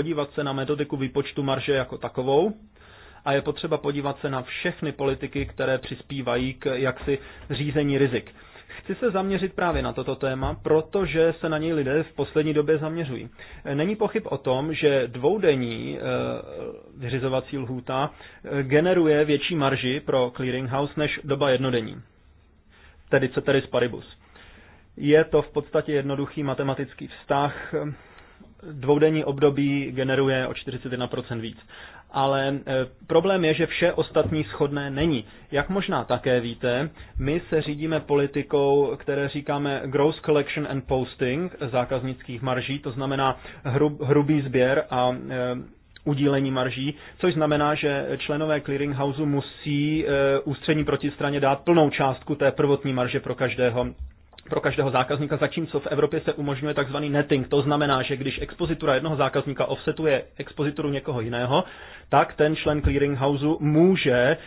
podívat se na metodiku výpočtu marže jako takovou a je potřeba podívat se na všechny politiky, které přispívají k jaksi řízení rizik. Chci se zaměřit právě na toto téma, protože se na něj lidé v poslední době zaměřují. Není pochyb o tom, že dvoudenní eh, vyřizovací lhůta eh, generuje větší marži pro clearinghouse než doba jednodenní. Tedy z paribus. Je to v podstatě jednoduchý matematický vztah, eh, dvoudenní období generuje o 41% víc. Ale e, problém je, že vše ostatní schodné není. Jak možná také víte, my se řídíme politikou, které říkáme gross collection and posting zákaznických marží, to znamená hrub, hrubý sběr a e, udílení marží, což znamená, že členové clearinghouse musí e, ústřední protistraně dát plnou částku té prvotní marže pro každého pro každého zákazníka, zatímco v Evropě se umožňuje tzv. netting. To znamená, že když expozitura jednoho zákazníka offsetuje expozituru někoho jiného, tak ten člen clearinghouse může eh,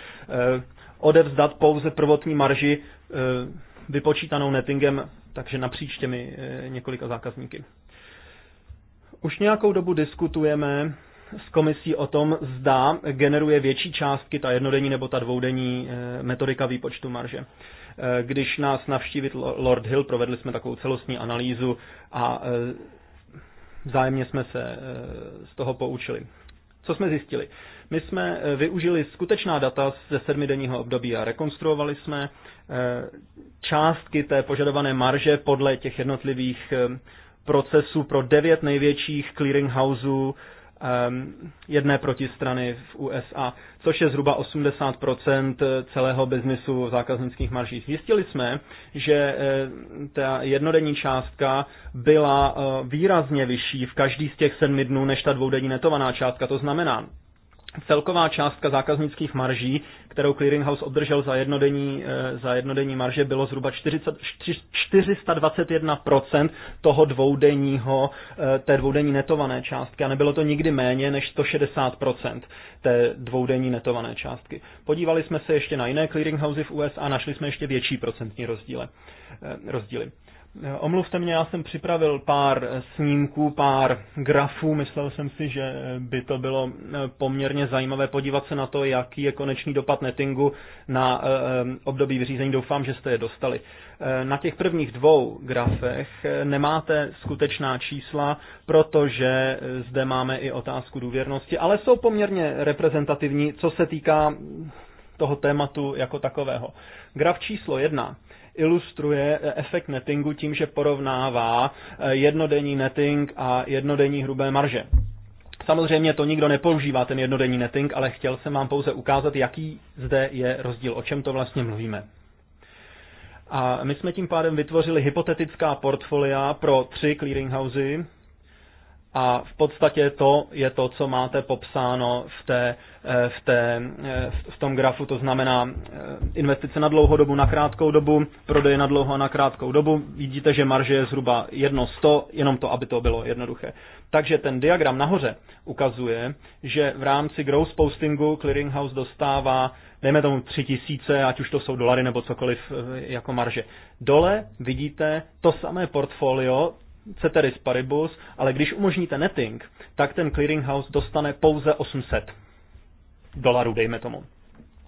odevzdat pouze prvotní marži eh, vypočítanou nettingem, takže napříč těmi eh, několika zákazníky. Už nějakou dobu diskutujeme s komisí o tom, zda generuje větší částky ta jednodenní nebo ta dvoudenní metodika výpočtu marže. Eh, když nás navštívit Lord Hill, provedli jsme takovou celostní analýzu a eh, vzájemně jsme se eh, z toho poučili. Co jsme zjistili? My jsme využili skutečná data ze sedmidenního období a rekonstruovali jsme částky té požadované marže podle těch jednotlivých procesů pro devět největších clearinghouseů Ehm, jedné protistrany v USA, což je zhruba 80 eh, celého biznisu v zákaznických maržích. Zjistili jsme, že eh, ta jednodenní částka byla eh, výrazně vyšší v každý z těch sedmi dnů než ta dvoudenní netovaná částka. To znamená, Celková částka zákaznických marží, kterou Clearinghouse obdržel za jednodenní, eh, za jednodenní marže, bylo zhruba 40, 421% toho dvoudenního, eh, té dvoudenní netované částky a nebylo to nikdy méně než 160% té dvoudenní netované částky. Podívali jsme se ještě na jiné clearinghousy v USA, našli jsme ještě větší procentní rozdíle, eh, rozdíly. Omluvte mě, já jsem připravil pár snímků, pár grafů. Myslel jsem si, že by to bylo eh, poměrně zajímavé podívat se na to, jaký je konečný dopad nettingu na eh, eh, období vyřízení. Doufám, že jste je dostali. Na těch prvních dvou grafech nemáte skutečná čísla, protože zde máme i otázku důvěrnosti, ale jsou poměrně reprezentativní, co se týká toho tématu jako takového. Graf číslo jedna ilustruje eh, efekt nettingu tím, že porovnává eh, jednodenní netting a jednodenní hrubé marže. Samozřejmě to nikdo nepoužívá, ten jednodenní netting, ale chtěl jsem vám pouze ukázat, jaký zde je rozdíl, o čem to vlastně mluvíme. A my jsme tím pádem vytvořili hypotetická portfolia pro tři clearinghousy, a v podstatě to je to, co máte popsáno v, té, eh, v, té, eh, v tom grafu, to znamená eh, investice na dlouhou dobu, na krátkou dobu, prodeje na dlouho a na krátkou dobu. Vidíte, že marže je zhruba sto, jenom to, aby to bylo jednoduché. Takže ten diagram nahoře ukazuje, že v rámci growth postingu clearinghouse dostává, dejme tomu 3000, ať už to jsou dolary nebo cokoliv jako marže. Dole vidíte to samé portfolio, ceteris paribus, ale když umožníte netting, tak ten clearinghouse dostane pouze 800 dolarů, dejme tomu.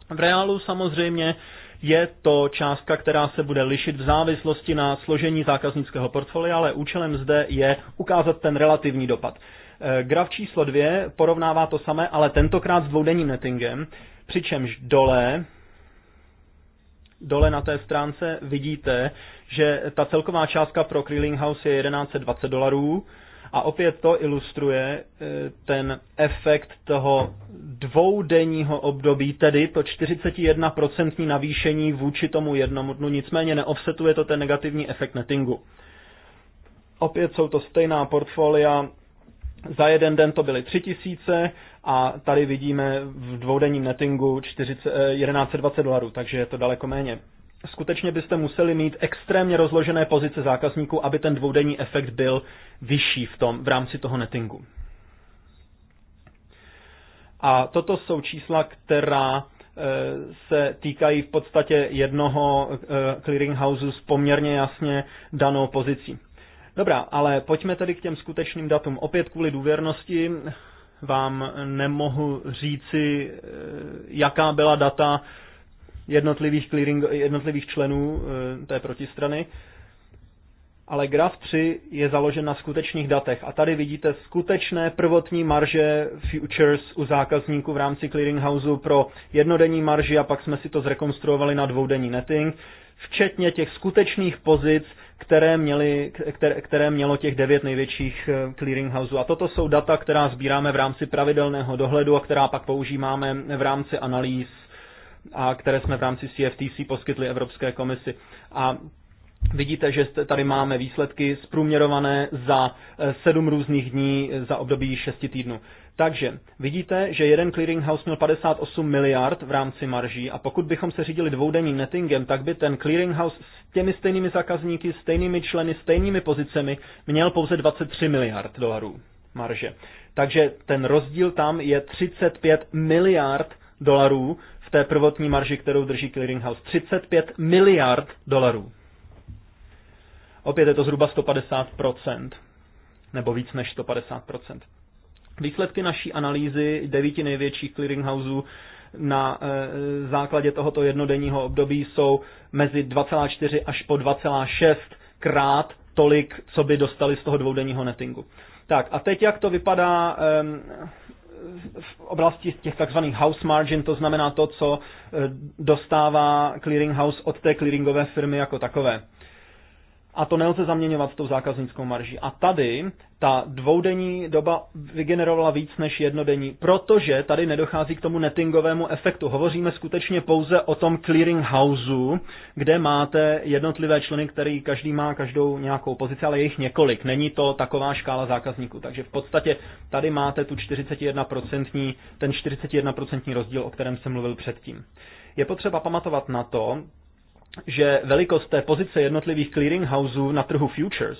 V reálu samozřejmě je to částka, která se bude lišit v závislosti na složení zákaznického portfolia, ale účelem zde je ukázat ten relativní dopad. Eh, graf číslo 2 porovnává to samé, ale tentokrát s dvoudenním nettingem, přičemž dole dole na té stránce vidíte, že ta celková částka pro House je 1120 dolarů a opět to ilustruje eh, ten efekt toho dvoudenního období, tedy to 41% navýšení vůči tomu jednomu dnu, nicméně neoffsetuje to ten negativní efekt nettingu. Opět jsou to stejná portfolia za jeden den to byly 3000 a tady vidíme v dvoudenním nettingu 1120 eh, dolarů, takže je to daleko méně. Skutečně byste museli mít extrémně rozložené pozice zákazníků, aby ten dvoudenní efekt byl vyšší v tom, v rámci toho nettingu. A toto jsou čísla, která eh, se týkají v podstatě jednoho eh, clearinghouse s poměrně jasně danou pozicí. Dobrá, ale pojďme tedy k těm skutečným datům. Opět kvůli důvěrnosti vám nemohu říci, eh, jaká byla data jednotlivých, clearing, jednotlivých členů eh, té protistrany, ale graf 3 je založen na skutečných datech. A tady vidíte skutečné prvotní marže futures u zákazníků v rámci clearinghouse pro jednodenní marži a pak jsme si to zrekonstruovali na dvoudenní netting, včetně těch skutečných pozic, které, měly, které, které mělo těch devět největších eh, clearinghouseů. A toto jsou data, která sbíráme v rámci pravidelného dohledu a která pak používáme v rámci analýz a které jsme v rámci CFTC poskytli Evropské komisi. A Vidíte, že tady máme výsledky zprůměrované za eh, sedm různých dní eh, za období 6 týdnů. Takže vidíte, že jeden clearinghouse měl 58 miliard v rámci marží a pokud bychom se řídili dvoudenním nettingem, tak by ten clearinghouse s těmi stejnými zákazníky, stejnými členy, stejnými pozicemi měl pouze 23 miliard dolarů marže. Takže ten rozdíl tam je 35 miliard dolarů v té prvotní marži, kterou drží clearinghouse. 35 miliard dolarů. Opět je to zhruba 150%, nebo víc než 150%. Výsledky naší analýzy devíti největších clearinghouseů na e, základě tohoto jednodenního období jsou mezi 2,4 až po 2,6 krát tolik, co by dostali z toho dvoudenního nettingu. Tak a teď jak to vypadá e, v oblasti těch takzvaných house margin, to znamená to, co eh, dostává clearinghouse od té clearingové firmy jako takové a to nelze zaměňovat s tou zákaznickou marží. A tady ta dvoudenní doba vygenerovala víc než jednodenní, protože tady nedochází k tomu nettingovému efektu. Hovoříme skutečně pouze o tom clearing houseu, kde máte jednotlivé členy, který každý má každou nějakou pozici, ale je jich několik. Není to taková škála zákazníků. Takže v podstatě tady máte tu 41%, ten 41% rozdíl, o kterém jsem mluvil předtím. Je potřeba pamatovat na to, že velikost té pozice jednotlivých clearinghouseů na trhu futures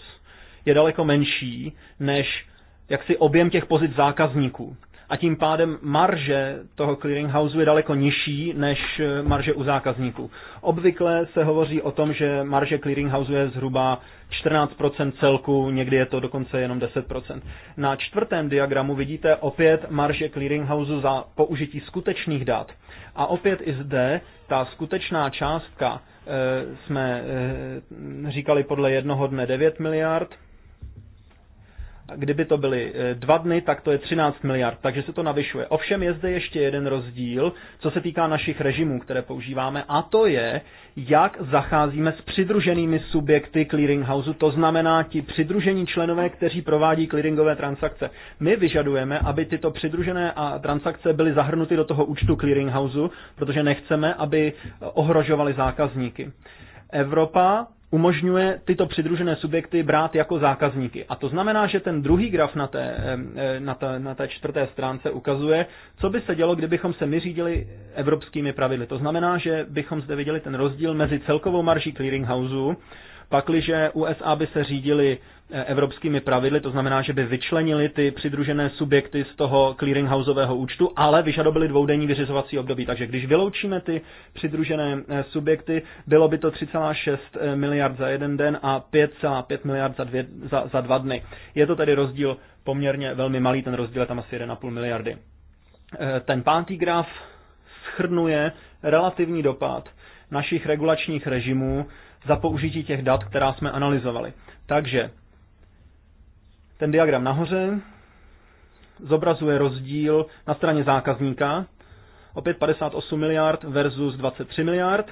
je daleko menší než jaksi objem těch pozic zákazníků. A tím pádem marže toho clearinghouse je daleko nižší než eh, marže u zákazníků. Obvykle se hovoří o tom, že marže clearinghouse je zhruba 14% celku, někdy je to dokonce jenom 10%. Na čtvrtém diagramu vidíte opět marže clearinghouse za použití skutečných dat. A opět i zde ta skutečná částka Eh, jsme eh, říkali podle jednoho dne 9 miliard Kdyby to byly e, dva dny, tak to je 13 miliard, takže se to navyšuje. Ovšem je zde ještě jeden rozdíl, co se týká našich režimů, které používáme, a to je, jak zacházíme s přidruženými subjekty clearinghouse, to znamená ti přidružení členové, kteří provádí clearingové transakce. My vyžadujeme, aby tyto přidružené transakce byly zahrnuty do toho účtu clearinghouse, protože nechceme, aby ohrožovali zákazníky. Evropa umožňuje tyto přidružené subjekty brát jako zákazníky. A to znamená, že ten druhý graf na té, e, na té, na té čtvrté stránce ukazuje, co by se dělo, kdybychom se my řídili evropskými pravidly. To znamená, že bychom zde viděli ten rozdíl mezi celkovou marží clearinghouse, pakliže USA by se řídili E, evropskými pravidly, to znamená, že by vyčlenili ty přidružené subjekty z toho clearinghouseového účtu, ale vyžadovali dvoudenní vyřizovací období. Takže když vyloučíme ty přidružené e, subjekty, bylo by to 3,6 e, miliard za jeden den a 5,5 miliard za, dvě, za, za dva dny. Je to tedy rozdíl poměrně velmi malý, ten rozdíl je tam asi 1,5 miliardy. Ten pátý graf schrnuje relativní dopad našich regulačních režimů za použití těch dat, která jsme analyzovali. Takže ten diagram nahoře zobrazuje rozdíl na straně zákazníka, opět 58 miliard versus 23 miliard.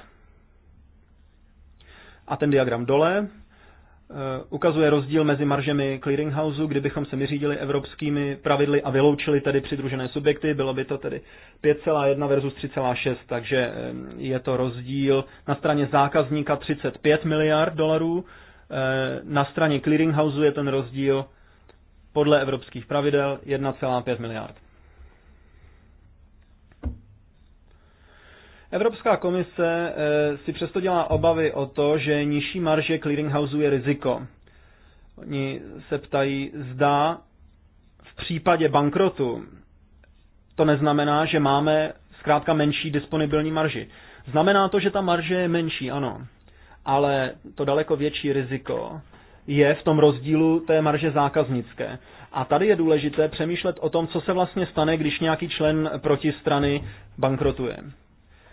A ten diagram dole eh, ukazuje rozdíl mezi maržemi clearinghouse, kdybychom se vyřídili evropskými pravidly a vyloučili tedy přidružené subjekty, bylo by to tedy 5,1 versus 3,6, takže eh, je to rozdíl na straně zákazníka 35 miliard dolarů, eh, na straně clearinghouse je ten rozdíl podle evropských pravidel 1,5 miliard. Evropská komise eh, si přesto dělá obavy o to, že nižší marže clearinghouse je riziko. Oni se ptají, zda v případě bankrotu to neznamená, že máme zkrátka menší disponibilní marži. Znamená to, že ta marže je menší, ano, ale to daleko větší riziko je v tom rozdílu té marže zákaznické. A tady je důležité přemýšlet o tom, co se vlastně stane, když nějaký člen protistrany bankrotuje.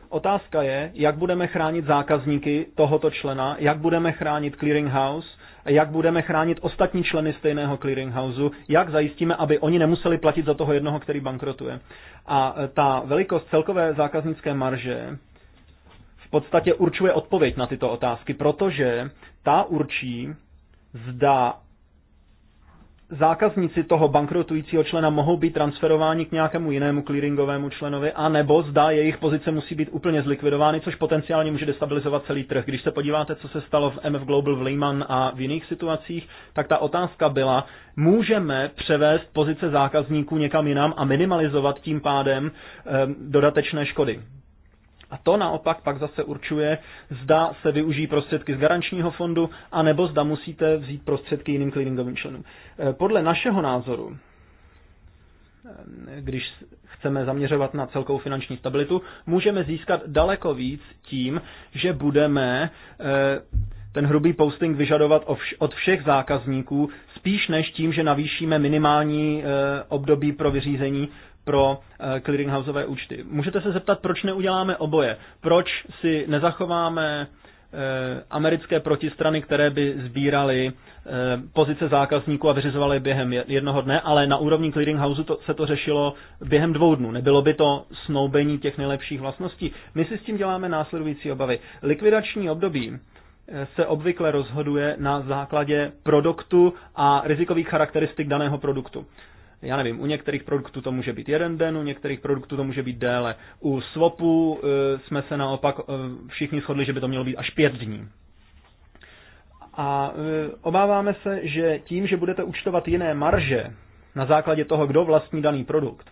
Otázka je, jak budeme chránit zákazníky tohoto člena, jak budeme chránit clearinghouse, jak budeme chránit ostatní členy stejného clearinghouse, jak zajistíme, aby oni nemuseli platit za toho jednoho, který bankrotuje. A ta velikost celkové zákaznické marže v podstatě určuje odpověď na tyto otázky, protože ta určí, zda zákazníci toho bankrotujícího člena mohou být transferováni k nějakému jinému clearingovému členovi, a nebo zda jejich pozice musí být úplně zlikvidovány, což potenciálně může destabilizovat celý trh. Když se podíváte, co se stalo v MF Global v Lehman a v jiných situacích, tak ta otázka byla, můžeme převést pozice zákazníků někam jinam a minimalizovat tím pádem eh, dodatečné škody. A to naopak pak zase určuje, zda se využijí prostředky z garančního fondu, anebo zda musíte vzít prostředky jiným clearingovým členům. Eh, podle našeho názoru, eh, když chceme zaměřovat na celkovou finanční stabilitu, můžeme získat daleko víc tím, že budeme eh, ten hrubý posting vyžadovat od všech zákazníků, spíš než tím, že navýšíme minimální období pro vyřízení, pro eh, clearinghouseové účty. Můžete se zeptat, proč neuděláme oboje? Proč si nezachováme eh, americké protistrany, které by sbíraly eh, pozice zákazníků a vyřizovaly během jednoho dne, ale na úrovni clearinghouse to, se to řešilo během dvou dnů. Nebylo by to snoubení těch nejlepších vlastností. My si s tím děláme následující obavy. Likvidační období se obvykle rozhoduje na základě produktu a rizikových charakteristik daného produktu já nevím, u některých produktů to může být jeden den, u některých produktů to může být déle. U swapu eh, jsme se naopak eh, všichni shodli, že by to mělo být až pět dní. A eh, obáváme se, že tím, že budete účtovat jiné marže na základě toho, kdo vlastní daný produkt,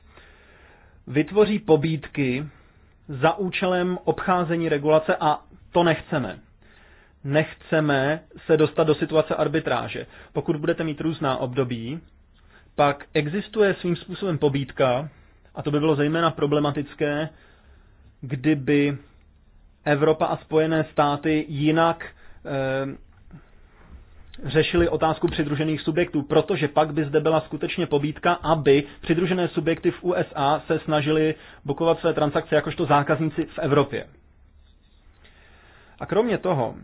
vytvoří pobídky za účelem obcházení regulace a to nechceme. Nechceme se dostat do situace arbitráže. Pokud budete mít různá období, pak existuje svým způsobem pobídka, a to by bylo zejména problematické, kdyby Evropa a Spojené státy jinak e, eh, řešili otázku přidružených subjektů, protože pak by zde byla skutečně pobídka, aby přidružené subjekty v USA se snažili bokovat své transakce jakožto zákazníci v Evropě. A kromě toho,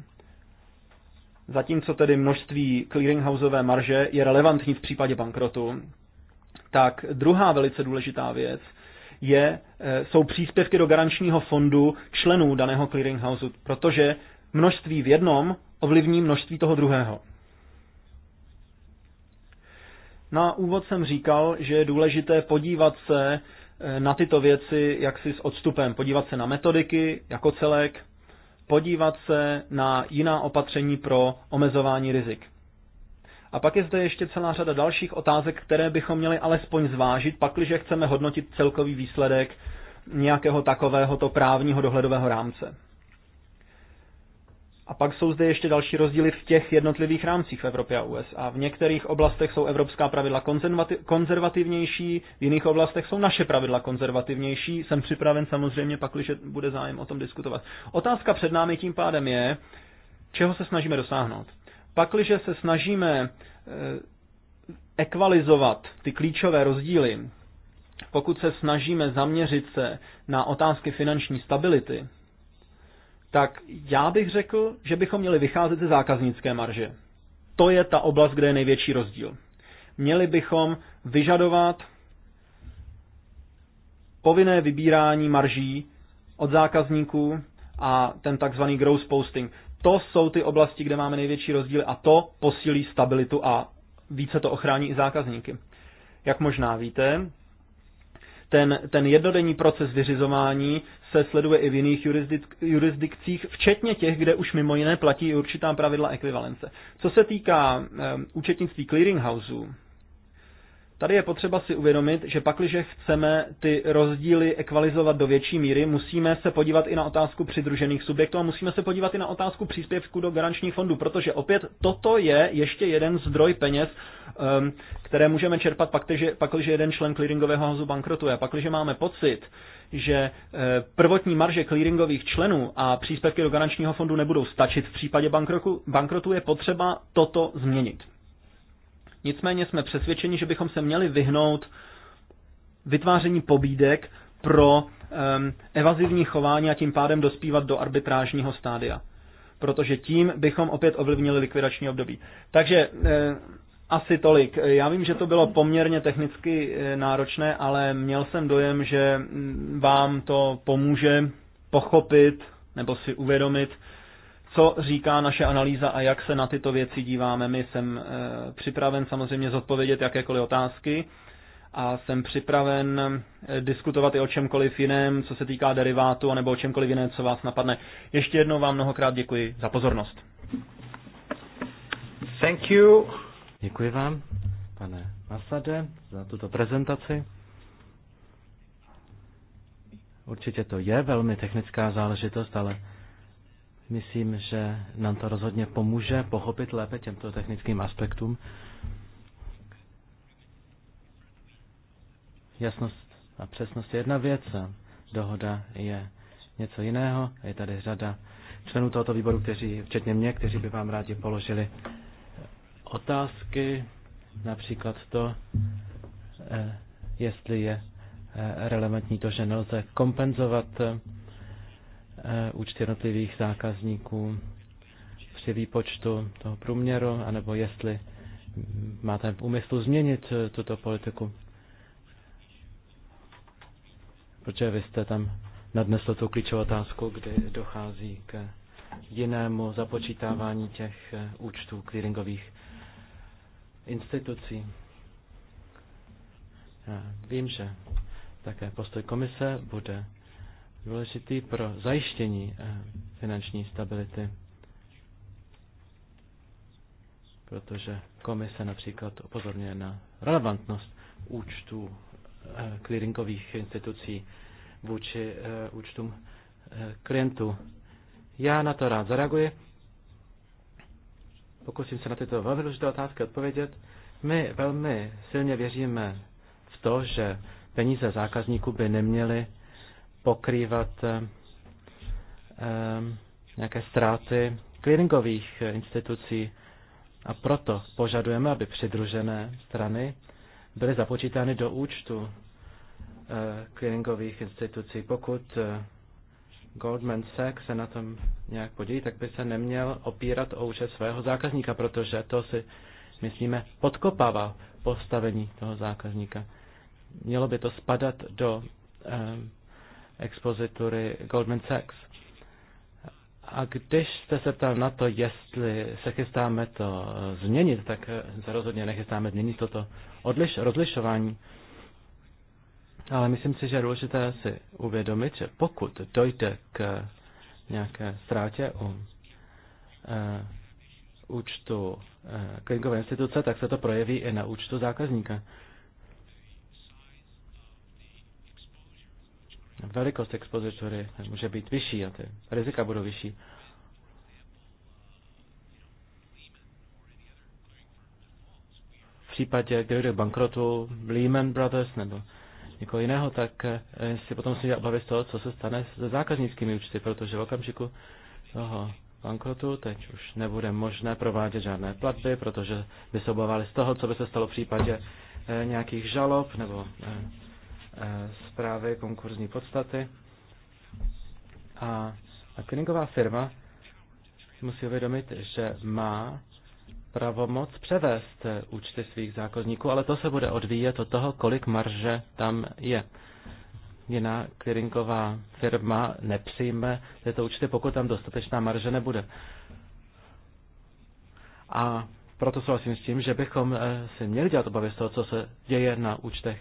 Zatímco tedy množství clearinghouseové marže je relevantní v případě bankrotu, tak druhá velice důležitá věc je, eh, jsou příspěvky do garančního fondu členů daného clearinghouse, protože množství v jednom ovlivní množství toho druhého. Na úvod jsem říkal, že je důležité podívat se eh, na tyto věci jaksi s odstupem, podívat se na metodiky jako celek, podívat se na jiná opatření pro omezování rizik. A pak je zde ještě celá řada dalších otázek, které bychom měli alespoň zvážit, pakliže chceme hodnotit celkový výsledek nějakého takovéhoto právního dohledového rámce. A pak jsou zde ještě další rozdíly v těch jednotlivých rámcích v Evropě a USA. V některých oblastech jsou evropská pravidla konzervativnější, v jiných oblastech jsou naše pravidla konzervativnější. Jsem připraven samozřejmě pak, když bude zájem o tom diskutovat. Otázka před námi tím pádem je, čeho se snažíme dosáhnout. Pakliže se snažíme eh, ekvalizovat ty klíčové rozdíly, pokud se snažíme zaměřit se na otázky finanční stability, tak já bych řekl, že bychom měli vycházet ze zákaznické marže. To je ta oblast, kde je největší rozdíl. Měli bychom vyžadovat povinné vybírání marží od zákazníků a ten takzvaný gross posting. To jsou ty oblasti, kde máme největší rozdíly a to posílí stabilitu a více to ochrání i zákazníky. Jak možná víte, ten, ten jednodenní proces vyřizování se sleduje i v jiných jurisdik, jurisdikcích, včetně těch, kde už mimo jiné platí určitá pravidla ekvivalence. Co se týká um, účetnictví clearinghouseů, Tady je potřeba si uvědomit, že pakliže chceme ty rozdíly ekvalizovat do větší míry, musíme se podívat i na otázku přidružených subjektů a musíme se podívat i na otázku příspěvku do garančních fondů, protože opět toto je ještě jeden zdroj peněz, ehm, které můžeme čerpat, pakliže, pakliže jeden člen clearingového hozu bankrotuje. Pakliže máme pocit, že eh, prvotní marže clearingových členů a příspěvky do garančního fondu nebudou stačit v případě bankrotu, bankrotu je potřeba toto změnit. Nicméně jsme přesvědčeni, že bychom se měli vyhnout vytváření pobídek pro um, evazivní chování a tím pádem dospívat do arbitrážního stádia. Protože tím bychom opět ovlivnili likvidační období. Takže eh, asi tolik. Já vím, že to bylo poměrně technicky eh, náročné, ale měl jsem dojem, že mm, vám to pomůže pochopit nebo si uvědomit, co říká naše analýza a jak se na tyto věci díváme. My jsem eh, připraven samozřejmě zodpovědět jakékoliv otázky a jsem připraven eh, diskutovat i o čemkoliv jiném, co se týká derivátu, anebo o čemkoliv jiném, co vás napadne. Ještě jednou vám mnohokrát děkuji za pozornost. Thank you. Děkuji vám, pane Masade, za tuto prezentaci. Určitě to je velmi technická záležitost, ale Myslím, že nám to rozhodně pomůže pochopit lépe těmto technickým aspektům. Jasnost a přesnost je jedna věc, a dohoda je něco jiného. Je tady řada členů tohoto výboru, kteří, včetně mě, kteří by vám rádi položili otázky, například to, eh, jestli je eh, relevantní to, že nelze kompenzovat eh, Eh, účty jednotlivých zákazníků při výpočtu toho průměru, anebo jestli máte v úmyslu změnit eh, tuto politiku. Protože vy jste tam nadnesl tu klíčovou otázku, kdy dochází k jinému započítávání těch eh, účtů clearingových institucí. Já vím, že také postoj komise bude důležitý pro zajištění eh, finanční stability, protože komise například upozorňuje na relevantnost účtů eh, clearingových institucí vůči eh, účtům klientů. Já na to rád zareaguji. Pokusím se na tyto velmi důležité otázky odpovědět. My velmi silně věříme v to, že peníze zákazníků by neměly pokrývat eh, eh, nějaké ztráty clearingových institucí a proto požadujeme, aby přidružené strany byly započítány do účtu eh, clearingových institucí. Pokud Goldman Sachs se na tom nějak podílí, tak by se neměl opírat o účet svého zákazníka, protože to si, myslíme, podkopává postavení toho zákazníka. Mělo by to spadat do expozitury Goldman Sachs. A když jste se ptal na to, jestli se chystáme to změnit, tak se rozhodně nechystáme změnit toto odliš, rozlišování. Ale myslím si, že je důležité si uvědomit, že pokud dojde k nějaké ztrátě u uh, účtu uh, eh, klinkové instituce, tak se to projeví i na účtu zákazníka. velikost expozitory může být vyšší a ty rizika budou vyšší. V případě, kdy jde bankrotu Lehman Brothers nebo někoho jiného, tak eh, si potom musí obavit z toho, co se stane se zákaznickými účty, protože v okamžiku toho bankrotu teď už nebude možné provádět žádné platby, protože by se obávali z toho, co by se stalo v případě eh, nějakých žalob nebo eh, Eh, zprávy konkurzní podstaty. A klinková firma si musí uvědomit, že má pravomoc převést účty svých zákazníků, ale to se bude odvíjet od toho, kolik marže tam je. Jiná clearingová firma nepřijme tyto účty, pokud tam dostatečná marže nebude. A proto souhlasím s tím, že bychom eh, si měli dělat obavy z toho, co se děje na účtech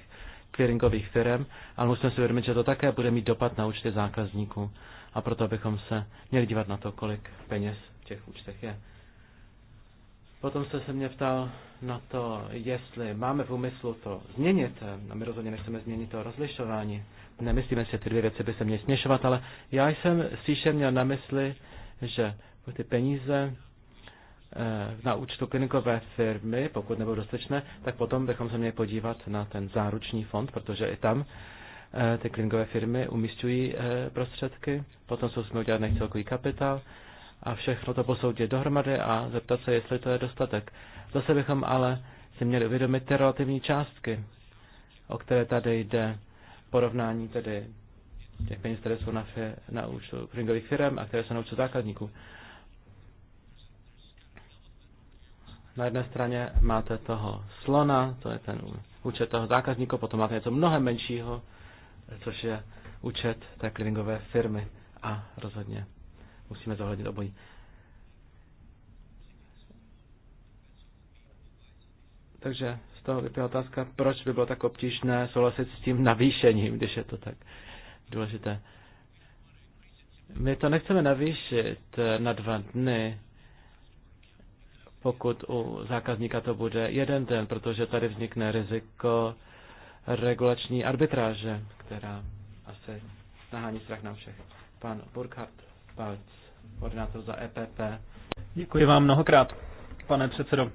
clearingových firm, ale musíme si uvědomit, že to také bude mít dopad na účty zákazníků. A proto bychom se měli dívat na to, kolik peněz v těch účtech je. Potom jste se mě ptal na to, jestli máme v úmyslu to změnit. A my rozhodně nechceme změnit to rozlišování. Nemyslíme si, že ty dvě věci by se měly směšovat, ale já jsem spíše měl na mysli, že ty peníze Eh, na účtu klinikové firmy, pokud nebudou dostatečné, tak potom bychom se měli podívat na ten záruční fond, protože i tam eh, ty klinikové firmy umístují eh, prostředky, potom jsou jsme udělat celkový kapitál a všechno to posoudit dohromady a zeptat se, jestli to je dostatek. Zase bychom ale si měli uvědomit ty relativní částky, o které tady jde porovnání tedy těch peněz, které jsou na, fě, na účtu klinikových firm a které jsou na účtu základníků. Na jedné straně máte toho slona, to je ten účet toho zákazníka, potom máte něco mnohem menšího, což je účet té clearingové firmy. A rozhodně musíme zohlednit obojí. Takže z toho vyplývá otázka, proč by bylo tak obtížné souhlasit s tím navýšením, když je to tak důležité. My to nechceme navýšit na dva dny, pokud u zákazníka to bude jeden den, protože tady vznikne riziko regulační arbitráže, která asi nahání strach na všech. Pan Burkhardt Balc, koordinátor za EPP. Děkuji vám mnohokrát, pane předsedo.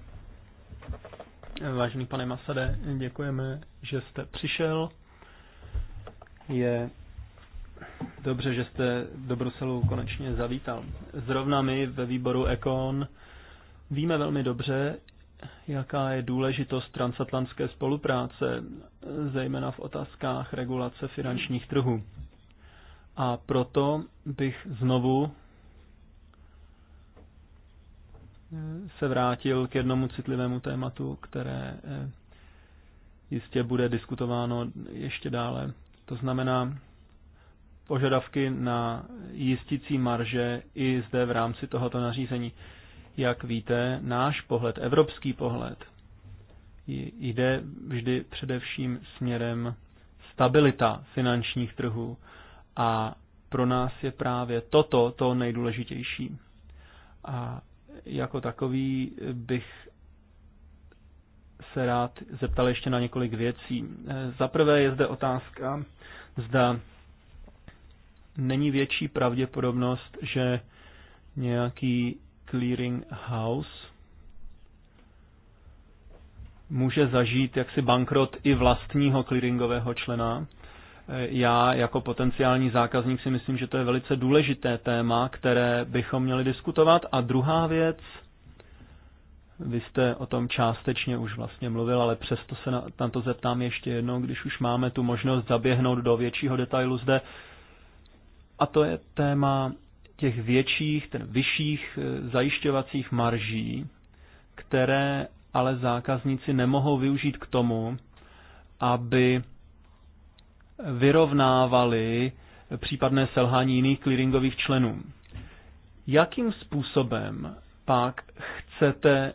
Vážený pane Masade, děkujeme, že jste přišel. Je dobře, že jste do Bruselu konečně zavítal. Zrovna my ve výboru Ekon Víme velmi dobře, jaká je důležitost transatlantské spolupráce, zejména v otázkách regulace finančních trhů. A proto bych znovu se vrátil k jednomu citlivému tématu, které eh, jistě bude diskutováno ještě dále. To znamená požadavky na jistící marže i zde v rámci tohoto nařízení. Jak víte, náš pohled, evropský pohled, jde vždy především směrem stabilita finančních trhů a pro nás je právě toto to nejdůležitější. A jako takový bych se rád zeptal ještě na několik věcí. E, za prvé je zde otázka, zda není větší pravděpodobnost, že nějaký clearing house může zažít jaksi bankrot i vlastního clearingového člena. Já jako potenciální zákazník si myslím, že to je velice důležité téma, které bychom měli diskutovat. A druhá věc, vy jste o tom částečně už vlastně mluvil, ale přesto se na, na to zeptám ještě jednou, když už máme tu možnost zaběhnout do většího detailu zde. A to je téma těch větších, ten vyšších e, zajišťovacích marží, které ale zákazníci nemohou využít k tomu, aby vyrovnávali případné selhání jiných clearingových členů. Jakým způsobem pak chcete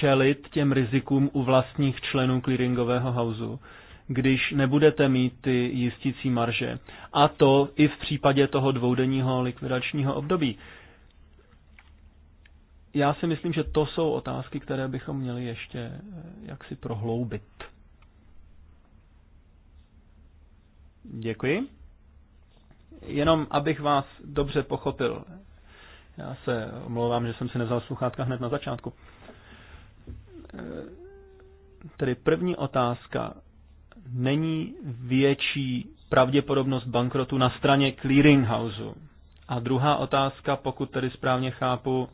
čelit těm rizikům u vlastních členů clearingového hauzu? když nebudete mít ty jistící marže. A to i v případě toho dvoudenního likvidačního období. Já si myslím, že to jsou otázky, které bychom měli ještě eh, jaksi prohloubit. Děkuji. Jenom abych vás dobře pochopil, já se omlouvám, že jsem si nevzal sluchátka hned na začátku. Eh, Tedy první otázka není větší pravděpodobnost bankrotu na straně clearinghouse. A druhá otázka, pokud tedy správně chápu,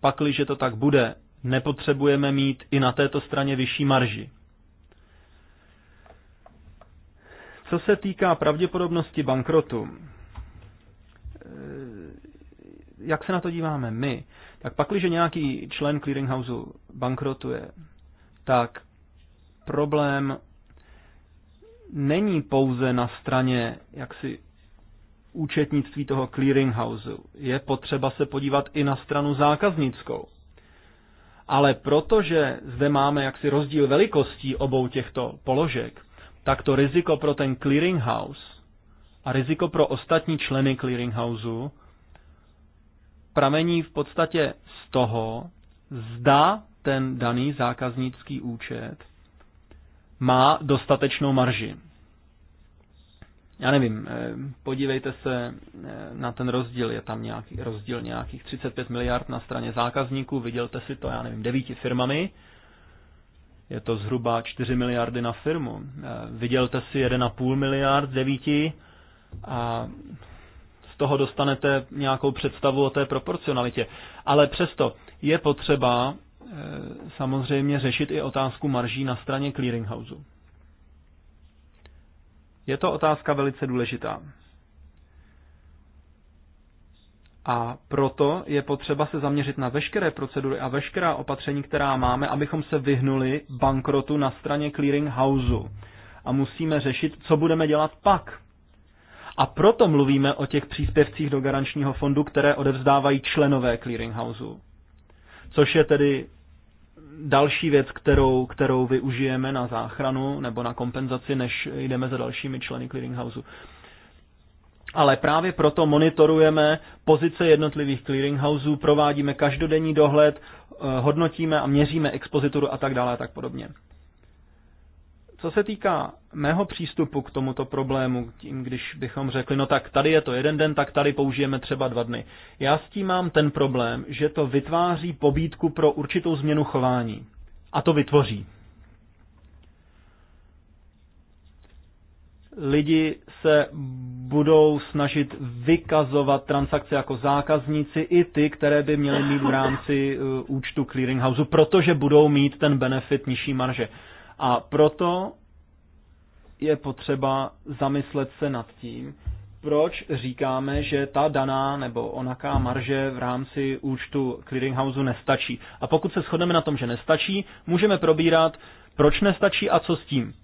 pakliže to tak bude, nepotřebujeme mít i na této straně vyšší marži. Co se týká pravděpodobnosti bankrotu, eh, jak se na to díváme my, tak pakliže nějaký člen clearinghouse bankrotuje, tak problém není pouze na straně jaksi účetnictví toho clearinghouse. Je potřeba se podívat i na stranu zákaznickou. Ale protože zde máme jaksi rozdíl velikostí obou těchto položek, tak to riziko pro ten clearinghouse a riziko pro ostatní členy clearinghouse pramení v podstatě z toho, zda ten daný zákaznický účet má dostatečnou marži. Já nevím, eh, podívejte se eh, na ten rozdíl, je tam nějaký rozdíl nějakých 35 miliard na straně zákazníků, vidělte si to, já nevím, devíti firmami, je to zhruba 4 miliardy na firmu. Eh, vidělte si 1,5 miliard, devíti. a z toho dostanete nějakou představu o té proporcionalitě. Ale přesto je potřeba Eh, samozřejmě řešit i otázku marží na straně clearinghouse. Je to otázka velice důležitá. A proto je potřeba se zaměřit na veškeré procedury a veškerá opatření, která máme, abychom se vyhnuli bankrotu na straně clearinghouse. A musíme řešit, co budeme dělat pak. A proto mluvíme o těch příspěvcích do garančního fondu, které odevzdávají členové clearinghouse. Což je tedy další věc, kterou, kterou využijeme na záchranu nebo na kompenzaci, než jdeme za dalšími členy clearinghouse. Ale právě proto monitorujeme pozice jednotlivých clearinghouse, provádíme každodenní dohled, eh, hodnotíme a měříme expozituru a tak dále a tak podobně. Co se týká mého přístupu k tomuto problému, tím, když bychom řekli, no tak tady je to jeden den, tak tady použijeme třeba dva dny. Já s tím mám ten problém, že to vytváří pobídku pro určitou změnu chování. A to vytvoří. Lidi se budou snažit vykazovat transakce jako zákazníci i ty, které by měly mít v rámci eh, účtu clearinghouse, protože budou mít ten benefit nižší marže. A proto je potřeba zamyslet se nad tím, proč říkáme, že ta daná nebo onaká marže v rámci účtu clearinghouse nestačí. A pokud se shodneme na tom, že nestačí, můžeme probírat, proč nestačí a co s tím.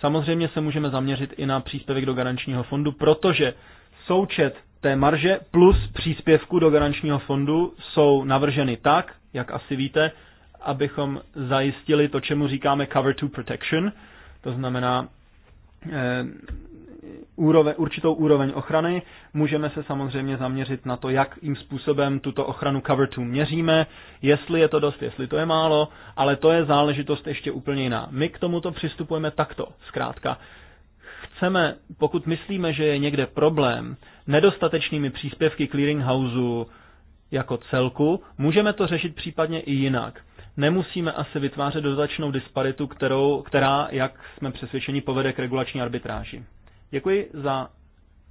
Samozřejmě se můžeme zaměřit i na příspěvek do garančního fondu, protože součet té marže plus příspěvku do garančního fondu jsou navrženy tak, jak asi víte, abychom zajistili to, čemu říkáme cover to protection, to znamená eh, úroveň, určitou úroveň ochrany. Můžeme se samozřejmě zaměřit na to, jakým způsobem tuto ochranu cover to měříme, jestli je to dost, jestli to je málo, ale to je záležitost ještě úplně jiná. My k tomuto přistupujeme takto, zkrátka. Chceme, pokud myslíme, že je někde problém, nedostatečnými příspěvky clearinghouseu jako celku, můžeme to řešit případně i jinak nemusíme asi vytvářet dodatečnou disparitu, kterou, která, jak jsme přesvědčeni, povede k regulační arbitráži. Děkuji za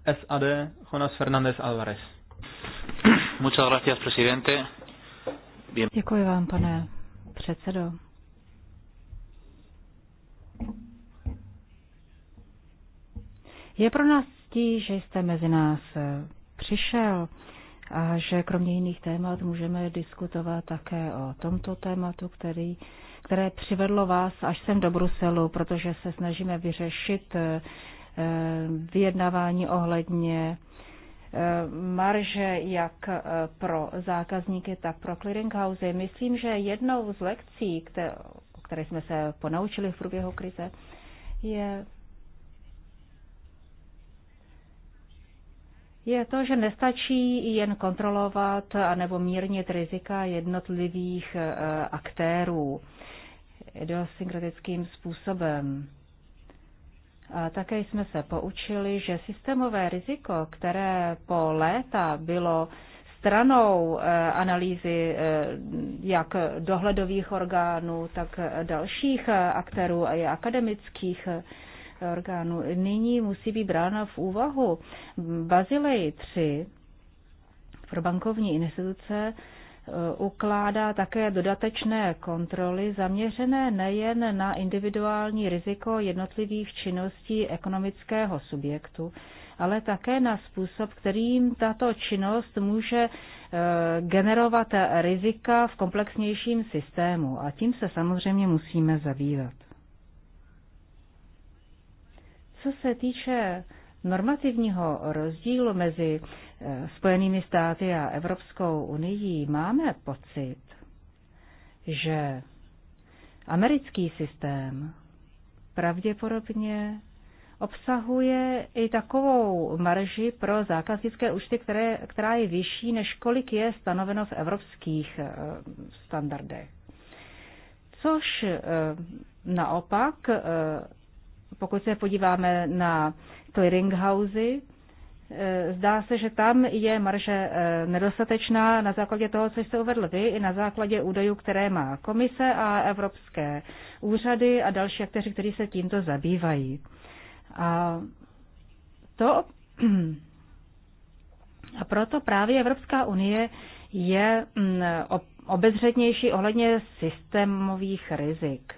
SAD Jonas Fernández Alvarez. Muchas gracias, presidente. Bien. Děkuji vám, pane předsedo. Je pro nás tí, že jste mezi nás eh, přišel a že kromě jiných témat můžeme diskutovat také o tomto tématu, který, které přivedlo vás až sem do Bruselu, protože se snažíme vyřešit eh, vyjednávání ohledně eh, marže jak eh, pro zákazníky, tak pro clearinghousy. Myslím, že jednou z lekcí, které jsme se ponaučili v průběhu krize, je je to, že nestačí jen kontrolovat nebo mírnit rizika jednotlivých eh, aktérů idiosynkratickým způsobem. A také jsme se poučili, že systémové riziko, které po léta bylo stranou eh, analýzy eh, jak dohledových orgánů, tak dalších aktérů a i akademických orgánů, nyní musí být brána v úvahu. Bazilej 3 pro bankovní instituce e, ukládá také dodatečné kontroly zaměřené nejen na individuální riziko jednotlivých činností ekonomického subjektu, ale také na způsob, kterým tato činnost může e, generovat rizika v komplexnějším systému. A tím se samozřejmě musíme zabývat. Co se týče normativního rozdílu mezi eh, Spojenými státy a Evropskou unii, máme pocit, že americký systém pravděpodobně obsahuje i takovou marži pro zákaznické účty, které, která je vyšší, než kolik je stanoveno v evropských eh, standardech. Což eh, naopak pokud se podíváme na clearinghousy, eh, Zdá se, že tam je marže eh, nedostatečná na základě toho, co jste uvedl vy, i na základě údajů, které má komise a evropské úřady a další akteři, kteří se tímto zabývají. A to a proto právě Evropská unie je mm, obezřetnější ohledně systémových rizik.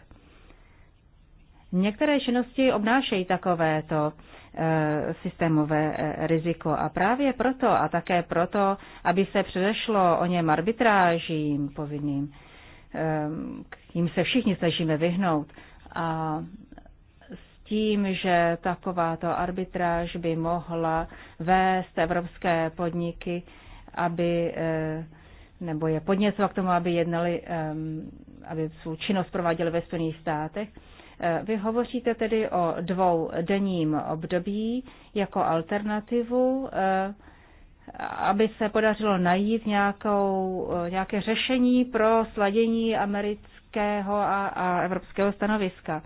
Některé činnosti obnášejí takovéto eh, systémové eh, riziko a právě proto a také proto, aby se předešlo o něm arbitrážím povinným, eh, k ním se všichni snažíme vyhnout a s tím, že takováto arbitráž by mohla vést evropské podniky, aby nebo je podněcovat k tomu, aby jednali, aby svou činnost prováděli ve Spojených státech, Eh, vy hovoříte tedy o dvou denním období jako alternativu, eh, aby se podařilo najít nějakou, eh, nějaké řešení pro sladění amerického a, a evropského stanoviska.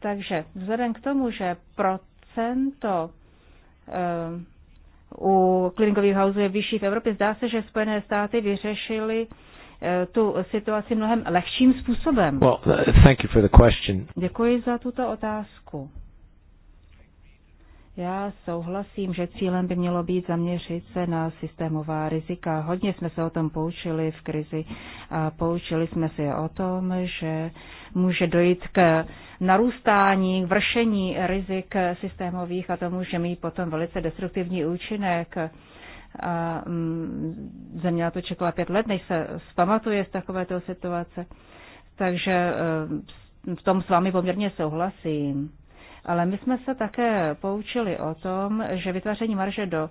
Takže vzhledem k tomu, že procento u clearingových housů je vyšší v Evropě, zdá se, že Spojené státy vyřešily tu situaci mnohem lehčím způsobem? Well, uh, thank you for the question. Děkuji za tuto otázku. Já souhlasím, že cílem by mělo být zaměřit se na systémová rizika. Hodně jsme se o tom poučili v krizi a poučili jsme se o tom, že může dojít k narůstání, k vršení rizik systémových a to může mít potom velice destruktivní účinek a mm, země na to čekala pět let, než se zpamatuje z takovéto situace. Takže e, v tom s vámi poměrně souhlasím. Ale my jsme se také poučili o tom, že vytváření marže do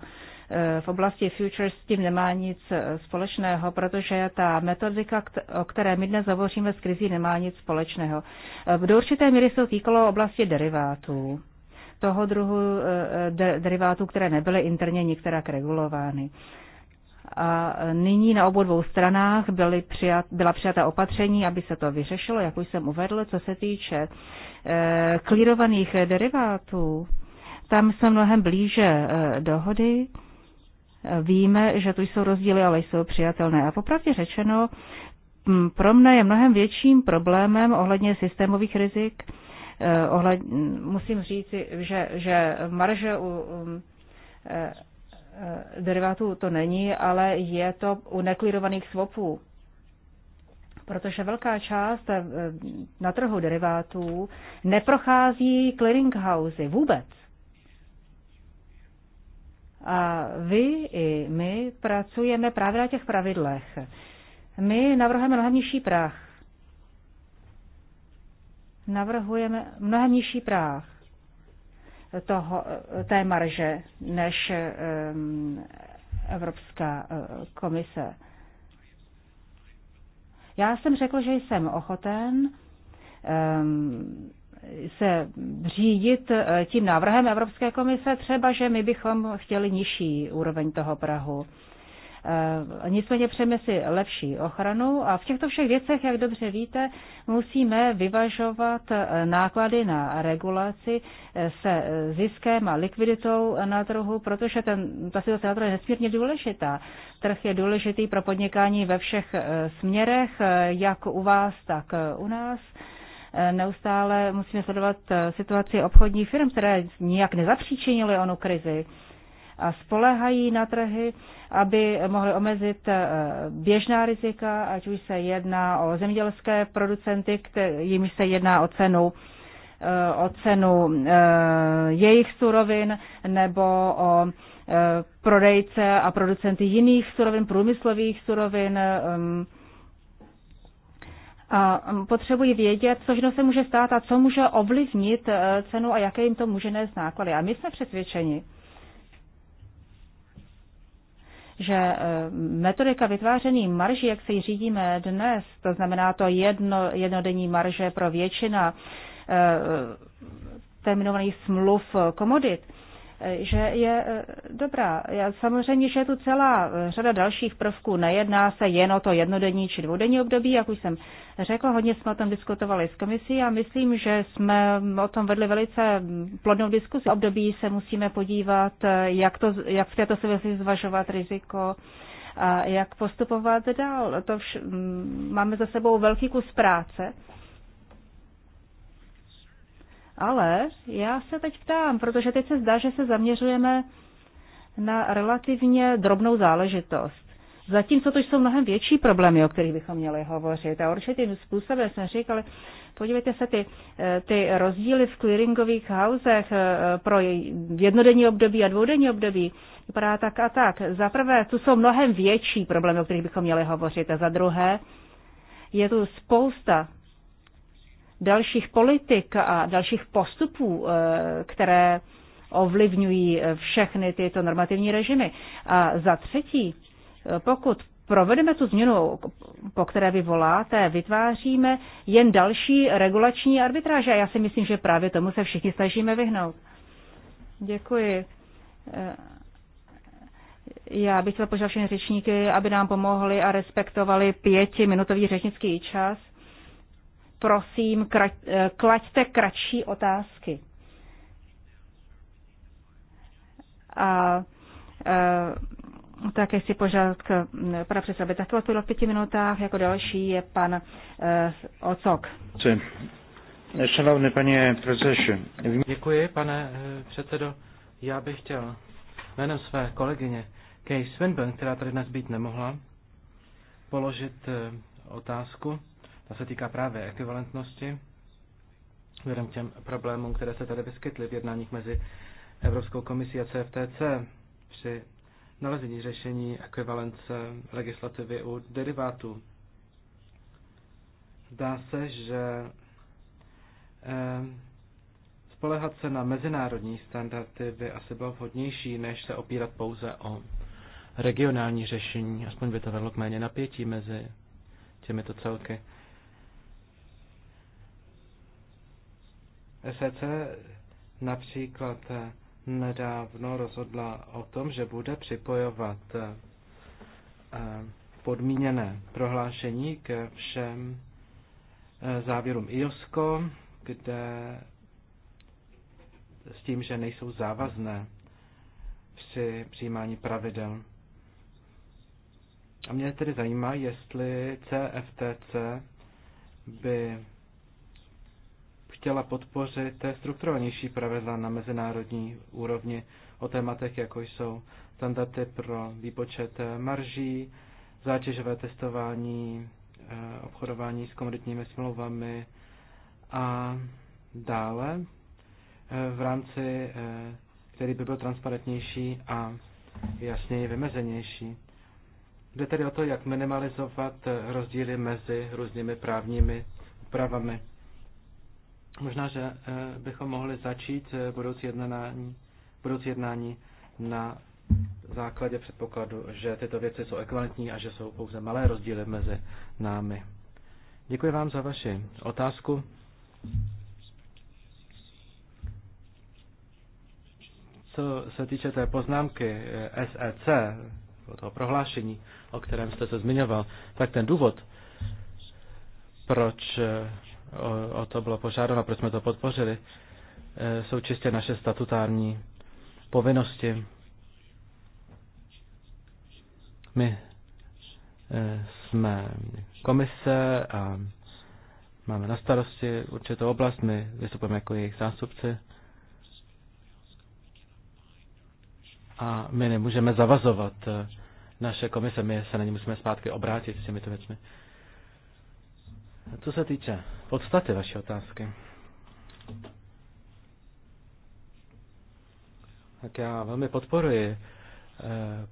e, v oblasti futures s tím nemá nic e, společného, protože ta metodika, o které my dnes hovoříme s krizí, nemá nic společného. Do určité míry se týkalo oblasti derivátů toho druhu eh, derivátů, které nebyly interně nikterak regulovány. A nyní na obou dvou stranách byly přijat, byla přijata opatření, aby se to vyřešilo, jak už jsem uvedl, co se týče eh, klírovaných derivátů. Tam jsme mnohem blíže eh, dohody. Víme, že tu jsou rozdíly, ale jsou přijatelné. A popravdě řečeno, mm, pro mne je mnohem větším problémem ohledně systémových rizik Eh, ohled, musím říct, že, že marže u um, eh, eh, derivátů to není, ale je to u neklidovaných swapů. Protože velká část na trhu derivátů neprochází clearinghousy vůbec. A vy i my pracujeme právě na těch pravidlech. My navrhujeme mnohem nižší práh navrhujeme mnohem nižší práh toho, té marže než ehm, Evropská e, komise. Já jsem řekl, že jsem ochoten ehm, se řídit e, tím návrhem Evropské komise, třeba, že my bychom chtěli nižší úroveň toho Prahu. Eh, nicméně přejeme si lepší ochranu a v těchto všech věcech, jak dobře víte, musíme vyvažovat eh, náklady na regulaci eh, se ziskem a likviditou na trhu, protože ten, ta situace na trhu je nesmírně důležitá. Trh je důležitý pro podnikání ve všech směrech, jak u vás, tak u nás neustále musíme sledovat situaci obchodních firm, které nijak nezapříčinily onu krizi a spolehají na trhy, aby mohly omezit eh, běžná rizika, ať už se jedná o zemědělské producenty, jimž se jedná o cenu eh, o cenu eh, jejich surovin nebo o prodejce a producenty jiných surovin, průmyslových surovin. Ehm, a mm, potřebují vědět, co se může stát a co může ovlivnit cenu a jaké jim to může nést náklady. A my jsme přesvědčeni, že eh, metodika vytváření marží, jak se ji řídíme dnes, to znamená to jedno, jednodenní marže pro většina eh, eh, terminovaných smluv komodit, že je eh, dobrá. Já, samozřejmě, že je tu celá eh, řada dalších prvků. Nejedná se jen o to jednodenní či dvoudenní období, jak už jsem řekla, hodně jsme o tom diskutovali s komisí a myslím, že jsme mm, o tom vedli velice mm, plodnou diskusi. Období se musíme podívat, eh, jak, to, jak v této souvislosti zvažovat riziko a jak postupovat dál. To vš- mm, máme za sebou velký kus práce ale já se teď ptám, protože teď se zdá, že se zaměřujeme na relativně drobnou záležitost. Zatímco to jsou mnohem větší problémy, o kterých bychom měli hovořit. A určitým způsobem jsme říkali, podívejte se, ty, eh, ty rozdíly v clearingových housech eh, pro jednodenní období a dvoudenní období vypadá tak a tak. Za prvé, tu jsou mnohem větší problémy, o kterých bychom měli hovořit. A za druhé, je tu spousta dalších politik a dalších postupů, eh, které ovlivňují eh, všechny tyto normativní režimy. A za třetí, eh, pokud provedeme tu změnu, po které vy voláte, vytváříme jen další regulační arbitráže a já si myslím, že právě tomu se všichni snažíme vyhnout. Děkuji. Já bych chtěla požádat všechny řečníky, aby nám pomohli a respektovali pětiminutový řečnický čas prosím, eh, klaďte kratší otázky. A eh, také si požádat pana předseda, aby také v pěti minutách. Jako další je pan eh, Ocok. Šanovný paní prezeši. Děkuji, pane předsedo. Já bych chtěl jménem své kolegyně Kay Swinburne, která tady dnes být nemohla, položit otázku. Ta se týká právě ekvivalentnosti, vzhledem k těm problémům, které se tady vyskytly v jednáních mezi Evropskou komisí a CFTC při nalezení řešení ekvivalence legislativy u derivátů. Zdá se, že eh, spolehat se na mezinárodní standardy by asi bylo vhodnější, než se opírat pouze o regionální řešení. Aspoň by to vedlo k méně napětí mezi těmito celky. SEC například nedávno rozhodla o tom, že bude připojovat eh, podmíněné prohlášení ke všem eh, závěrům IOSCO, kde s tím, že nejsou závazné při přijímání pravidel. A mě tedy zajímá, jestli CFTC by chtěla podpořit strukturovanější pravidla na mezinárodní úrovni o tématech, jako jsou standardy pro výpočet marží, zátěžové testování, eh, obchodování s komoditními smlouvami a dále eh, v rámci, eh, který by byl transparentnější a jasněji vymezenější. Jde tedy o to, jak minimalizovat rozdíly mezi různými právními úpravami. Možná, že eh, bychom mohli začít eh, budoucí jednání, budoucí jednání na základě předpokladu, že tyto věci jsou ekvivalentní a že jsou pouze malé rozdíly mezi námi. Děkuji vám za vaši otázku. Co se týče té poznámky eh, SEC, toho prohlášení, o kterém jste se zmiňoval, tak ten důvod, proč o, o to bylo požádáno, proč jsme to podpořili, e, jsou čistě naše statutární povinnosti. My e, jsme komise a máme na starosti určitou oblast, my vystupujeme jako jejich zástupci a my nemůžeme zavazovat e, naše komise, my se na ně musíme zpátky obrátit s těmito věcmi. Co se týče podstaty vaší otázky, tak já velmi podporuji eh,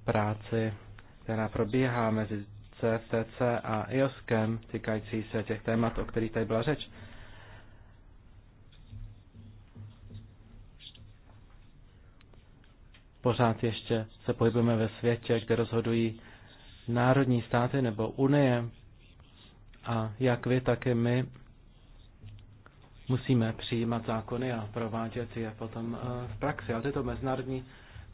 práci, která probíhá mezi CFTC a IOSkem, týkající se těch témat, o kterých tady byla řeč. Pořád ještě se pohybujeme ve světě, kde rozhodují národní státy nebo unie a jak vy, tak i my musíme přijímat zákony a provádět je potom eh, v praxi. A tyto mezinárodní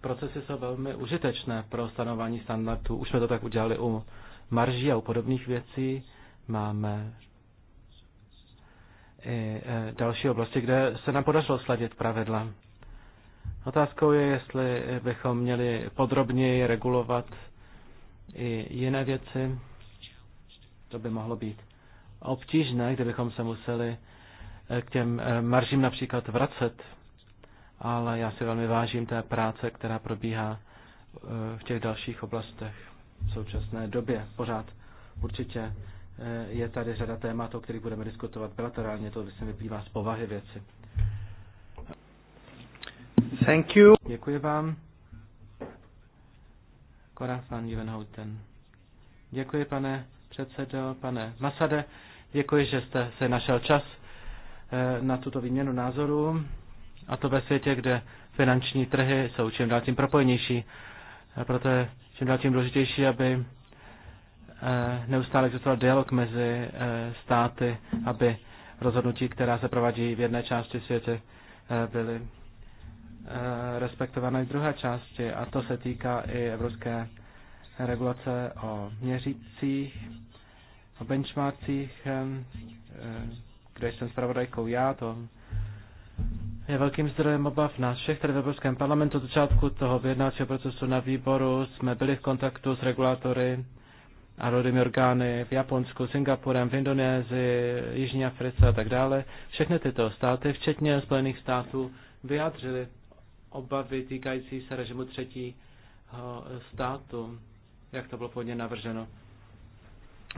procesy jsou velmi užitečné pro stanování standardů. Už jsme to tak udělali u marží a u podobných věcí. Máme i eh, další oblasti, kde se nám podařilo sladit pravidla. Otázkou je, jestli bychom měli podrobněji regulovat i jiné věci. To by mohlo být obtížné, kdybychom se museli eh, k těm eh, maržím například vracet, ale já si velmi vážím té práce, která probíhá eh, v těch dalších oblastech v současné době. Pořád určitě je tady řada témat, o kterých budeme diskutovat bilaterálně, to se vyplývá z povahy věci. Thank you. Děkuji vám. Cora van Děkuji, pane předsedo, pane Masade. Děkuji, že jste se našel čas eh, na tuto výměnu názorů, a to ve světě, kde finanční trhy jsou čím dál tím propojenější. A proto je čím dál tím důležitější, aby eh, neustále existoval dialog mezi eh, státy, aby rozhodnutí, která se provádí v jedné části světě, byly respektované v druhé části. A to se týká i evropské regulace o měřících o benchmarkcích, eh, kde jsem zpravodajkou já, to je velkým zdrojem obav nás všech tady v Evropském parlamentu. Od začátku toho vyjednávacího procesu na výboru jsme byli v kontaktu s regulátory a rodnými orgány v Japonsku, Singapurem, v Indonésii, Jižní Africe a tak dále. Všechny tyto státy, včetně Spojených států, vyjádřili obavy týkající se režimu třetí státu, jak to bylo původně navrženo.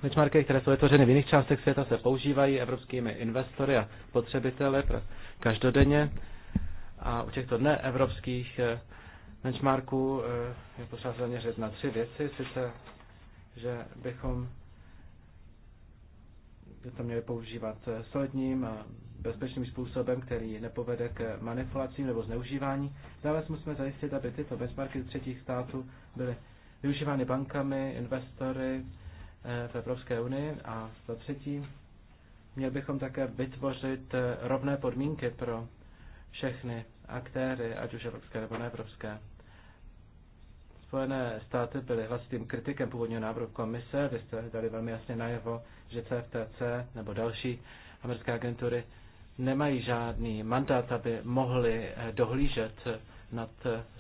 Benchmarky, které jsou vytvořeny v jiných částech světa, se používají evropskými investory a potřebiteli každodenně. A u těchto neevropských eh, benchmarků eh, je potřeba zaměřit na tři věci. Sice, že bychom by to měli používat eh, solidním a bezpečným způsobem, který nepovede k manipulacím nebo zneužívání. Dále musíme zajistit, aby tyto benchmarky z třetích států byly využívány bankami, investory, Eh, v Evropské unii. A za třetí, měli bychom také vytvořit eh, rovné podmínky pro všechny aktéry, ať už evropské nebo neevropské. Spojené státy byly hlasitým kritikem původního návrhu komise. Vy jste dali velmi jasně najevo, že CFTC nebo další americké agentury nemají žádný mandát, aby mohli eh, dohlížet nad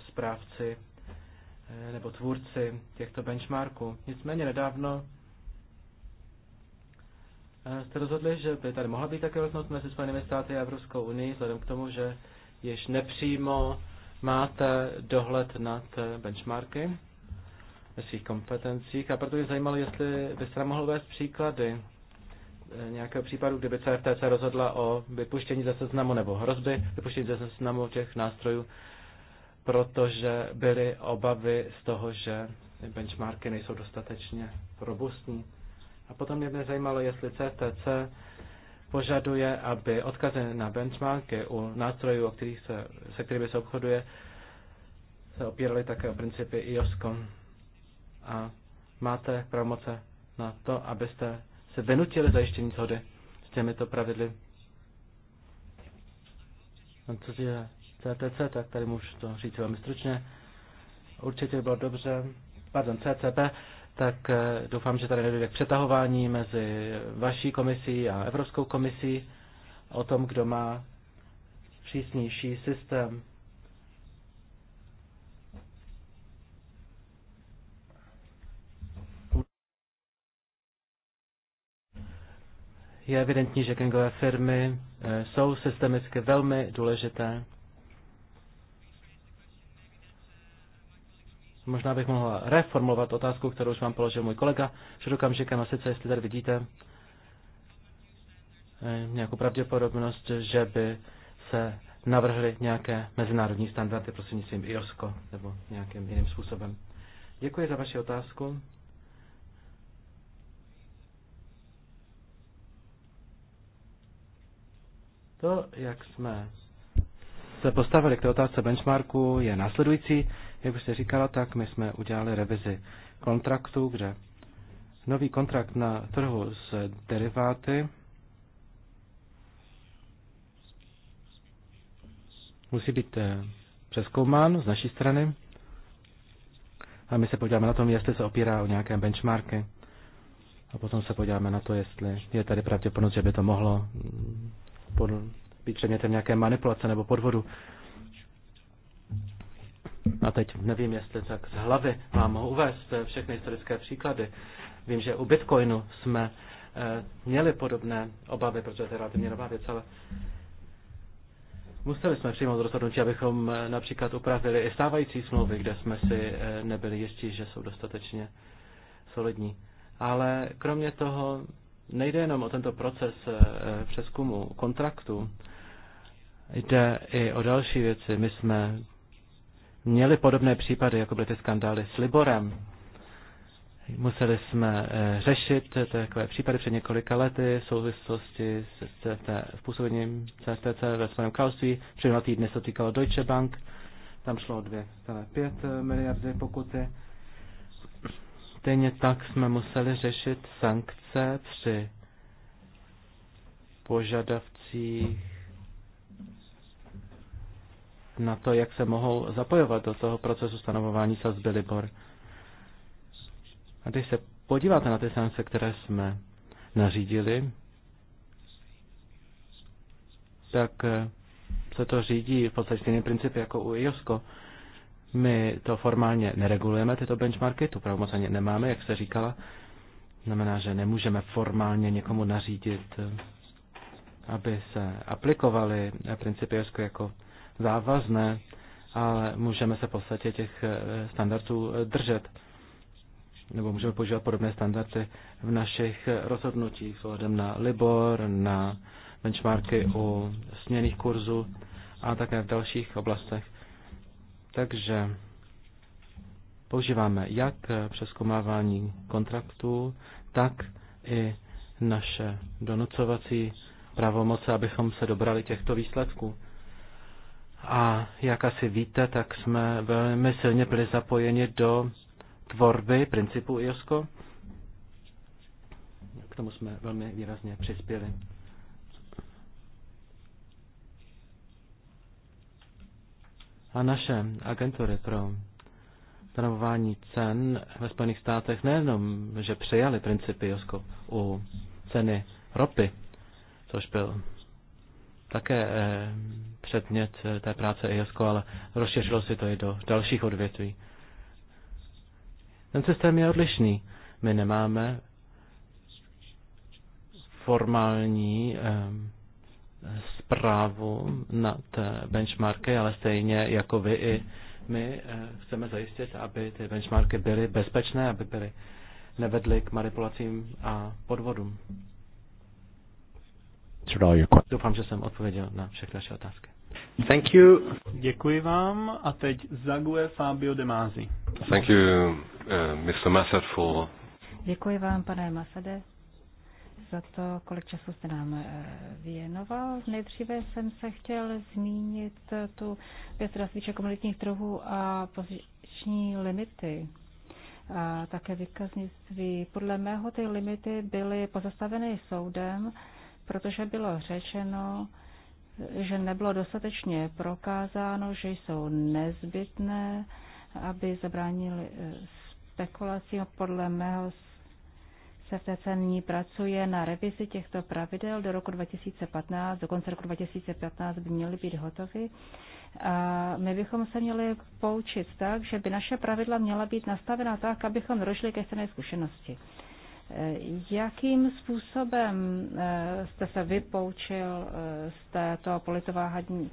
správci nebo tvůrci těchto benchmarků. Nicméně nedávno Eh, jste rozhodli, že by tady mohla být také roznost mezi Spojenými státy a Evropskou unii, vzhledem k tomu, že již nepřímo máte dohled nad eh, benchmarky ve svých kompetencích. A proto mě zajímalo, jestli byste mohl vést příklady eh, nějakého případu, kdyby CFTC rozhodla o vypuštění ze seznamu nebo hrozby vypuštění ze seznamu těch nástrojů, protože byly obavy z toho, že benchmarky nejsou dostatečně robustní. A potom mě by zajímalo, jestli CTC požaduje, aby odkazy na benchmarky u nástrojů, o kterých se, se kterými se obchoduje, se opíraly také o principy IOSCON. A máte pravomoce na to, abyste se vynutili zajištění shody s těmito pravidly. A no, co je CTC, tak tady můžu to říct velmi stručně. Určitě by bylo dobře, pardon, CCP, tak eh, doufám, že tady nedojde k přetahování mezi vaší komisí a Evropskou komisí o tom, kdo má přísnější systém. Je evidentní, že kengové firmy eh, jsou systemicky velmi důležité. Možná bych mohla reformulovat otázku, kterou už vám položil můj kolega před okamžikem, na sice jestli tady vidíte eh, nějakou pravděpodobnost, že by se navrhly nějaké mezinárodní standardy prostřednictvím IOSCO nebo nějakým jiným způsobem. Děkuji za vaši otázku. To, jak jsme se postavili k té otázce benchmarku, je následující. Jak už jste říkala, tak my jsme udělali revizi kontraktu, kde nový kontrakt na trhu s deriváty musí být eh, přeskoumán z naší strany a my se podíváme na tom, jestli se opírá o nějaké benchmarky a potom se podíváme na to, jestli je tady pravděpodobnost, že by to mohlo mm, být předmětem nějaké manipulace nebo podvodu a teď nevím, jestli tak z hlavy vám mohu uvést všechny historické příklady. Vím, že u Bitcoinu jsme eh, měli podobné obavy, protože to je relativně nová věc, ale museli jsme přijmout rozhodnutí, abychom eh, například upravili i stávající smlouvy, kde jsme si eh, nebyli jistí, že jsou dostatečně solidní. Ale kromě toho nejde jenom o tento proces přeskumu kontraktu, jde i o další věci. My jsme měli podobné případy, jako byly ty skandály s Liborem. Museli jsme eh, řešit takové případy před několika lety v souvislosti s, CT, s působením CSTC ve svém království. Před dva týdny se týkalo Deutsche Bank, tam šlo o 2,5 eh, miliardy pokuty. Stejně tak jsme museli řešit sankce při požadavcích na to, jak se mohou zapojovat do toho procesu stanovování sazby Libor. A když se podíváte na ty sankce, které jsme nařídili, tak eh, se to řídí v podstatě stejným principy jako u IOSCO. My to formálně neregulujeme, tyto benchmarky, tu pravomoc ani nemáme, jak se říkala. Znamená, že nemůžeme formálně někomu nařídit, eh, aby se aplikovaly principy IOSCO jako závazné, ale můžeme se v podstatě těch eh, standardů eh, držet nebo můžeme používat podobné standardy v našich eh, rozhodnutích s ohledem na Libor, na benchmarky u směných kurzů a také v dalších oblastech. Takže používáme jak přeskomávání kontraktů, tak i naše donucovací pravomoce, abychom se dobrali těchto výsledků. A jak asi víte, tak jsme velmi silně byli zapojeni do tvorby principu IOSCO. K tomu jsme velmi výrazně přispěli. A naše agentury pro stanovování cen ve Spojených státech nejenom, že přijali principy IOSCO u ceny ropy, což byl také eh, předmět eh, té práce ESCO, ale rozšířilo se to i do dalších odvětví. Ten systém je odlišný. My nemáme formální ehm, zprávu nad benchmarky, ale stejně jako vy i my eh, chceme zajistit, aby ty benchmarky byly bezpečné, aby byly nevedly k manipulacím a podvodům answered all your jako- questions. Doufám, že jsem odpověděl na všechny vaše otázky. Thank you. Děkuji vám a teď Zague Fabio De Masi. Thank you, uh, Mr. Massad, for... Děkuji vám, pane Masade, za to, kolik času jste nám eh, věnoval. Nejdříve jsem se chtěl zmínit eh, tu věc rozvíče komunitních trhů a poziční limity a také vykaznictví. Podle mého ty limity byly pozastaveny soudem protože bylo řečeno, že nebylo dostatečně prokázáno, že jsou nezbytné, aby zabránili eh, spekulacím. Podle mého se v nyní pracuje na revizi těchto pravidel do roku 2015, do konce roku 2015 by měly být hotovy. A my bychom se měli poučit tak, že by naše pravidla měla být nastavena tak, abychom rožili ke stejné zkušenosti. Jakým způsobem eh, jste se vypoučil eh, z této politováhadní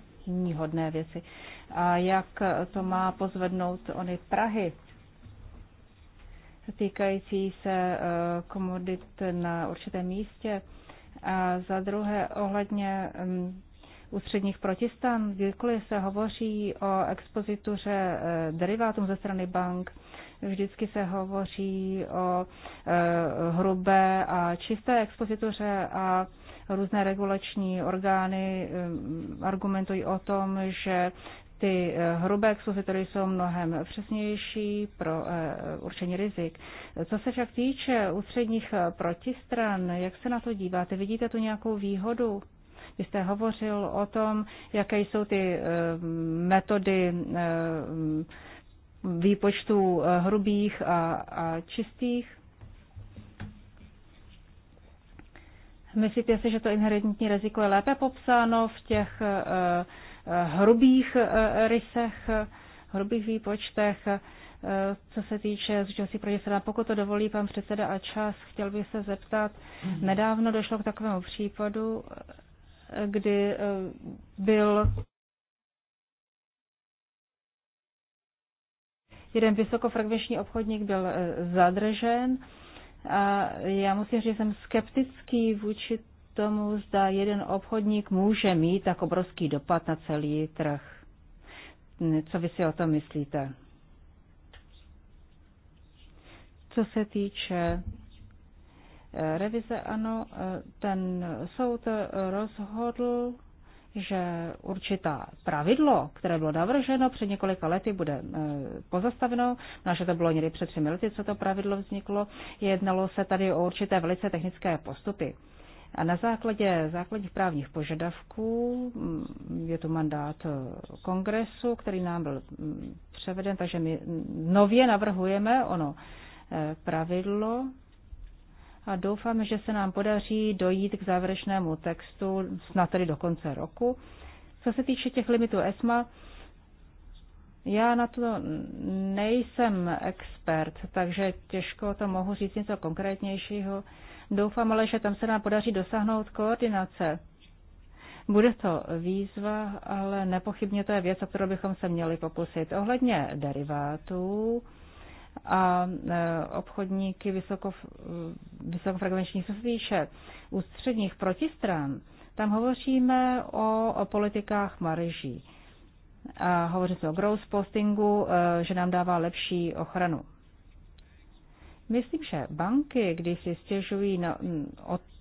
hodné věci a jak to má pozvednout ony Prahy týkající se eh, komodit na určitém místě? A za druhé ohledně mm, ústředních protistan, kdykoliv se hovoří o expozituře derivátům ze strany bank, Vždycky se hovoří o e, hrubé a čisté expozituře a různé regulační orgány e, argumentují o tom, že ty e, hrubé expozitory jsou mnohem přesnější pro určení rizik. Co se však týče ústředních protistran, jak se na to díváte? Vidíte tu nějakou výhodu? Vy jste hovořil o tom, jaké jsou ty metody výpočtu eh, hrubých a, a čistých. Myslíte si, že to inherentní riziko je lépe popsáno v těch eh, eh, hrubých rysech, hrubých výpočtech? Co se týče zúčastí proti sedám, pokud to dovolí pan předseda a čas, chtěl bych se zeptat, nedávno došlo k takovému případu, kdy byl Jeden vysokofrekvenční obchodník byl e, zadržen a já musím říct, že jsem skeptický vůči tomu, zda jeden obchodník může mít tak obrovský dopad na celý trh. Co vy si o tom myslíte? Co se týče e, revize, ano, e, ten soud rozhodl, že určitá pravidlo, které bylo navrženo před několika lety, bude eh, pozastaveno. Naše no to bylo někdy před třemi lety, co to pravidlo vzniklo. Jednalo se tady o určité velice technické postupy. A na základě základních právních požadavků mm, je to mandát eh, kongresu, který nám byl mm, převeden, takže my nově navrhujeme ono eh, pravidlo, a doufáme, že se nám podaří dojít k závěrečnému textu, snad tedy do konce roku. Co se týče těch limitů ESMA, já na to nejsem expert, takže těžko to mohu říct něco konkrétnějšího. Doufám ale, že tam se nám podaří dosáhnout koordinace. Bude to výzva, ale nepochybně to je věc, o kterou bychom se měli pokusit. Ohledně derivátů, a e, obchodníky vysoko, e, vysokofrekvenčních týče ústředních protistran, tam hovoříme o, o politikách marží. A hovoří se o gross postingu, e, že nám dává lepší ochranu. Myslím, že banky, když si stěžují na,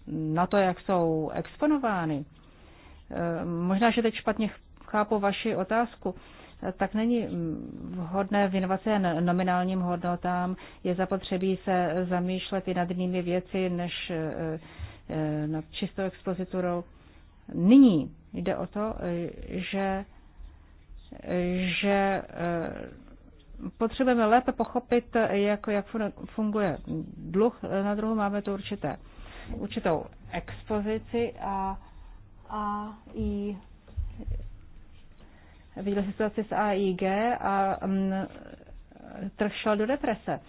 na to, jak jsou exponovány, možná, že teď špatně chápu vaši otázku, tak není vhodné věnovat jen nominálním hodnotám. Je zapotřebí se zamýšlet i nad jinými věci, než eh, eh, nad čistou expoziturou. Nyní jde o to, eh, že, že potřebujeme lépe pochopit, jako, jak, jak funguje dluh. Na druhu máme tu určité, určitou expozici a, a i viděl situaci s AIG a um, trh šel do deprese.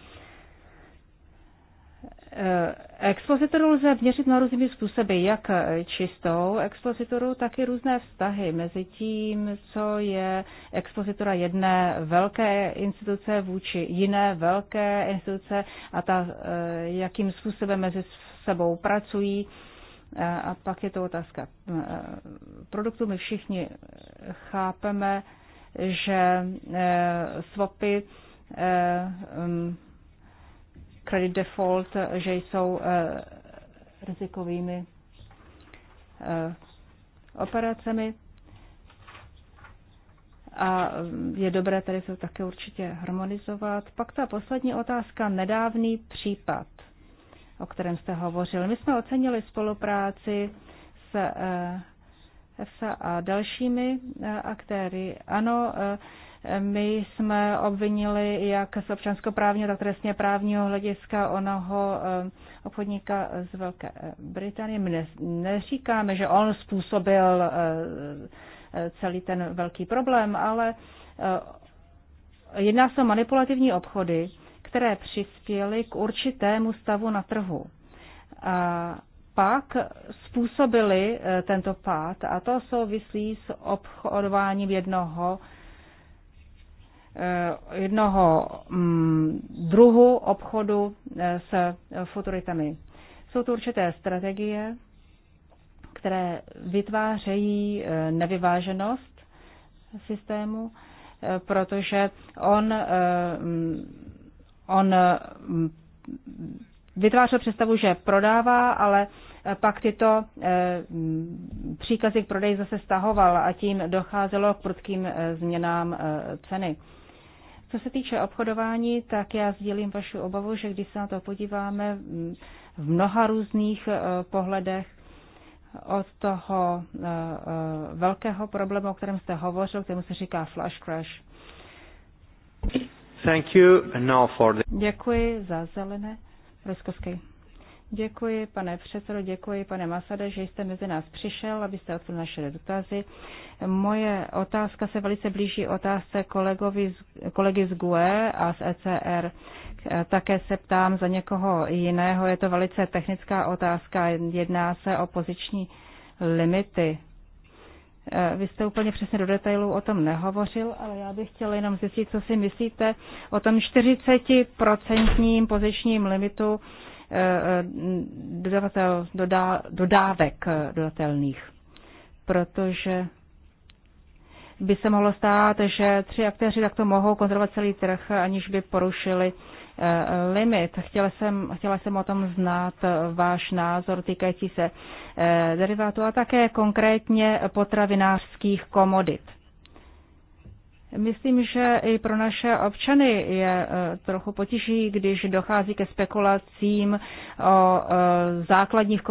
Eh, expozitoru lze měřit na různými způsoby, jak čistou expozitoru, tak i různé vztahy mezi tím, co je expozitora jedné velké instituce vůči jiné velké instituce a ta, eh, jakým způsobem mezi sebou pracují a pak je to otázka e, produktů. My všichni chápeme, že e, swapy e, credit default, že jsou rizikovými operacemi. A je dobré tady to také určitě harmonizovat. Pak ta poslední otázka, nedávný případ o kterém jste hovořil. My jsme ocenili spolupráci s EFSA eh, a dalšími eh, aktéry. Ano, eh, my jsme obvinili jak z občanskoprávního, tak trestně právního hlediska onoho obchodníka z Velké Británie. My neříkáme, že on způsobil celý ten velký problém, ale jedná se o manipulativní obchody, které přispěly k určitému stavu na trhu. A pak způsobili e, tento pád a to souvislí s obchodováním jednoho e, jednoho mm, druhu obchodu e, s futuritami. Jsou to určité strategie, které vytvářejí nevyváženost systému, protože on On eh, vytvářel představu, že prodává, ale eh, pak tyto eh, příkazy k prodeji zase stahoval a tím docházelo k prudkým změnám ceny. Co se týče obchodování, tak já sdílím vaši obavu, že když se na to podíváme v mnoha různých pohledech, od toho velkého problému, o kterém jste hovořil, kterému se říká flash crash, Thank you. And now for the... Děkuji za zelené. rozkosky. Děkuji, pane předsedo, děkuji, pane Masade, že jste mezi nás přišel, abyste odpověděl naše dotazy. Moje otázka se velice blíží otázce kolegovi z, kolegy z GUE a z ECR. Také se ptám za někoho jiného, je to velice technická otázka, jedná se o poziční limity vy jste úplně přesně do detailů o tom nehovořil, ale já bych chtěla jenom zjistit, co si myslíte o tom 40% pozičním limitu eh, eh, dodavatel, dodá, dodávek eh, dodatelných. Protože by se mohlo stát, že tři aktéři takto mohou kontrolovat celý trh, aniž by porušili Eh, limit. Chtěla jsem, chtěla jsem o tom znát eh, váš názor týkající se eh, derivátu a také konkrétně potravinářských komodit. Myslím, že i pro naše občany je trochu potíží, když dochází ke spekulacím o základních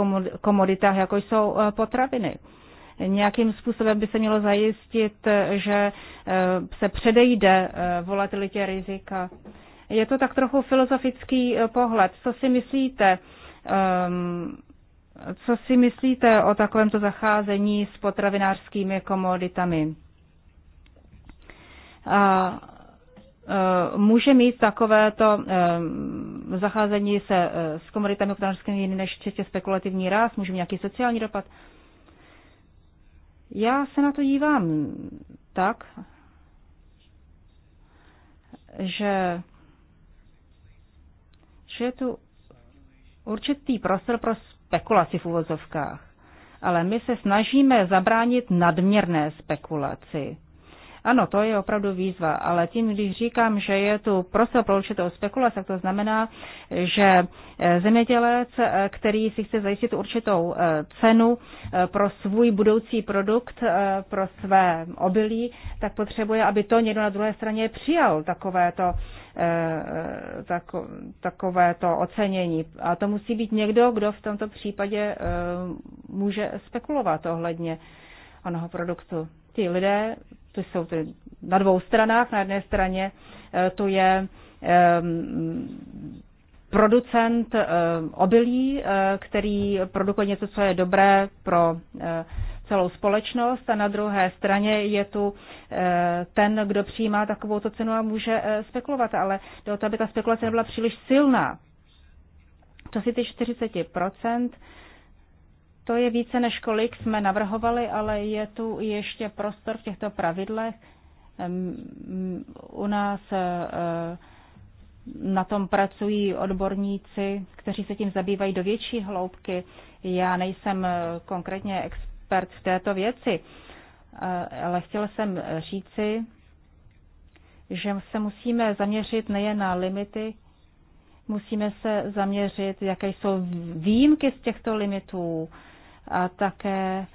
komoditách, jako jsou potraviny. Nějakým způsobem by se mělo zajistit, že se předejde volatilitě rizika je to tak trochu filozofický eh, pohled. Co si myslíte? Um, co si myslíte o takovémto zacházení s potravinářskými komoditami? A eh, může mít takovéto ehm, zacházení se eh, s komoditami potravinářskými jiný než čistě spekulativní ráz? Může mít nějaký sociální dopad? Já se na to dívám tak, že že je tu určitý prostor pro spekulaci v uvozovkách. Ale my se snažíme zabránit nadměrné spekulaci. Ano, to je opravdu výzva, ale tím, když říkám, že je tu prostor pro určitou spekulaci, tak to znamená, že eh, zemědělec, eh, který si chce zajistit určitou eh, cenu pro svůj budoucí produkt, pro své obilí, tak potřebuje, aby to někdo na druhé straně přijal takovéto takové to ocenění. A to musí být někdo, kdo v tomto případě může spekulovat ohledně onoho produktu. Ti lidé to jsou tedy na dvou stranách. Na jedné straně eh, to je ehm, producent eh, obilí, eh, který produkuje něco, co je dobré pro celou společnost a na druhé straně je tu ten, kdo přijímá takovou cenu a může spekulovat, ale do o to, aby ta spekulace nebyla příliš silná. To si ty 40 to je více než kolik jsme navrhovali, ale je tu ještě prostor v těchto pravidlech. U nás e, e, na tom pracují odborníci, kteří se tím zabývají do větší hloubky. Já nejsem e, konkrétně expert v této věci, ale chtěla jsem říci, že se musíme zaměřit nejen na limity, musíme se zaměřit, jaké jsou výjimky z těchto limitů, a také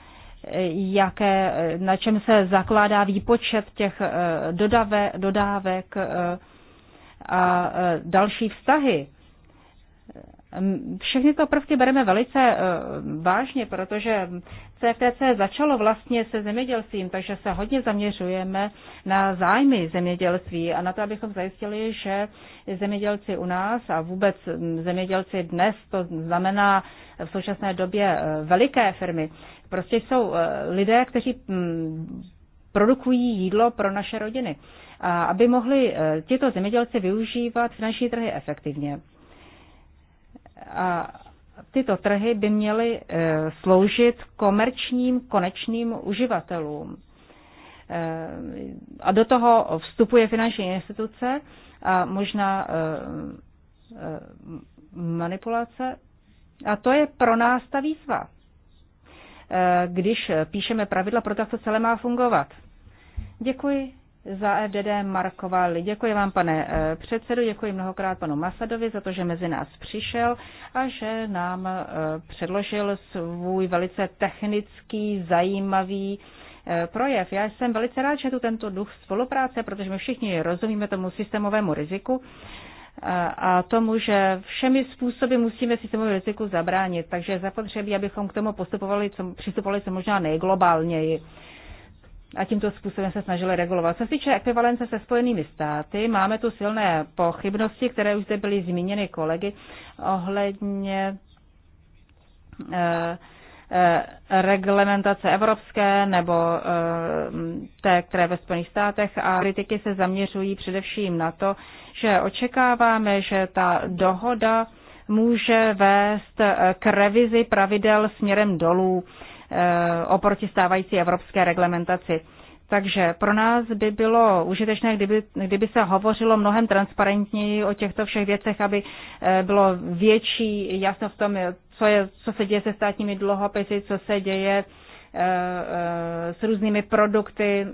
jaké, na čem se zakládá výpočet těch eh, dodave, dodávek eh, a eh, další vztahy. Ehm, všechny to prvky bereme velice eh, vážně, protože CFTC začalo vlastně se zemědělstvím, takže se hodně zaměřujeme na zájmy zemědělství a na to, abychom zajistili, že zemědělci u nás a vůbec hm, zemědělci dnes, to znamená v současné době eh, veliké firmy, prostě jsou eh, lidé, kteří hm, produkují jídlo pro naše rodiny, a aby mohli tyto zemědělci využívat finanční trhy efektivně. A tyto trhy by měly eh, sloužit komerčním konečným uživatelům. Eh, a do toho vstupuje finanční instituce a možná eh, manipulace. A to je pro nás ta výzva. Když píšeme pravidla pro to, co celé má fungovat. Děkuji za FDD Marková. Děkuji vám, pane eh, předsedu, děkuji mnohokrát panu Masadovi za to, že mezi nás přišel a že nám eh, předložil svůj velice technický, zajímavý eh, projev. Já jsem velice rád, že tu tento duch spolupráce, protože my všichni rozumíme tomu systémovému riziku a tomu, že všemi způsoby musíme systémovému riziku zabránit. Takže zapotřebí, abychom k tomu postupovali, co, přistupovali co možná nejglobálněji a tímto způsobem se snažili regulovat. Co se týče ekvivalence se Spojenými státy, máme tu silné pochybnosti, které už zde byly zmíněny kolegy ohledně eh, eh, reglementace evropské nebo eh, té, které ve Spojených státech a kritiky se zaměřují především na to, že očekáváme, že ta dohoda může vést k revizi pravidel směrem dolů. Eh, oproti stávající evropské reglementaci. Takže pro nás by bylo užitečné, kdyby, kdyby se hovořilo mnohem transparentněji o těchto všech věcech, aby eh, bylo větší jasno v tom, co, je, co se děje se státními dluhopisy, co se děje eh, s různými produkty,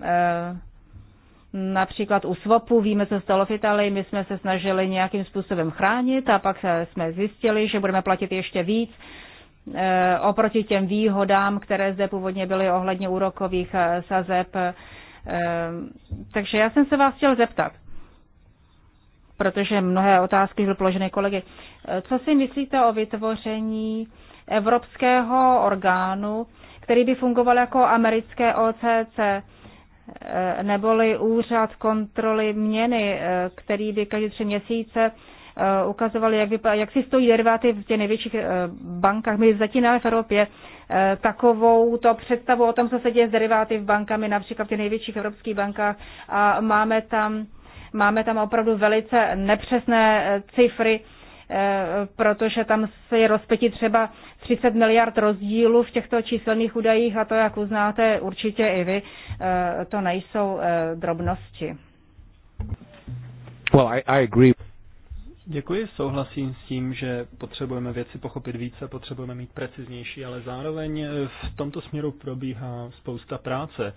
například u swapu, víme, co stalo v Italii, my jsme se snažili nějakým způsobem chránit a pak jsme zjistili, že budeme platit ještě víc Eh, oproti těm výhodám, které zde původně byly ohledně úrokových eh, sazeb. Eh, takže já jsem se vás chtěl zeptat, protože mnohé otázky byly položeny kolegy. Co si myslíte o vytvoření evropského orgánu, který by fungoval jako americké OCC, neboli úřad kontroly měny, který by každé tři měsíce Eh, ukazovali, jak, vypadá, jak si stojí deriváty v těch největších eh, bankách. My zatínáme v Evropě eh, takovou to představu o tom, co se děje s deriváty v bankami, například v těch největších evropských bankách a máme tam, máme tam opravdu velice nepřesné cifry, protože tam se je rozpětí třeba 30 miliard rozdílů v těchto číselných údajích a to, jak uznáte určitě i vy, to nejsou drobnosti. Well, I, I agree. Děkuji, souhlasím s tím, že potřebujeme věci pochopit více, potřebujeme mít preciznější, ale zároveň v tomto směru probíhá spousta práce.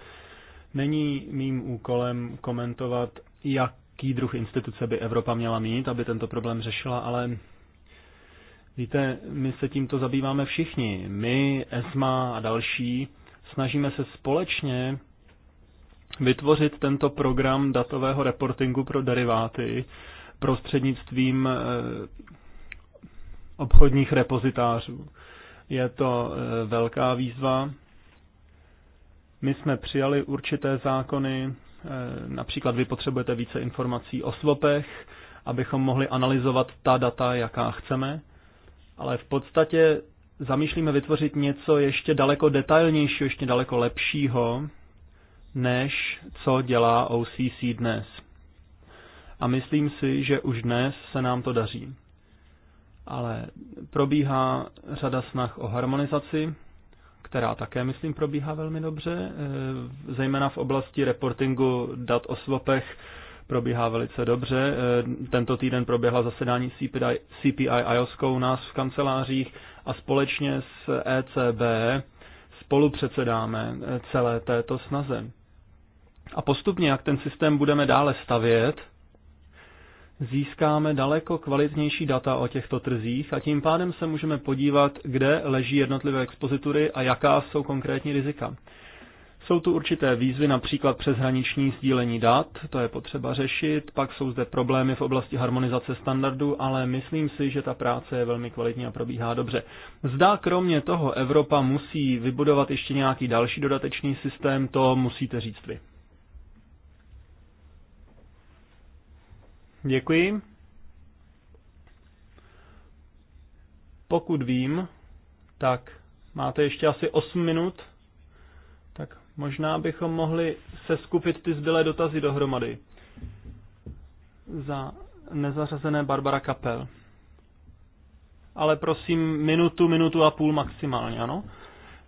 Není mým úkolem komentovat, jaký druh instituce by Evropa měla mít, aby tento problém řešila, ale víte, my se tímto zabýváme všichni. My, ESMA a další, snažíme se společně vytvořit tento program datového reportingu pro deriváty, prostřednictvím eh, obchodních repozitářů. Je to eh, velká výzva. My jsme přijali určité zákony, eh, například vy potřebujete více informací o svopech, abychom mohli analyzovat ta data, jaká chceme, ale v podstatě zamýšlíme vytvořit něco ještě daleko detailnějšího, ještě daleko lepšího, než co dělá OCC dnes a myslím si, že už dnes se nám to daří. Ale probíhá řada snah o harmonizaci, která také, myslím, probíhá velmi dobře, eh, zejména v oblasti reportingu dat o swapech probíhá velice dobře. Eh, tento týden proběhla zasedání CPI, CPI IOSCO u nás v kancelářích a společně s ECB spolupředsedáme eh, celé této snaze. A postupně, jak ten systém budeme dále stavět, získáme daleko kvalitnější data o těchto trzích a tím pádem se můžeme podívat, kde leží jednotlivé expozitury a jaká jsou konkrétní rizika. Jsou tu určité výzvy, například přeshraniční sdílení dat, to je potřeba řešit, pak jsou zde problémy v oblasti harmonizace standardů, ale myslím si, že ta práce je velmi kvalitní a probíhá dobře. Zdá kromě toho Evropa musí vybudovat ještě nějaký další dodatečný systém, to musíte říct vy. Děkuji. Pokud vím, tak máte ještě asi 8 minut, tak možná bychom mohli seskupit ty zbylé dotazy dohromady. Za nezařazené Barbara Kapel. Ale prosím minutu, minutu a půl maximálně, ano?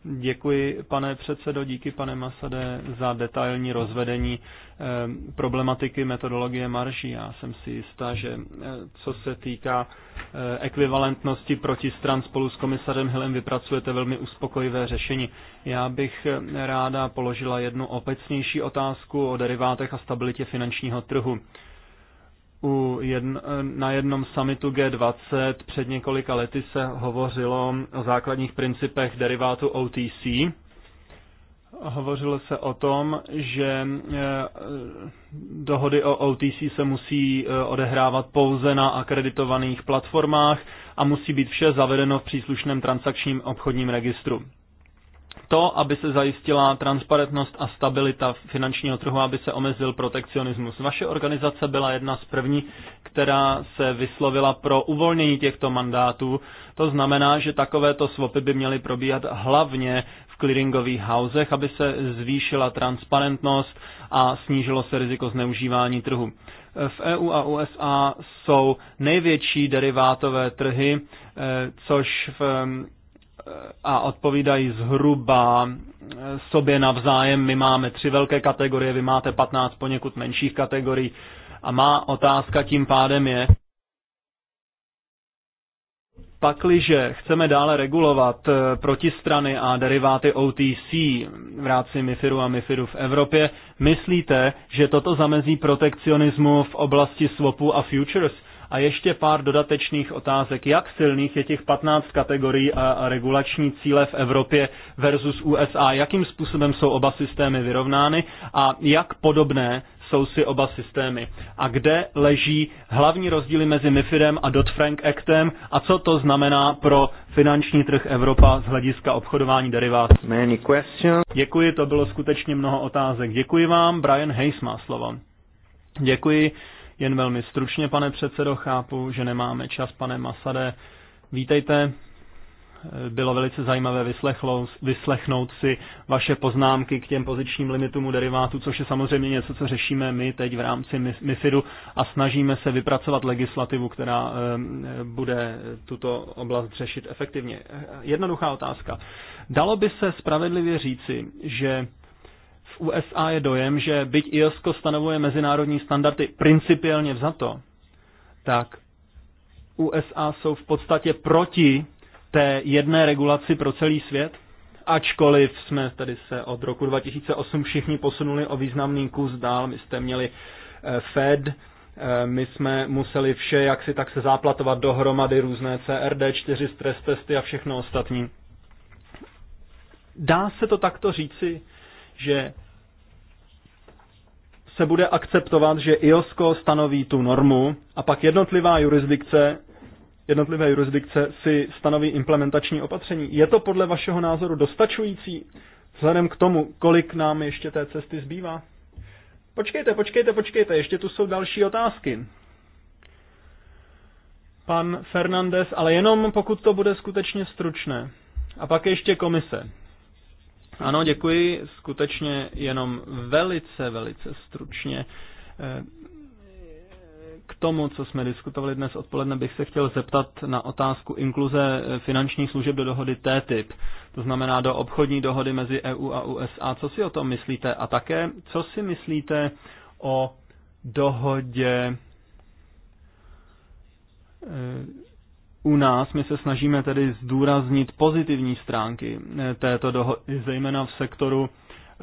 Děkuji, pane předsedo, díky, pane Masade, za detailní rozvedení eh, problematiky metodologie marží. Já jsem si jistá, že eh, co se týká eh, ekvivalentnosti protistran spolu s komisarem Hillem vypracujete velmi uspokojivé řešení. Já bych ráda položila jednu obecnější otázku o derivátech a stabilitě finančního trhu u jedn, na jednom summitu G20 před několika lety se hovořilo o základních principech derivátu OTC. Hovořilo se o tom, že e, dohody o OTC se musí e, odehrávat pouze na akreditovaných platformách a musí být vše zavedeno v příslušném transakčním obchodním registru to, aby se zajistila transparentnost a stabilita finančního trhu, aby se omezil protekcionismus. Vaše organizace byla jedna z první, která se vyslovila pro uvolnění těchto mandátů. To znamená, že takovéto swapy by měly probíhat hlavně v clearingových housech, aby se zvýšila transparentnost a snížilo se riziko zneužívání trhu. V EU a USA jsou největší derivátové trhy, eh, což v a odpovídají zhruba eh, sobě navzájem. My máme tři velké kategorie, vy máte 15 poněkud menších kategorií. A má otázka tím pádem je, pakliže chceme dále regulovat eh, protistrany a deriváty OTC v rámci MIFIRu a MIFIRu v Evropě, myslíte, že toto zamezí protekcionismu v oblasti swapu a futures? A ještě pár dodatečných otázek. Jak silných je těch 15 kategorií a regulační cíle v Evropě versus USA? Jakým způsobem jsou oba systémy vyrovnány a jak podobné jsou si oba systémy? A kde leží hlavní rozdíly mezi MIFIDem a Dodd-Frank Actem a co to znamená pro finanční trh Evropa z hlediska obchodování derivátů? Many questions. Děkuji, to bylo skutečně mnoho otázek. Děkuji vám, Brian Hayes má slovo. Děkuji. Jen velmi stručně, pane předsedo, chápu, že nemáme čas, pane Masade. Vítejte. Bylo velice zajímavé vyslechnout si vaše poznámky k těm pozičním limitům u derivátů, což je samozřejmě něco, co řešíme my teď v rámci MIFIDu a snažíme se vypracovat legislativu, která bude tuto oblast řešit efektivně. Jednoduchá otázka. Dalo by se spravedlivě říci, že USA je dojem, že byť IOSCO stanovuje mezinárodní standardy principiálně vzato, tak USA jsou v podstatě proti té jedné regulaci pro celý svět, ačkoliv jsme tady se od roku 2008 všichni posunuli o významný kus dál, my jste měli eh, Fed, eh, my jsme museli vše jak si tak se záplatovat dohromady různé CRD, čtyři stres testy a všechno ostatní. Dá se to takto říci, že se bude akceptovat, že IOSCO stanoví tu normu a pak jednotlivá jurisdikce, jednotlivé jurisdikce si stanoví implementační opatření. Je to podle vašeho názoru dostačující vzhledem k tomu, kolik nám ještě té cesty zbývá? Počkejte, počkejte, počkejte, ještě tu jsou další otázky. Pan Fernandez, ale jenom pokud to bude skutečně stručné. A pak ještě komise. Ano, děkuji. Skutečně jenom velice, velice stručně. Eh, k tomu, co jsme diskutovali dnes odpoledne, bych se chtěl zeptat na otázku inkluze eh, finančních služeb do dohody TTIP, to znamená do obchodní dohody mezi EU a USA. Co si o tom myslíte? A také, co si myslíte o dohodě eh, u nás my se snažíme tedy zdůraznit pozitivní stránky eh, této dohody, zejména v sektoru eh,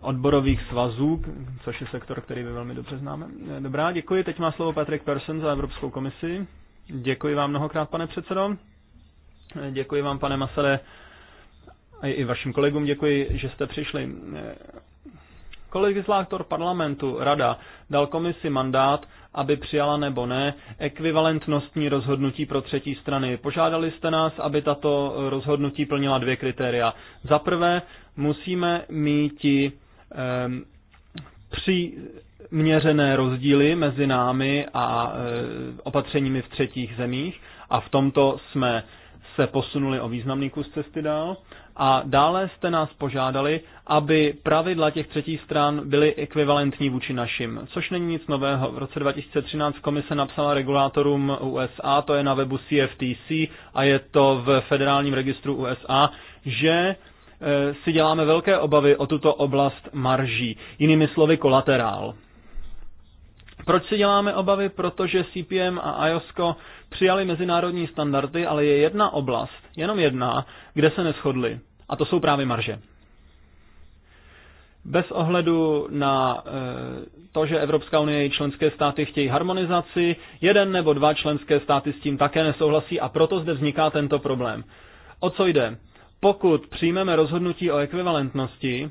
odborových svazů, což je sektor, který vy velmi dobře známe. Eh, dobrá, děkuji. Teď má slovo Patrick Persson za Evropskou komisi. Děkuji vám mnohokrát, pane předsedo. Děkuji vám, pane Masade, a i vašim kolegům děkuji, že jste přišli. Kolegislátor parlamentu, rada, dal komisi mandát, aby přijala nebo ne ekvivalentnostní rozhodnutí pro třetí strany. Požádali jste nás, aby tato rozhodnutí plnila dvě kritéria. Za prvé, musíme mít eh, při měřené rozdíly mezi námi a e, opatřeními v třetích zemích a v tomto jsme se posunuli o významný kus cesty dál. A dále jste nás požádali, aby pravidla těch třetích stran byly ekvivalentní vůči našim, což není nic nového. V roce 2013 komise napsala regulátorům USA, to je na webu CFTC a je to v federálním registru USA, že eh, si děláme velké obavy o tuto oblast marží, jinými slovy kolaterál. Proč si děláme obavy? Protože CPM a IOSCO přijali mezinárodní standardy, ale je jedna oblast, jenom jedna, kde se neschodli. A to jsou právě marže. Bez ohledu na eh, to, že Evropská unie i členské státy chtějí harmonizaci, jeden nebo dva členské státy s tím také nesouhlasí a proto zde vzniká tento problém. O co jde? Pokud přijmeme rozhodnutí o ekvivalentnosti,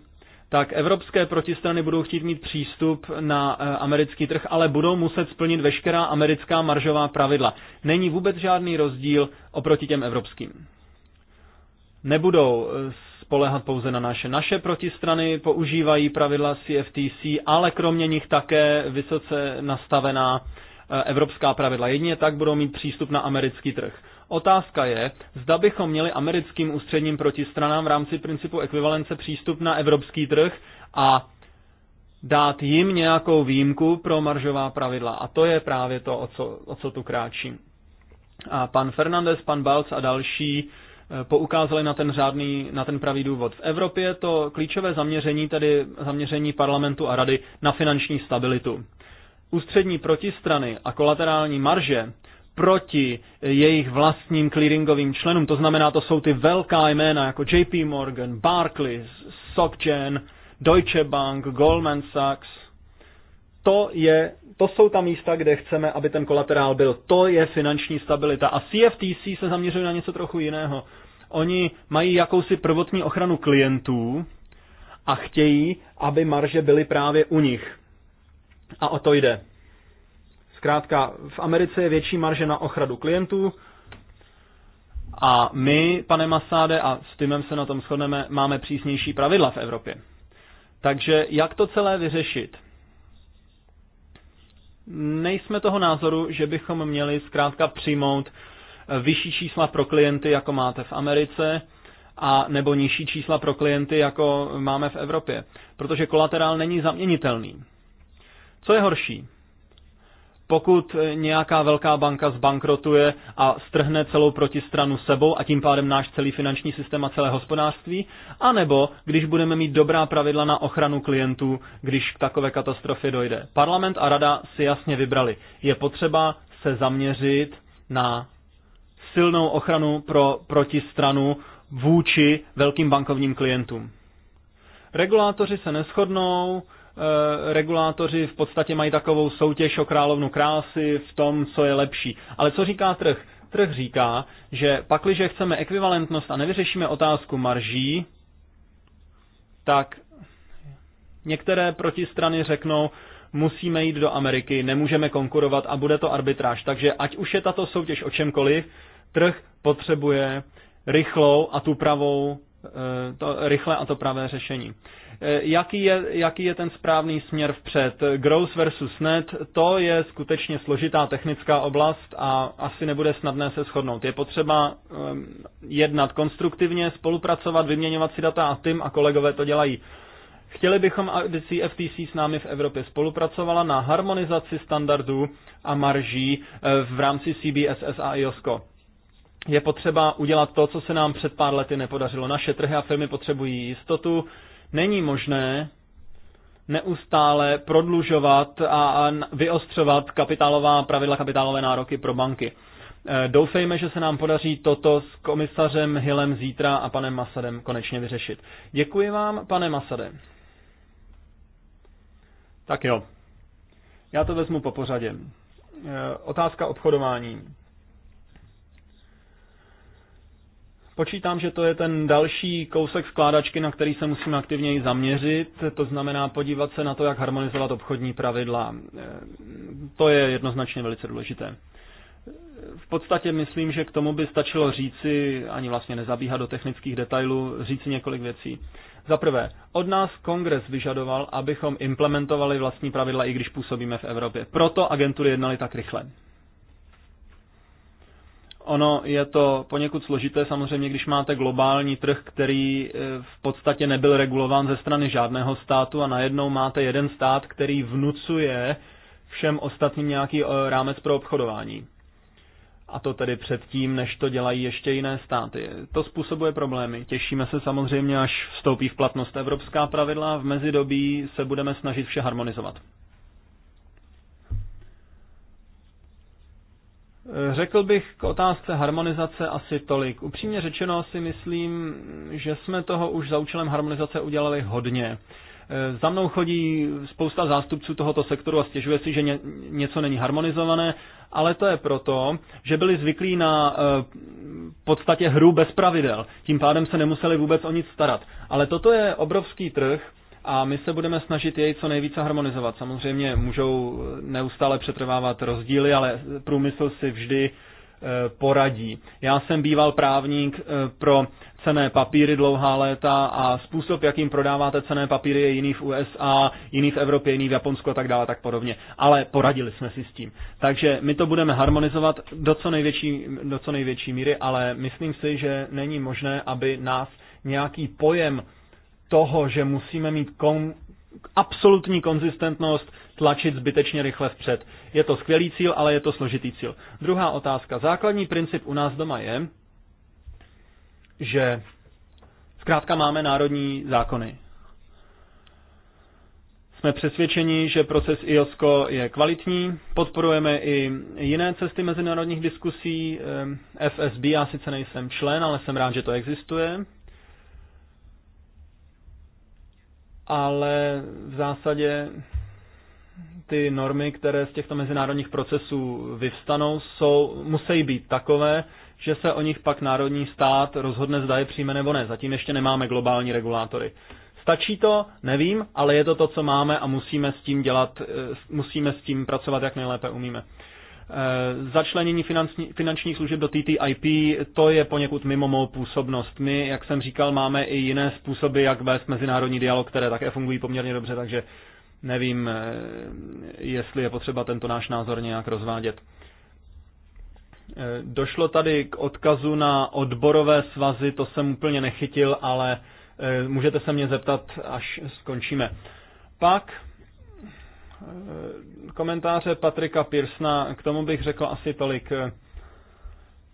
tak evropské protistrany budou chtít mít přístup na eh, americký trh, ale budou muset splnit veškerá americká maržová pravidla. Není vůbec žádný rozdíl oproti těm evropským. Nebudou eh, spolehat pouze na naše. Naše protistrany používají pravidla CFTC, ale kromě nich také vysoce nastavená eh, evropská pravidla. Jedině tak budou mít přístup na americký trh. Otázka je, zda bychom měli americkým ústředním protistranám v rámci principu ekvivalence přístup na evropský trh a dát jim nějakou výjimku pro maržová pravidla. A to je právě to, o co, o co tu kráčí. A pan Fernandez, pan Balc a další eh, poukázali na ten řádný, na ten pravý důvod. V Evropě to klíčové zaměření, tedy zaměření parlamentu a rady na finanční stabilitu. Ústřední protistrany a kolaterální marže proti jejich vlastním clearingovým členům. To znamená, to jsou ty velká jména jako JP Morgan, Barclays, SocGen, Deutsche Bank, Goldman Sachs. To, je, to jsou ta místa, kde chceme, aby ten kolaterál byl. To je finanční stabilita. A CFTC se zaměřuje na něco trochu jiného. Oni mají jakousi prvotní ochranu klientů a chtějí, aby marže byly právě u nich. A o to jde. Zkrátka, v Americe je větší marže na ochradu klientů a my, pane Masáde, a s Timem se na tom shodneme, máme přísnější pravidla v Evropě. Takže jak to celé vyřešit? Nejsme toho názoru, že bychom měli zkrátka přijmout eh, vyšší čísla pro klienty, jako máte v Americe, a nebo nižší čísla pro klienty, jako máme v Evropě, protože kolaterál není zaměnitelný. Co je horší? Pokud nějaká velká banka zbankrotuje a strhne celou protistranu sebou a tím pádem náš celý finanční systém a celé hospodářství, anebo když budeme mít dobrá pravidla na ochranu klientů, když k takové katastrofě dojde. Parlament a rada si jasně vybrali. Je potřeba se zaměřit na silnou ochranu pro protistranu vůči velkým bankovním klientům. Regulátoři se neschodnou, Eh, regulátoři v podstatě mají takovou soutěž o královnu krásy v tom, co je lepší. Ale co říká trh? Trh říká, že pakliže chceme ekvivalentnost a nevyřešíme otázku marží, tak některé protistrany řeknou, musíme jít do Ameriky, nemůžeme konkurovat a bude to arbitráž. Takže ať už je tato soutěž o čemkoliv, trh potřebuje rychlou a tu pravou Eh, to rychlé a to pravé řešení. Eh, jaký je, jaký je ten správný směr vpřed? Gross versus net, to je skutečně složitá technická oblast a asi nebude snadné se shodnout. Je potřeba eh, jednat konstruktivně, spolupracovat, vyměňovat si data a tím a kolegové to dělají. Chtěli bychom, aby CFTC s námi v Evropě spolupracovala na harmonizaci standardů a marží v rámci CBSS a IOSCO je potřeba udělat to, co se nám před pár lety nepodařilo. Naše trhy a firmy potřebují jistotu. Není možné neustále prodlužovat a vyostřovat kapitálová pravidla, kapitálové nároky pro banky. E, doufejme, že se nám podaří toto s komisařem Hillem zítra a panem Masadem konečně vyřešit. Děkuji vám, pane Masade. Tak jo, já to vezmu po pořadě. E, otázka obchodování. Počítám, že to je ten další kousek skládačky, na který se musíme aktivněji zaměřit, to znamená podívat se na to, jak harmonizovat obchodní pravidla. E, to je jednoznačně velice důležité. V podstatě myslím, že k tomu by stačilo říci, ani vlastně nezabíhat do technických detailů, říci několik věcí. Za prvé, od nás kongres vyžadoval, abychom implementovali vlastní pravidla, i když působíme v Evropě. Proto agentury jednaly tak rychle. Ono je to poněkud složité, samozřejmě, když máte globální trh, který eh, v podstatě nebyl regulován ze strany žádného státu a najednou máte jeden stát, který vnucuje všem ostatním nějaký eh, rámec pro obchodování. A to tedy předtím, než to dělají ještě jiné státy. To způsobuje problémy. Těšíme se samozřejmě, až vstoupí v platnost evropská pravidla. V mezidobí se budeme snažit vše harmonizovat. Řekl bych k otázce harmonizace asi tolik. Upřímně řečeno si myslím, že jsme toho už za účelem harmonizace udělali hodně. E, za mnou chodí spousta zástupců tohoto sektoru a stěžuje si, že něco není harmonizované, ale to je proto, že byli zvyklí na e, podstatě hru bez pravidel. Tím pádem se nemuseli vůbec o nic starat. Ale toto je obrovský trh, a my se budeme snažit jej co nejvíce harmonizovat. Samozřejmě můžou eh, neustále přetrvávat rozdíly, ale průmysl si vždy eh, poradí. Já jsem býval právník eh, pro cené papíry dlouhá léta a způsob, jakým prodáváte cené papíry, je jiný v USA, jiný v Evropě, jiný v Japonsku a tak dále, tak podobně. Ale poradili jsme si s tím. Takže my to budeme harmonizovat do co největší, do co největší míry, ale myslím si, že není možné, aby nás nějaký pojem toho, že musíme mít kon, absolutní konzistentnost, tlačit zbytečně rychle vpřed. Je to skvělý cíl, ale je to složitý cíl. Druhá otázka. Základní princip u nás doma je, že zkrátka máme národní zákony. Jsme přesvědčeni, že proces IOSCO je kvalitní, podporujeme i jiné cesty mezinárodních diskusí, ehm, FSB, já sice nejsem člen, ale jsem rád, že to existuje, ale v zásadě ty normy, které z těchto mezinárodních procesů vyvstanou, jsou, musí být takové, že se o nich pak národní stát rozhodne, zda je přijme nebo ne. Zatím ještě nemáme globální regulátory. Stačí to? Nevím, ale je to to, co máme a musíme s tím dělat, eh, musíme s tím pracovat, jak nejlépe umíme. Eh, začlenění finanční, finančních služeb do TTIP, to je poněkud mimo mou působnost. My, jak jsem říkal, máme i jiné způsoby, jak vést mezinárodní dialog, které také fungují poměrně dobře, takže nevím, eh, jestli je potřeba tento náš názor nějak rozvádět. Eh, došlo tady k odkazu na odborové svazy, to jsem úplně nechytil, ale můžete se mě zeptat, až skončíme. Pak komentáře Patrika Pirsna, k tomu bych řekl asi tolik.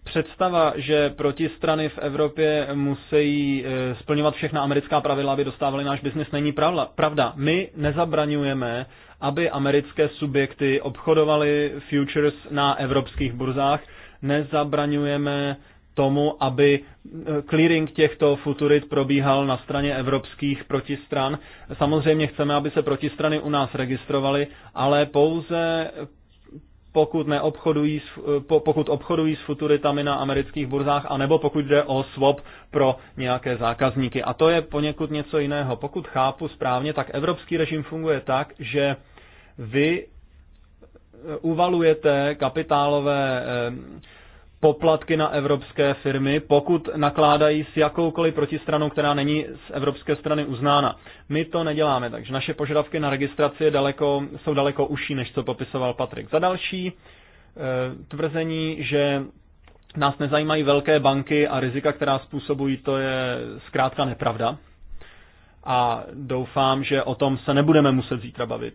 Představa, že protistrany v Evropě musí eh, splňovat všechna americká pravidla, aby dostávali náš biznis, není pravda. My nezabraňujeme, aby americké subjekty obchodovaly futures na evropských burzách, nezabraňujeme tomu, aby eh, clearing těchto futurit probíhal na straně evropských protistran. Samozřejmě chceme, aby se protistrany u nás registrovaly, ale pouze eh, pokud, neobchodují, eh, pokud obchodují s futuritami na amerických burzách, anebo pokud jde o swap pro nějaké zákazníky. A to je poněkud něco jiného. Pokud chápu správně, tak evropský režim funguje tak, že vy uvalujete kapitálové eh, poplatky na evropské firmy, pokud nakládají s jakoukoliv protistranou, která není z evropské strany uznána. My to neděláme, takže naše požadavky na registraci daleko, jsou daleko užší, než co popisoval Patrik. Za další eh, tvrzení, že nás nezajímají velké banky a rizika, která způsobují, to je zkrátka nepravda. A doufám, že o tom se nebudeme muset zítra bavit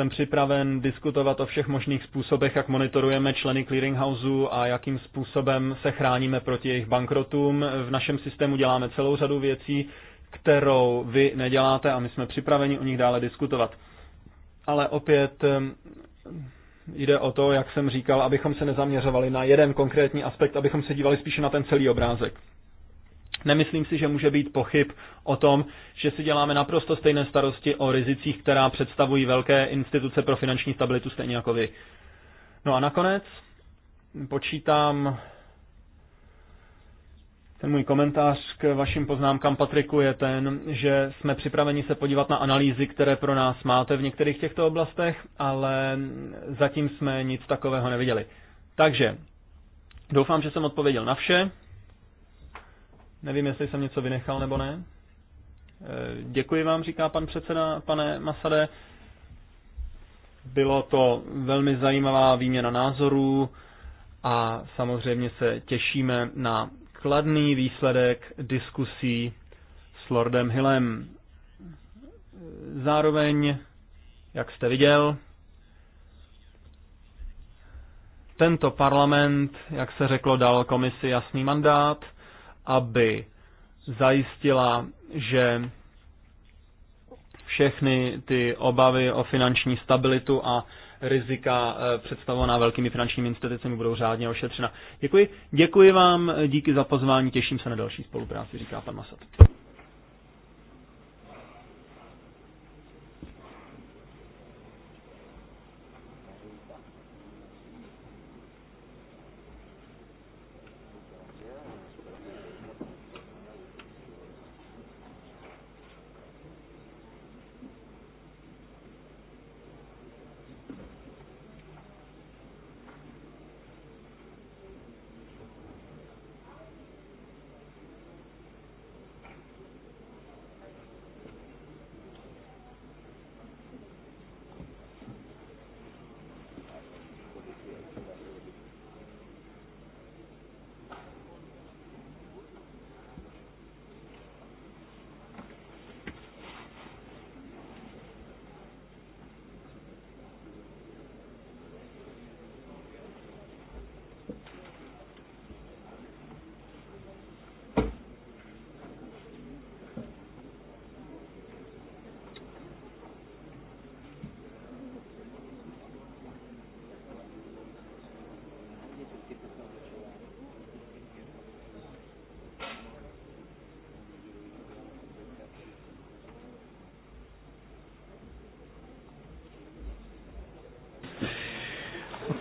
jsem připraven diskutovat o všech možných způsobech, jak monitorujeme členy clearinghouse a jakým způsobem se chráníme proti jejich bankrotům. V našem systému děláme celou řadu věcí, kterou vy neděláte a my jsme připraveni o nich dále diskutovat. Ale opět jde o to, jak jsem říkal, abychom se nezaměřovali na jeden konkrétní aspekt, abychom se dívali spíše na ten celý obrázek. Nemyslím si, že může být pochyb o tom, že si děláme naprosto stejné starosti o rizicích, která představují velké instituce pro finanční stabilitu, stejně jako vy. No a nakonec počítám ten můj komentář k vašim poznámkám, Patriku, je ten, že jsme připraveni se podívat na analýzy, které pro nás máte v některých těchto oblastech, ale zatím jsme nic takového neviděli. Takže doufám, že jsem odpověděl na vše. Nevím, jestli jsem něco vynechal nebo ne. Eh, děkuji vám, říká pan předseda, pane Masade. Bylo to velmi zajímavá výměna názorů a samozřejmě se těšíme na kladný výsledek diskusí s Lordem Hillem. Zároveň, jak jste viděl, tento parlament, jak se řeklo, dal komisi jasný mandát – aby zajistila, že všechny ty obavy o finanční stabilitu a rizika eh, představovaná velkými finančními institucemi budou řádně ošetřena. Děkuji. Děkuji vám, díky za pozvání, těším se na další spolupráci, říká pan Masat.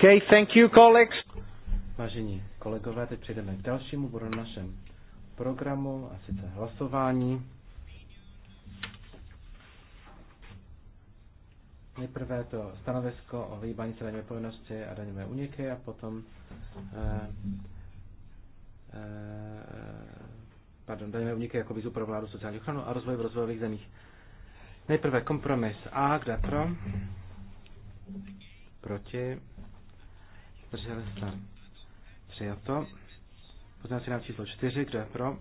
Okay, thank you, colleagues. Vážení kolegové, teď přejdeme k dalšímu bodu na našem programu, a sice hlasování. Nejprve to stanovisko o vyhýbání se daňové povinnosti a daňové uniky a potom eh, eh, pardon, daňové uniky jako výzvu pro vládu sociální ochranu a rozvoj v rozvojových zemích. Nejprve kompromis A, kde pro? Proti Zdrželi se. Přijato. Pozměňovací návrh číslo čtyři Kdo je pro?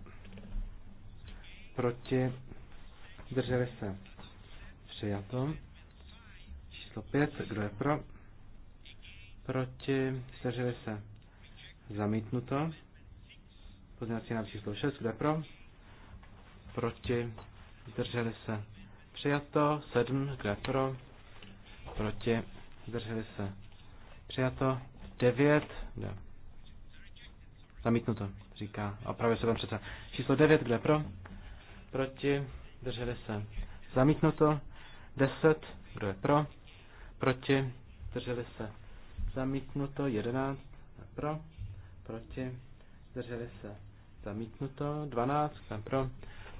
Proti. Zdrželi se. Přijato. Číslo pět Kdo je pro? Proti. Zdrželi se. Zamítnuto. Pozměňovací nám číslo 6. Kdo je pro? Proti. Zdrželi se. Přijato. 7. Kdo je pro? Proti. Zdrželi se. Přijato. 9. Ne. Zamítnuto, říká. a právě se tam přece. Číslo 9, kde pro? Proti. Drželi se. Zamítnuto. 10. Kdo je pro? Proti. Drželi se. Zamítnuto. 11. Pro. Proti. Drželi se. Zamítnuto. 12. kde Pro.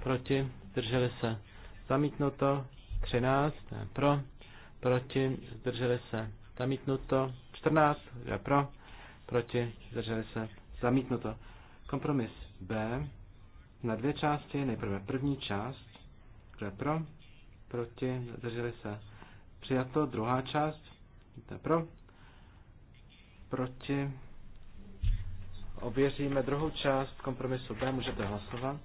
Proti. Drželi se. Zamítnuto. 13. Pro. Proti. Zdrželi se. Zamítnuto. 14, je pro, proti, zdrželi se, zamítnuto. Kompromis B na dvě části, nejprve první část, kdo je pro, proti, zdrželi se, přijato, druhá část, je pro, proti, ověříme druhou část kompromisu B, můžete hlasovat.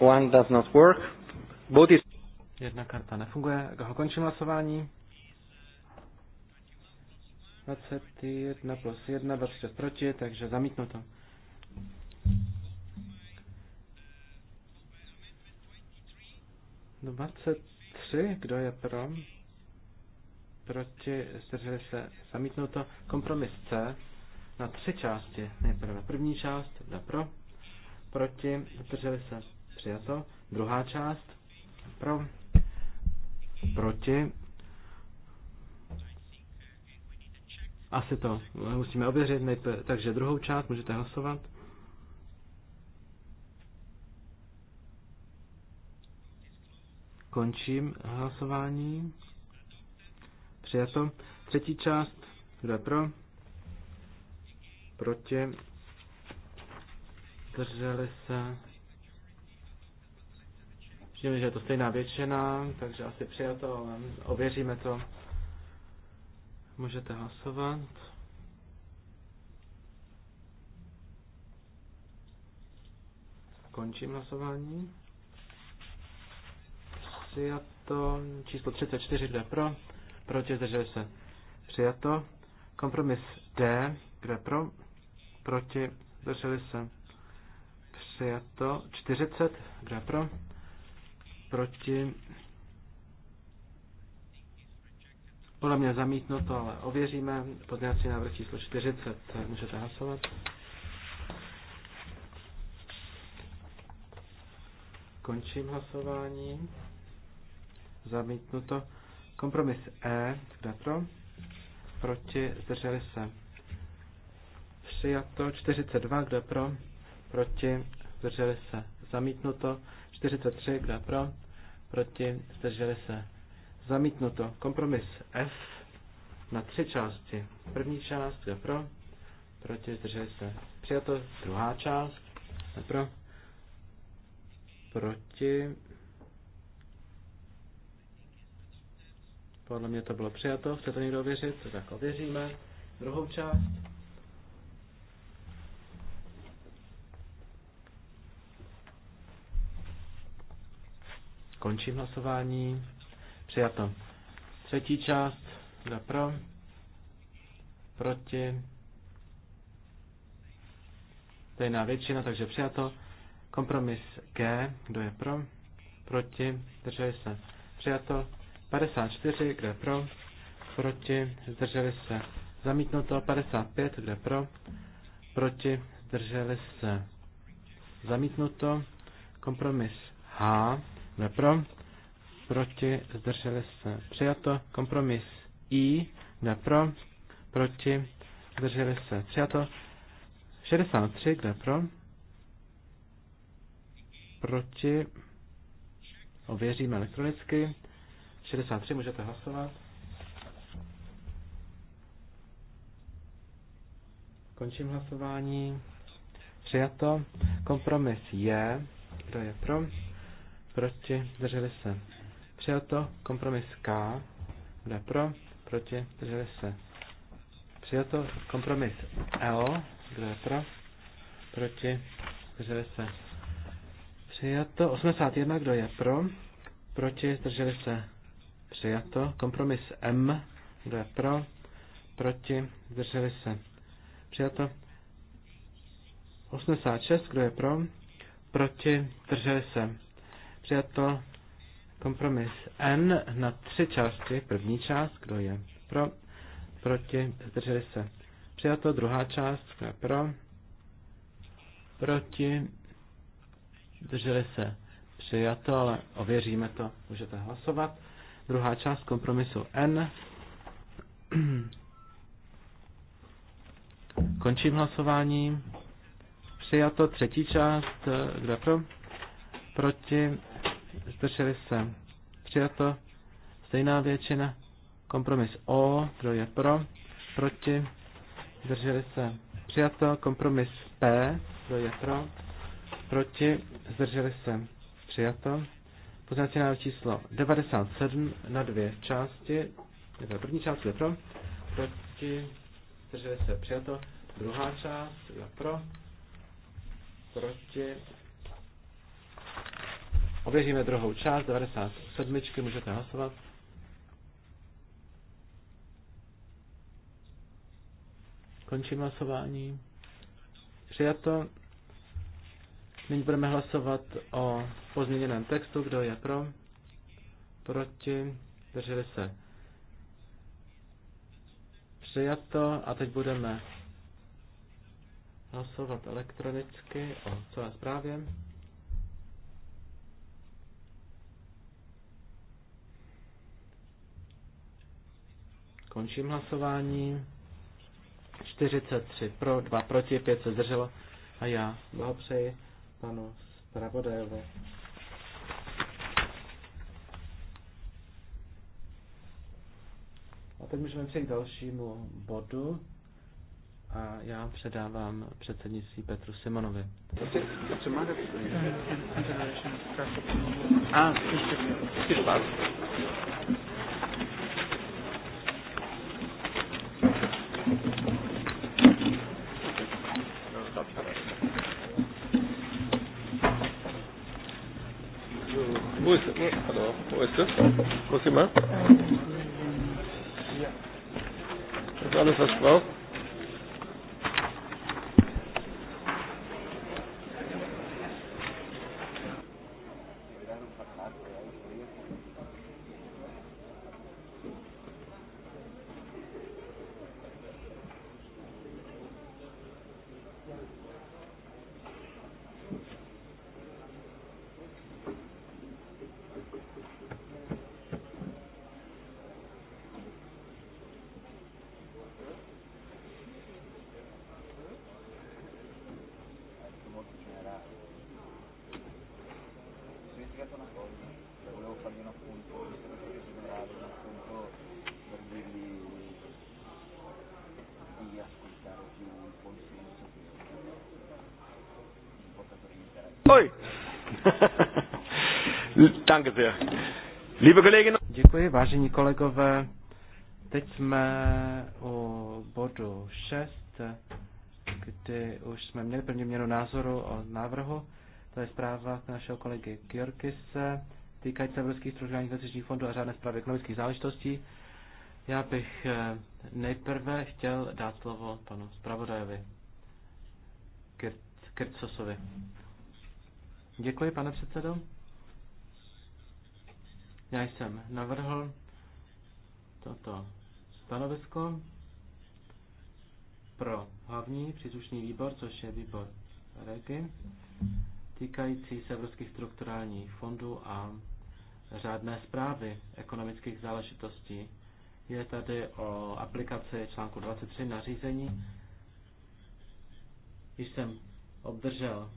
One does not work. Both is... Jedna karta nefunguje. Končím hlasování. 21 plus 1, 26 proti, takže zamítnuto. to. 23, kdo je pro? Proti, zdrželi se, zamítnuto. Kompromis C na tři části. Nejprve první část, kdo pro? Proti, zdrželi se, Přijato. Druhá část. Pro. Proti. Asi to musíme ověřit, takže druhou část můžete hlasovat. Končím hlasování. Přijato. Třetí část. Kdo je pro? Proti. Drželi se. Přijeme, že je to stejná většina, takže asi přijato, ale ověříme to. Můžete hlasovat. Končím hlasování. Přijato číslo 34, jde pro, proti zdrželi se. Přijato. Kompromis D, jde pro, proti zdrželi se. Přijato 40, jde pro proti. Podle mě zamítnuto, ale ověříme. Pozměňovací návrh číslo 40. Můžete hlasovat. Končím hlasování. Zamítnuto. Kompromis E. Kde pro? Proti. Zdrželi se. Přijato. 42. Kde pro? Proti. Zdrželi se. Zamítnuto. 43, kdo je pro, proti, zdrželi se. Zamítnuto. Kompromis F na tři části. První část, kdo je pro, proti, zdrželi se. Přijato. Druhá část, kdo je pro, proti. Podle mě to bylo přijato. to někdo věřit? Tak ověříme. Jako Druhou část. Končím hlasování. Přijato. Třetí část. Kdo pro? Proti? Stejná většina, takže přijato. Kompromis G. Kdo je pro? Proti? Zdrželi se. Přijato. 54. Kdo je pro? Proti? Zdrželi se. Zamítnuto. 55. Kdo je pro? Proti? Zdrželi se. Zamítnuto. Kompromis H. Kdo pro? Proti? Zdrželi se. Přijato. Kompromis I. Kdo pro? Proti? Zdrželi se. Přijato. 63. kde pro? Proti? Ověříme elektronicky. 63. Můžete hlasovat. Končím hlasování. Přijato. Kompromis je. Kdo je pro? proti, drželi se. Přijato, kompromis K, bude pro, proti, drželi se. Přijato, kompromis L, bude pro, proti, drželi se. Přijato, 81, kdo je pro, proti, drželi se. Přijato, kompromis M, kdo je pro, proti, drželi se. Přijato, 86, kdo je pro, proti, drželi se Přijato kompromis N na tři části. První část, kdo je pro, proti, zdrželi se. Přijato druhá část, kdo je pro, proti, zdrželi se. Přijato, ale ověříme to, můžete hlasovat. Druhá část kompromisu N. Končím hlasování. Přijato třetí část, kdo je pro, proti, zdrželi se, přijato, stejná většina, kompromis O, kdo je pro, proti, zdrželi se, přijato, kompromis P, kdo je pro, proti, zdrželi se, přijato, poznací návrh číslo 97 na dvě části, nebo první část je pro, proti, zdrželi se, přijato, druhá část je pro, proti, Ověříme druhou část, 97. Můžete hlasovat. Končím hlasování. Přijato. Nyní budeme hlasovat o pozměněném textu. Kdo je pro? Proti? Drželi se? Přijato. A teď budeme hlasovat elektronicky o celé zprávě. Končím hlasování. 43 pro, 2 proti, 5 se zdrželo. A já blahopřeji panu zpravodajovi. A teď můžeme přejít k dalšímu bodu a já předávám předsednictví Petru Simonovi. A, Hallo, wo ist das? Wo sind wir? Das ist alles, was ich brauche. Děkuji, vážení kolegové. Teď jsme u bodu 6, kdy už jsme měli první měnu názoru o návrhu. To je zpráva našeho kolegy Georgise, týkající se Evropských strukturálních investičních fondů a řádné zprávy ekonomických záležitostí. Já bych eh, nejprve chtěl dát slovo panu zpravodajovi Kircosovi. Děkuji, pane předsedo. Já jsem navrhl toto stanovisko pro hlavní příslušný výbor, což je výbor REGI, týkající se evropských strukturálních fondů a řádné zprávy ekonomických záležitostí. Je tady o aplikaci článku 23 nařízení. Když jsem obdržel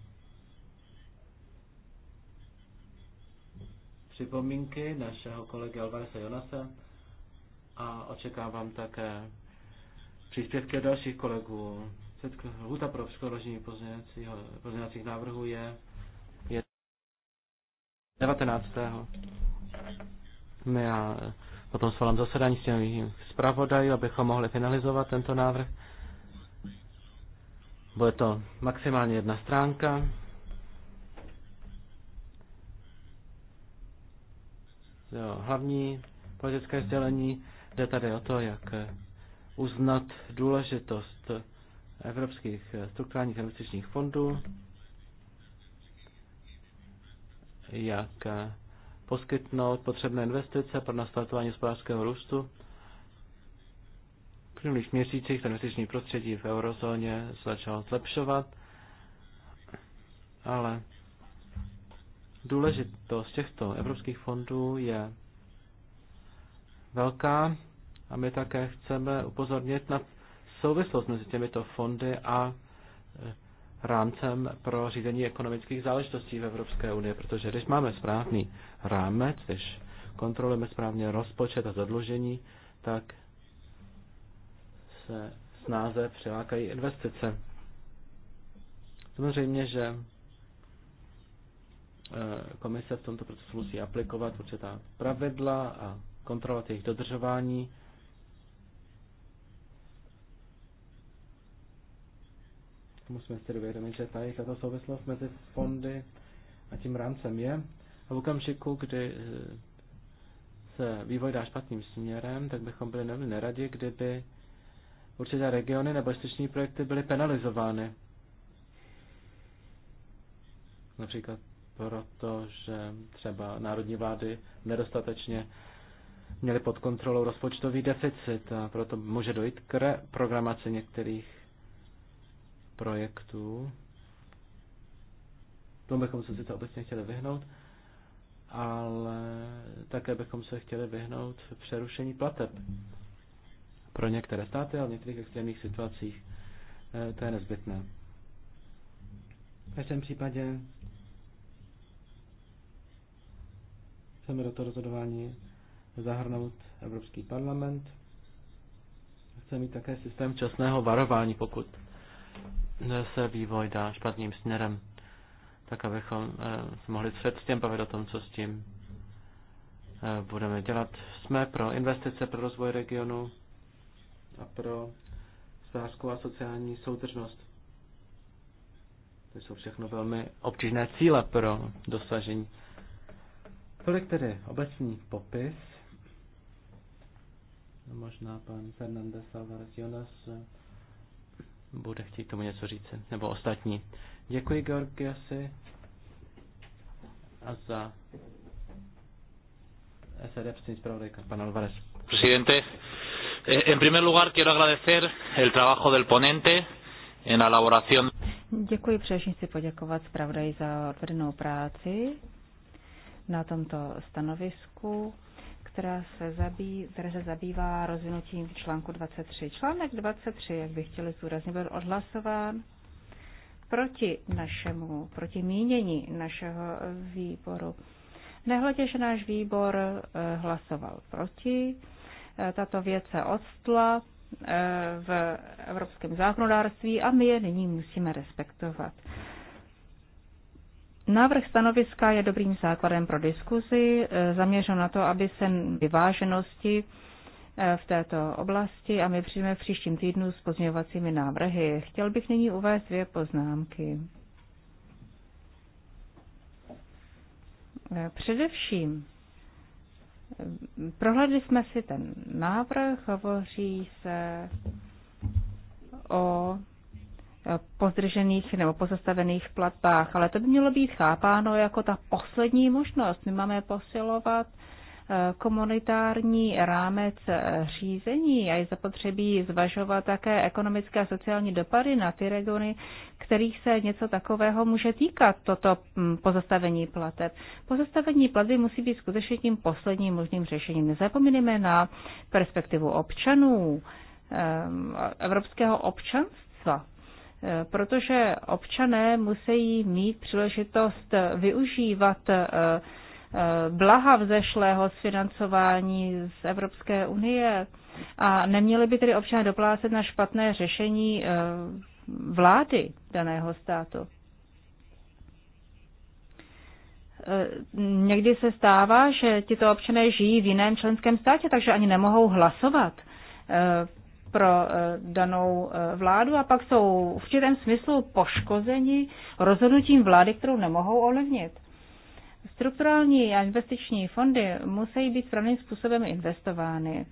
připomínky našeho kolegy Alvaresa Jonasa a očekávám také příspěvky dalších kolegů. Huta pro předložení pozměňovacích návrhů je, je 19. No já eh, potom svolám zasedání s těmi zpravodají, abychom mohli finalizovat tento návrh. Bude to maximálně jedna stránka. jo, hlavní politické sdělení. Jde tady o to, jak uznat důležitost evropských strukturálních investičních fondů, jak poskytnout potřebné investice pro nastartování hospodářského růstu. V minulých měsících investiční prostředí v eurozóně začalo zlepšovat, ale Důležitost těchto evropských fondů je velká a my také chceme upozornit na souvislost mezi těmito fondy a eh, rámcem pro řízení ekonomických záležitostí v Evropské unii, protože když máme správný rámec, když kontrolujeme správně rozpočet a zadlužení, tak se snáze přilákají investice. Samozřejmě, že Eh, komise v tomto procesu musí aplikovat určitá pravidla a kontrolovat jejich dodržování. Musíme si uvědomit, že tady tato souvislost mezi fondy a tím rámcem je. A v okamžiku, kdy eh, se vývoj dá špatným směrem, tak bychom byli neradi, kdyby určité regiony nebo investiční projekty byly penalizovány. Například protože třeba národní vlády nedostatečně měly pod kontrolou rozpočtový deficit a proto může dojít k reprogramaci některých projektů. Tomu bychom se sice obecně chtěli vyhnout, ale také bychom se chtěli vyhnout přerušení plateb pro některé státy, ale v některých extrémních situacích eh, to je nezbytné. V každém případě chceme do toho rozhodování zahrnout Evropský parlament. Chceme mít také systém časného varování, pokud se vývoj dá špatným směrem, tak abychom eh, se mohli předtím bavit o tom, co s tím eh, budeme dělat. Jsme pro investice, pro rozvoj regionu a pro hospodářskou a sociální soudržnost. To jsou všechno velmi obtížné cíle pro dosažení. Tolik tedy obecný popis. Možná pan Fernandez Alvarez Jonas eh, bude chtít tomu něco říct, nebo ostatní. Děkuji Georgiasi a za SRF sin zpravodajka, pan Alvarez. Presidente, eh, en primer lugar quiero agradecer el trabajo del ponente en la elaboración. Děkuji, především si poděkovat zpravodaji za odvedenou práci na tomto stanovisku, která se zabí, která se zabývá rozvinutím článku 23. Článek 23, jak bych chtěli zdůraznit, byl odhlasován proti našemu, proti mínění našeho výboru. Nehledě, že náš výbor eh, hlasoval proti, eh, tato věc se odstla eh, v evropském zákonodárství a my je nyní musíme respektovat. Návrh stanoviska je dobrým základem pro diskuzi, e, zaměřen na to, aby se vyváženosti e, v této oblasti a my přijdeme v příštím týdnu s pozměňovacími návrhy. Chtěl bych nyní uvést dvě poznámky. E, především prohlédli jsme si ten návrh, hovoří se o pozdržených nebo pozastavených platbách, ale to by mělo být chápáno jako ta poslední možnost. My máme posilovat eh, komunitární rámec eh, řízení a je zapotřebí zvažovat také ekonomické a sociální dopady na ty regiony, kterých se něco takového může týkat, toto mm, pozastavení plateb. Pozastavení platby musí být skutečně tím posledním možným řešením. Nezapomínáme na perspektivu občanů, eh, evropského občanstva protože občané musí mít příležitost využívat eh, eh, blaha vzešlého z financování z Evropské unie a neměli by tedy občané doplácet na špatné řešení eh, vlády daného státu. Někdy se stává, že tito občané žijí v jiném členském státě, takže ani nemohou hlasovat pro eh, danou eh, vládu a pak jsou v určitém smyslu poškozeni rozhodnutím vlády, kterou nemohou ovlivnit. Strukturální a investiční fondy musí být správným způsobem investovány.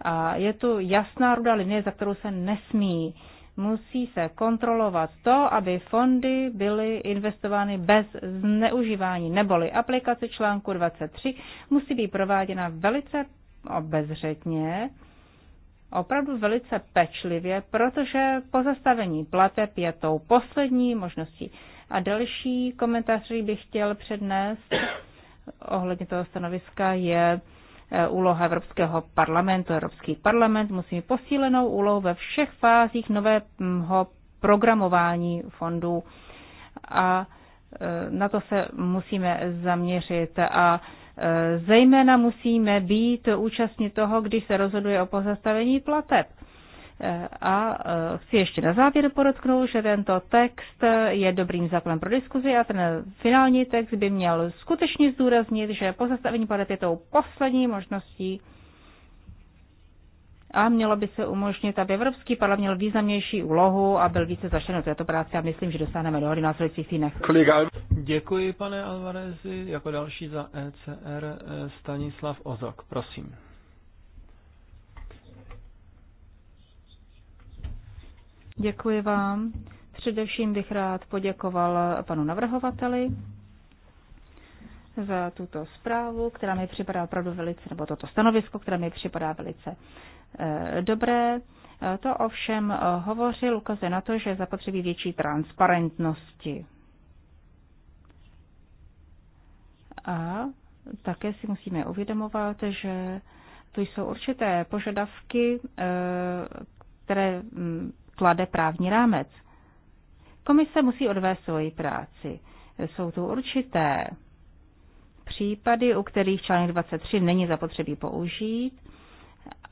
A je tu jasná ruda linie, za kterou se nesmí. Musí se kontrolovat to, aby fondy byly investovány bez zneužívání, neboli aplikace článku 23 musí být prováděna velice obezřetně, opravdu velice pečlivě, protože pozastavení plateb je tou poslední možností. A další komentář, který bych chtěl přednést ohledně toho stanoviska, je eh, úloha Evropského parlamentu. Evropský parlament musí mít posílenou úlohu ve všech fázích nového programování fondů a eh, na to se musíme zaměřit a Eh, zejména musíme být účastní toho, když se rozhoduje o pozastavení plateb. Eh, a eh, chci ještě na závěr podotknout, že tento text je dobrým základem pro diskuzi a ten finální text by měl skutečně zdůraznit, že pozastavení plateb je tou poslední možností, a mělo by se umožnit, aby Evropský parlament měl významnější úlohu a byl více začlen do této práce a myslím, že dostaneme dohody na následujících týdnech. Děkuji, pane Alvarezi. Jako další za ECR eh, Stanislav Ozok. Prosím. Děkuji vám. Především bych rád poděkoval panu navrhovateli za tuto zprávu, která mi připadá opravdu velice, nebo toto stanovisko, které mi připadá velice Eh, dobré. Eh, to ovšem eh, hovořil, ukazuje na to, že zapotřebí větší transparentnosti. A také si musíme uvědomovat, že tu jsou určité požadavky, které mm, klade právní rámec. Komise musí odvést svoji práci. Jsou tu určité případy, u kterých článek 23 není zapotřebí použít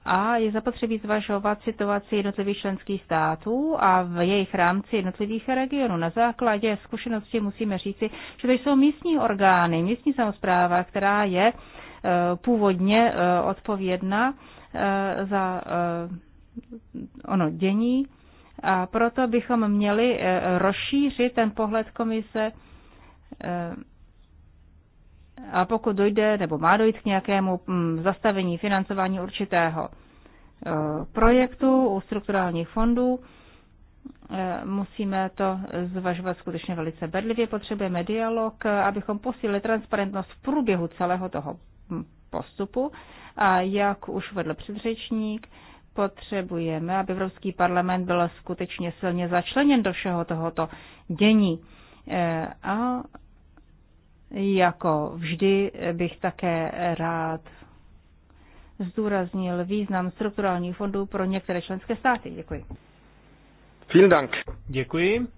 a je zapotřebí zvažovat situaci jednotlivých členských států a v jejich rámci jednotlivých regionů. Na základě zkušenosti musíme říci, že to jsou místní orgány, místní samozpráva, která je e, původně e, odpovědná e, za ono dění a proto bychom měli rozšířit ten pohled komise a pokud dojde nebo má dojít k nějakému mm, zastavení financování určitého e, projektu u strukturálních fondů, e, musíme to zvažovat skutečně velice bedlivě. Potřebujeme dialog, abychom posílili transparentnost v průběhu celého toho mm, postupu. A jak už vedl předřečník, potřebujeme, aby Evropský parlament byl skutečně silně začleněn do všeho tohoto dění. E, a jako vždy bych také rád zdůraznil význam strukturálních fondů pro některé členské státy. Děkuji. Vielen Dank. Děkuji.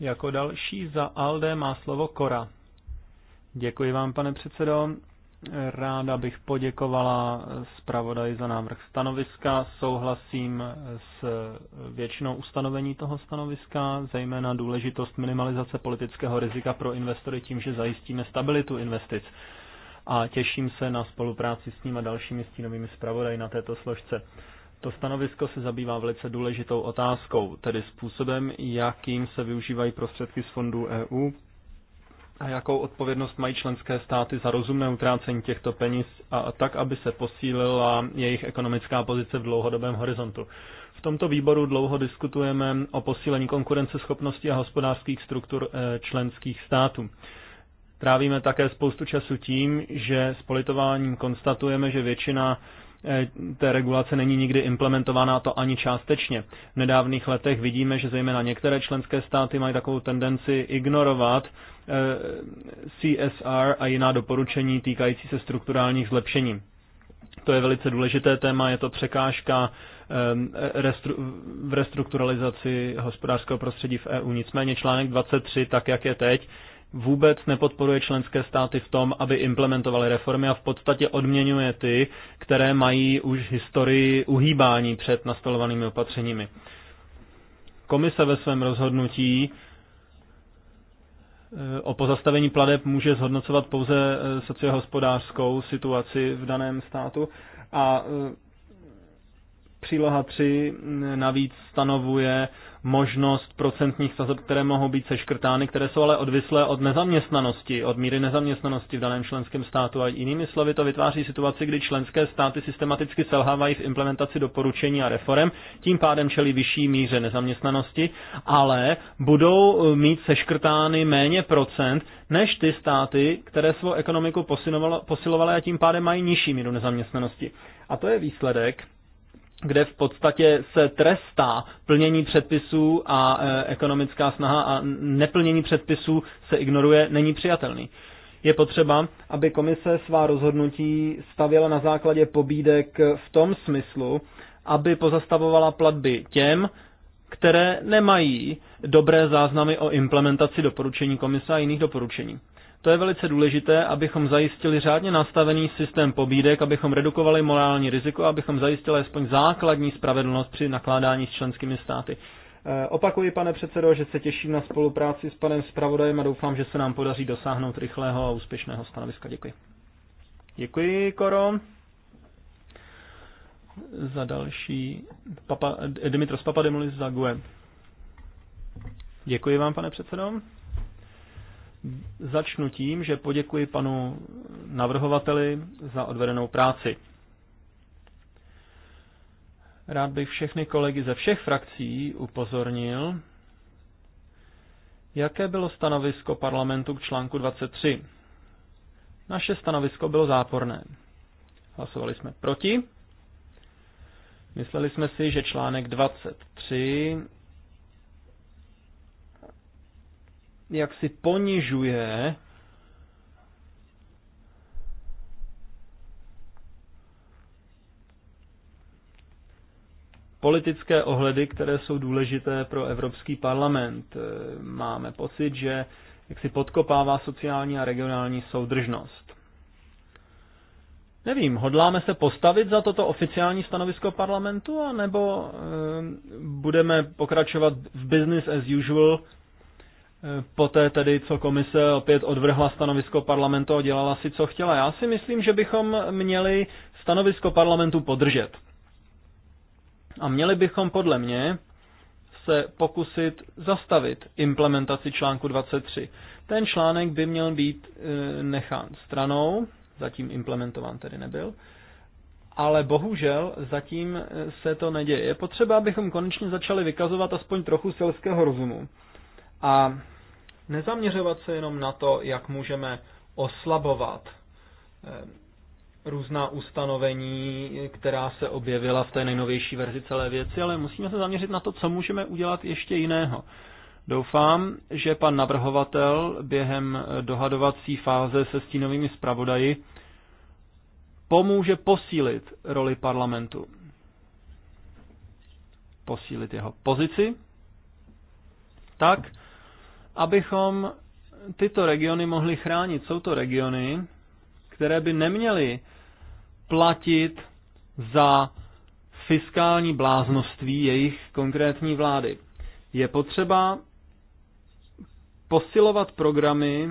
Jako další za ALDE má slovo Kora. Děkuji vám, pane předsedo. Ráda bych poděkovala zpravodaji za návrh stanoviska. Souhlasím s většinou ustanovení toho stanoviska, zejména důležitost minimalizace politického rizika pro investory tím, že zajistíme stabilitu investic. A těším se na spolupráci s ním a dalšími stínovými zpravodaji na této složce. To stanovisko se zabývá velice důležitou otázkou, tedy způsobem, jakým se využívají prostředky z fondů EU a jakou odpovědnost mají členské státy za rozumné utrácení těchto peněz a tak, aby se posílila jejich ekonomická pozice v dlouhodobém horizontu. V tomto výboru dlouho diskutujeme o posílení konkurenceschopnosti a hospodářských struktur eh, členských států. Trávíme také spoustu času tím, že s politováním konstatujeme, že většina Eh, té regulace není nikdy implementována to ani částečně. V nedávných letech vidíme, že zejména některé členské státy mají takovou tendenci ignorovat eh, CSR a jiná doporučení týkající se strukturálních zlepšení. To je velice důležité téma, je to překážka eh, v restrukturalizaci hospodářského prostředí v EU. Nicméně článek 23, tak jak je teď, vůbec nepodporuje členské státy v tom, aby implementovaly reformy a v podstatě odměňuje ty, které mají už historii uhýbání před nastolovanými opatřeními. Komise ve svém rozhodnutí e, o pozastavení pladeb může zhodnocovat pouze e, sociohospodářskou situaci v daném státu a e, příloha 3 navíc stanovuje možnost procentních sazeb, které mohou být seškrtány, které jsou ale odvislé od nezaměstnanosti, od míry nezaměstnanosti v daném členském státu. A jinými slovy to vytváří situaci, kdy členské státy systematicky selhávají v implementaci doporučení a reform, tím pádem čelí vyšší míře nezaměstnanosti, ale budou eh, mít seškrtány méně procent než ty státy, které svou ekonomiku posilovaly a tím pádem mají nižší míru nezaměstnanosti. A to je výsledek, kde v podstatě se trestá plnění předpisů a e, ekonomická snaha a neplnění předpisů se ignoruje, není přijatelný. Je potřeba, aby komise svá rozhodnutí stavěla na základě pobídek v tom smyslu, aby pozastavovala platby těm, které nemají dobré záznamy o implementaci doporučení komise a jiných doporučení. To je velice důležité, abychom zajistili řádně nastavený systém pobídek, abychom redukovali morální riziko, abychom zajistili aspoň základní spravedlnost při nakládání s členskými státy. E, opakuji, pane předsedo, že se těším na spolupráci s panem zpravodajem a doufám, že se nám podaří dosáhnout rychlého a úspěšného stanoviska. Děkuji. Děkuji, Koro. Za další Papa, Dimitros Papademulis za GUE. Děkuji vám, pane předsedo. Začnu tím, že poděkuji panu navrhovateli za odvedenou práci. Rád bych všechny kolegy ze všech frakcí upozornil, jaké bylo stanovisko parlamentu k článku 23. Naše stanovisko bylo záporné. Hlasovali jsme proti. Mysleli jsme si, že článek 23 jak si ponižuje politické ohledy, které jsou důležité pro Evropský parlament. Máme pocit, že jak si podkopává sociální a regionální soudržnost. Nevím, hodláme se postavit za toto oficiální stanovisko parlamentu, anebo e, budeme pokračovat v business as usual poté tedy, co komise opět odvrhla stanovisko parlamentu a dělala si, co chtěla. Já si myslím, že bychom měli stanovisko parlamentu podržet. A měli bychom podle mě se pokusit zastavit implementaci článku 23. Ten článek by měl být e, nechán stranou, zatím implementován tedy nebyl, ale bohužel zatím e, se to neděje. Je potřeba, abychom konečně začali vykazovat aspoň trochu selského rozumu a nezaměřovat se jenom na to, jak můžeme oslabovat eh, různá ustanovení, která se objevila v té nejnovější verzi celé věci, ale musíme se zaměřit na to, co můžeme udělat ještě jiného. Doufám, že pan navrhovatel během dohadovací fáze se stínovými zpravodaji pomůže posílit roli parlamentu. Posílit jeho pozici tak, abychom tyto regiony mohli chránit. Jsou to regiony, které by neměly platit za fiskální bláznoství jejich konkrétní vlády. Je potřeba posilovat programy,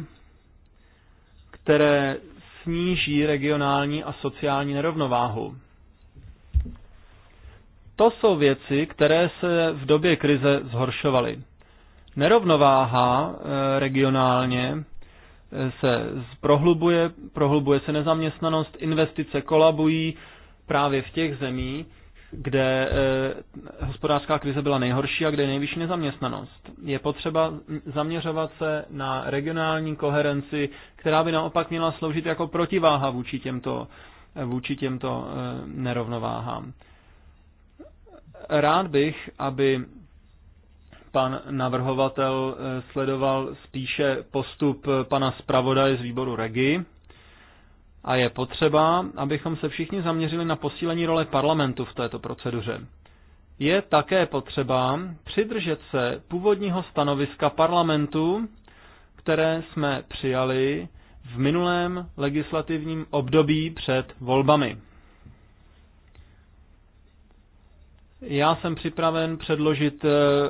které sníží regionální a sociální nerovnováhu. To jsou věci, které se v době krize zhoršovaly nerovnováha e, regionálně e, se prohlubuje, prohlubuje se nezaměstnanost, investice kolabují právě v těch zemích, kde e, hospodářská krize byla nejhorší a kde je nejvyšší nezaměstnanost. Je potřeba zaměřovat se na regionální koherenci, která by naopak měla sloužit jako protiváha vůči těmto, vůči těmto nerovnováhám. Rád bych, aby pan navrhovatel eh, sledoval spíše postup eh, pana zpravodaje z výboru Regi. A je potřeba, abychom se všichni zaměřili na posílení role parlamentu v této proceduře. Je také potřeba přidržet se původního stanoviska parlamentu, které jsme přijali v minulém legislativním období před volbami. Já jsem připraven předložit eh,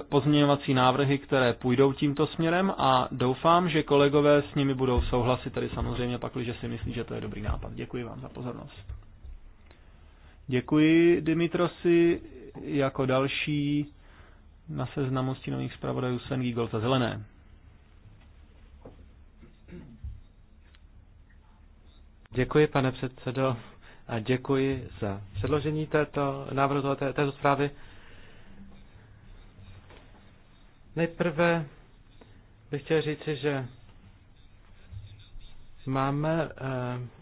pozměňovací návrhy, které půjdou tímto směrem a doufám, že kolegové s nimi budou souhlasit, tedy samozřejmě pak, když si myslí, že to je dobrý nápad. Děkuji vám za pozornost. Děkuji Dimitrosi. Jako další na seznamu stínových zpravodajů Sven Giegold za zelené. Děkuji, pane předsedo a děkuji za předložení této návrhu této, této zprávy. Nejprve bych chtěl říci, že máme eh,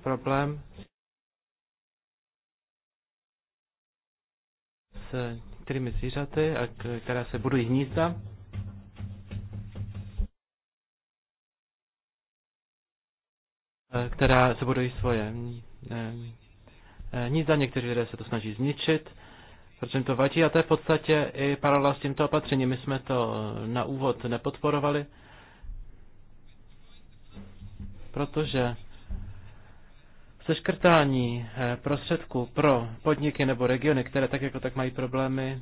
problém s některými zvířaty, a která se budují hnízda. Eh, která se budují svoje eh, Eh, nic za někteří lidé se to snaží zničit, proč jim to vadí a to je v podstatě i paralela s tímto opatřením. My jsme to eh, na úvod nepodporovali, protože seškrtání eh, prostředků pro podniky nebo regiony, které tak jako tak mají problémy,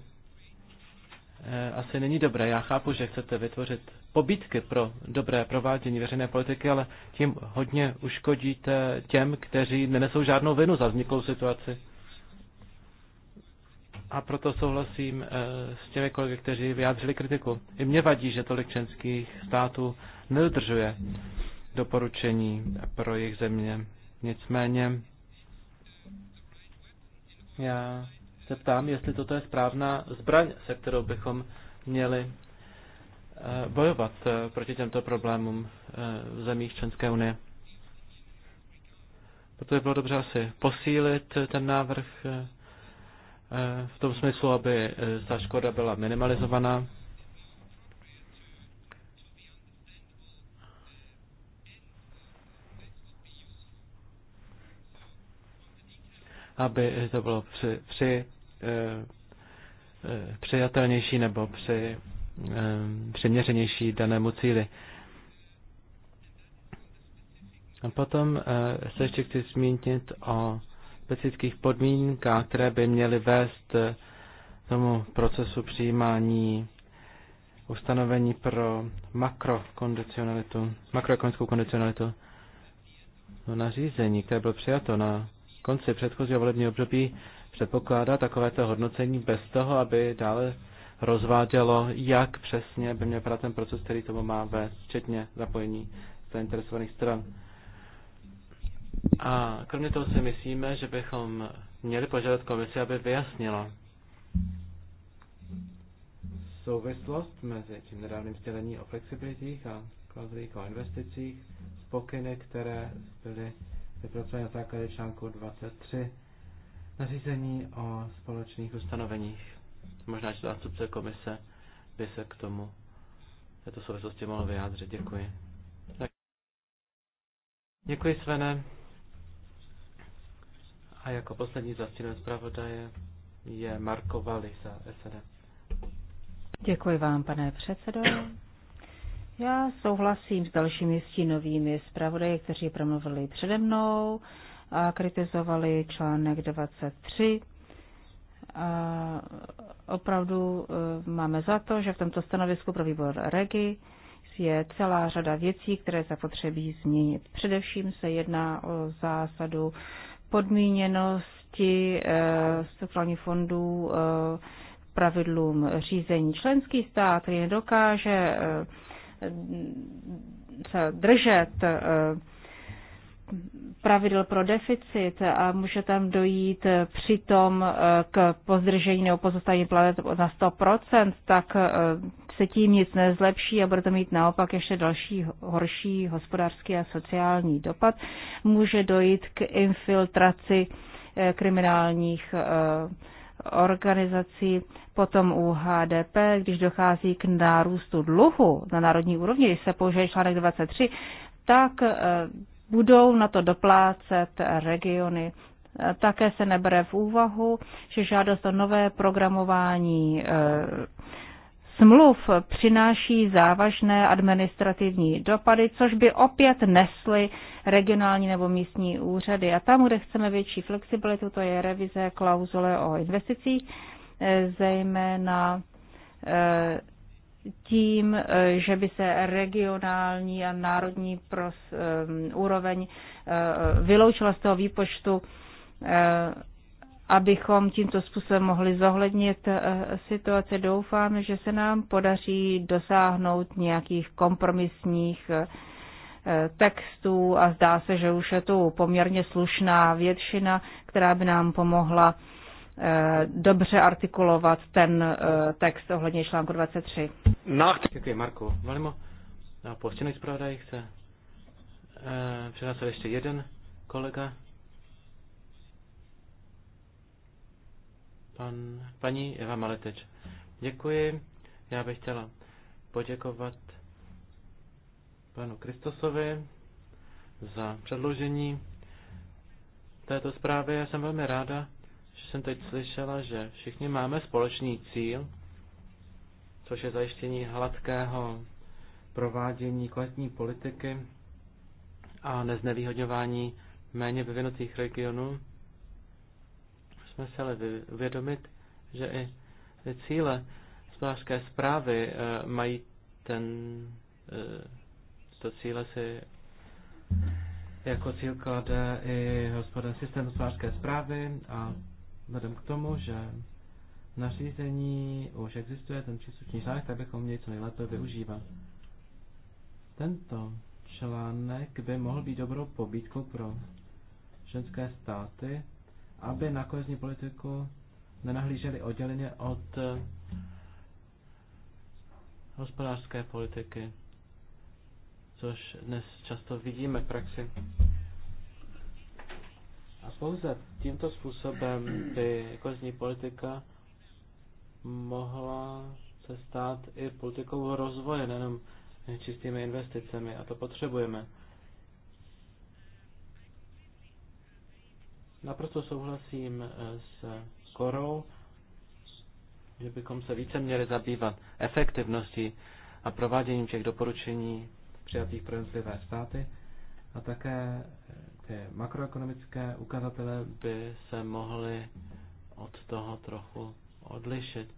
Eh, asi není dobré. Já chápu, že chcete vytvořit pobítky pro dobré provádění veřejné politiky, ale tím hodně uškodíte těm, kteří nenesou žádnou vinu za vzniklou situaci. A proto souhlasím eh, s těmi kolegy, kteří vyjádřili kritiku. I mě vadí, že tolik členských států nedodržuje doporučení pro jejich země. Nicméně já se ptám, jestli toto je správná zbraň, se kterou bychom měli eh, bojovat eh, proti těmto problémům eh, v zemích členské unie. Proto by bylo dobře asi posílit ten návrh v tom smyslu, aby ta škoda byla minimalizovaná. aby to bylo při, při Eh, eh, přijatelnější nebo při, eh, přiměřenější danému cíli. A potom se ještě chci zmínit o specifických podmínkách, které by měly vést tomu procesu přijímání ustanovení pro makrokondicionalitu, makroekonomickou kondicionalitu. To nařízení, které bylo přijato na konci předchozího volebního období, předpokládá takovéto hodnocení bez toho, aby dále rozvádělo, jak přesně by měl vypadat ten proces, který tomu má ve včetně zapojení zainteresovaných stran. A kromě toho si myslíme, že bychom měli požádat komisi, aby vyjasnila souvislost mezi tím nedávným sdělením o flexibilitích a klauzulích o investicích spokyny, které byly vypracovány na základě článku 23 nařízení o společných ustanoveních. Možná, že zástupce komise by se k tomu v této souvislosti mohl vyjádřit. Děkuji. Tak. Děkuji, Svene. A jako poslední zastínem zpravodaje je Marko Vali za SNP. Děkuji vám, pane předsedo. Já souhlasím s dalšími stínovými zpravodaji, kteří promluvili přede mnou a kritizovali článek 23. A opravdu e, máme za to, že v tomto stanovisku pro výbor REGI je celá řada věcí, které zapotřebí změnit. Především se jedná o zásadu podmíněnosti e, strukturálních fondů e, pravidlům řízení. Členský stát, který nedokáže se držet pravidel pro deficit a může tam dojít přitom eh, k pozdržení nebo pozostání planet na 100%, tak eh, se tím nic nezlepší a bude to mít naopak ještě další horší hospodářský a sociální dopad. Může dojít k infiltraci eh, kriminálních organizací, potom u HDP, když dochází k nárůstu dluhu na národní úrovni, když se použije článek 23, tak budou na to doplácet regiony. Také se nebere v úvahu, že žádost o nové programování eh, smluv přináší závažné administrativní dopady, což by opět nesly regionální nebo místní úřady. A tam, kde chceme větší flexibilitu, to je revize klauzule o investicích, eh, zejména eh, tím, eh, že by se regionální a národní pros, um, úroveň uh, vyloučila z toho výpočtu, uh, abychom tímto způsobem mohli zohlednit uh, situace. Doufám, že se nám podaří dosáhnout nějakých kompromisních uh, textů a zdá se, že už je tu poměrně slušná většina, která by nám pomohla Eh, dobře artikulovat ten eh, text ohledně článku 23. Děkuji, Marku. Malimo, na poštěný zpravodaj chce eh, přihlásil ještě jeden kolega. Pan, paní Eva Maleteč. Děkuji. Já bych chtěla poděkovat panu Kristosovi za předložení této zprávy. Já jsem velmi ráda, jsem teď slyšela, že všichni máme společný cíl, což je zajištění hladkého provádění kvalitní politiky a neznevýhodňování méně vyvinutých regionů. Jsme se ale uvědomit, že i cíle hospodářské zprávy eh, mají ten, eh, to cíle si jako cíl klade i hospodář, systém hospodářské zprávy a Vzhledem k tomu, že nařízení už existuje, ten příslušný článek, tak bychom měli co nejlépe využívat. Tento článek by mohl být dobrou pobídkou pro ženské státy, aby na kohezní politiku nenahlíželi odděleně od eh, hospodářské politiky, což dnes často vidíme v praxi. A pouze tímto způsobem by kozní politika mohla se stát i politikou rozvoje, nejenom čistými investicemi. A to potřebujeme. Naprosto souhlasím eh, s Korou, že bychom se více měli zabývat efektivností a prováděním těch doporučení přijatých pro jednotlivé státy a také eh, ty makroekonomické ukazatele by se mohly od toho trochu odlišit.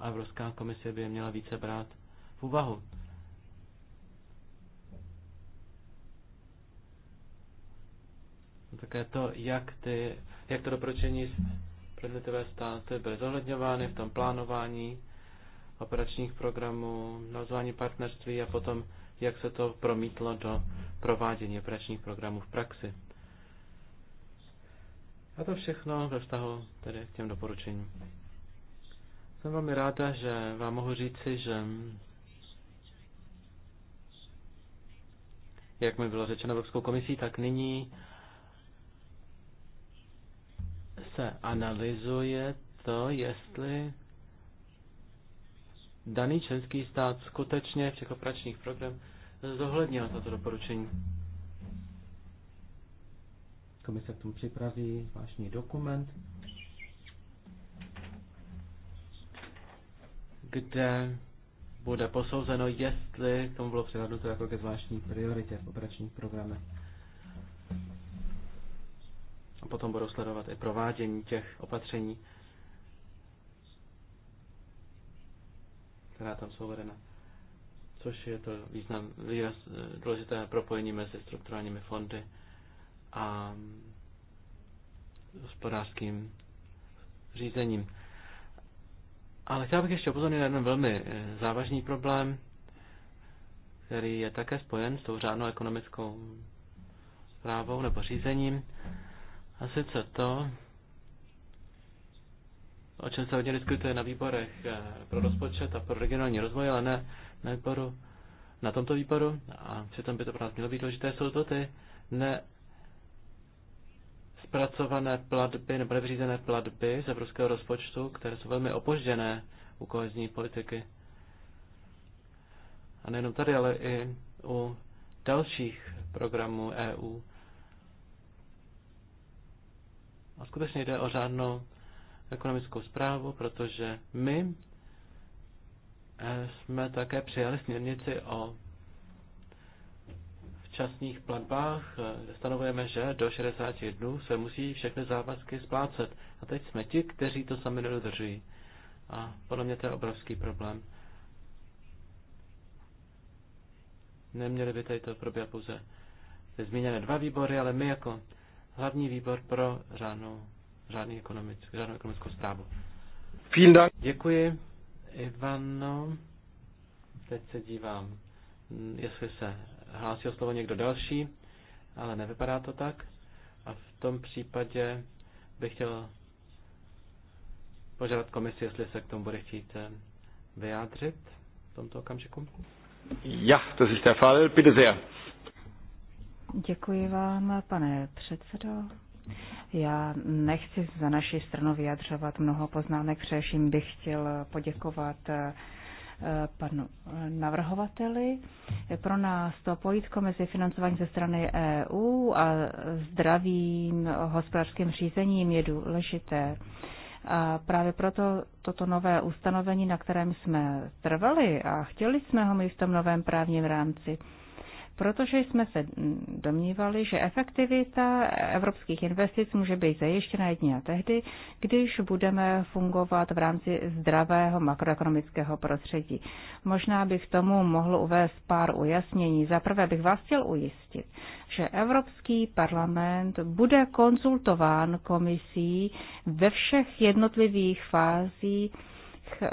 A Evropská komise by je měla více brát v úvahu. Také to, jak, ty, jak to doporučení z jednotlivé státy byly zohledňovány v tom plánování operačních programů, nazvání partnerství a potom jak se to promítlo do provádění operačních programů v praxi. A to všechno ve vztahu tedy k těm doporučením. Jsem velmi ráda, že vám mohu říci, že jak mi bylo řečeno Evropskou komisí, tak nyní se analyzuje to, jestli daný členský stát skutečně v těch operačních program zohlednil tato doporučení. Komise k tomu připraví zvláštní dokument, kde bude posouzeno, jestli tomu bylo přihlednuto jako ke zvláštní prioritě v operačních programech. A potom budou sledovat i provádění těch opatření. která tam jsou vedena. Což je to význam, výraz, eh, důležité propojení mezi strukturálními fondy a hospodářským řízením. Ale chtěl bych ještě upozornit na jeden velmi eh, závažný problém, který je také spojen s tou řádnou ekonomickou zprávou nebo řízením. A sice to, o čem se hodně diskutuje na výborech eh, pro rozpočet a pro regionální rozvoj, ale ne na, výboru, na tomto výboru, a přitom by to pro nás mělo být důležité, jsou to ty ne zpracované platby nebo nevyřízené platby z evropského rozpočtu, které jsou velmi opožděné u kohezní politiky. A nejenom tady, ale i u dalších programů EU. A skutečně jde o řádnou ekonomickou zprávu, protože my eh, jsme také přijali směrnici o včasných platbách, kde eh, stanovujeme, že do 60 dnů se musí všechny závazky splácet. A teď jsme ti, kteří to sami nedodržují. A podle mě to je obrovský problém. Neměli by tady to probíhat pouze zmíněné dva výbory, ale my jako hlavní výbor pro řádnou žádný ekonomick, žádnou ekonomickou zprávu. Děkuji, Ivano. Teď se dívám, jestli se hlásí o slovo někdo další, ale nevypadá to tak. A v tom případě bych chtěl požádat komisi, jestli se k tomu bude chtít eh, vyjádřit v tomto okamžiku. Ja, to je der Fall. Bitte sehr. Děkuji vám, pane předsedo. Já nechci za naši stranu vyjadřovat mnoho poznámek, především bych chtěl poděkovat eh, panu navrhovateli. Pro nás to pojítko mezi financování ze strany EU a zdravým hospodářským řízením je důležité. A právě proto toto nové ustanovení, na kterém jsme trvali a chtěli jsme ho mít v tom novém právním rámci, protože jsme se domnívali, že efektivita evropských investic může být zajištěna jedině tehdy, když budeme fungovat v rámci zdravého makroekonomického prostředí. Možná bych tomu mohl uvést pár ujasnění. Za prvé bych vás chtěl ujistit, že Evropský parlament bude konzultován komisí ve všech jednotlivých fázích Eh,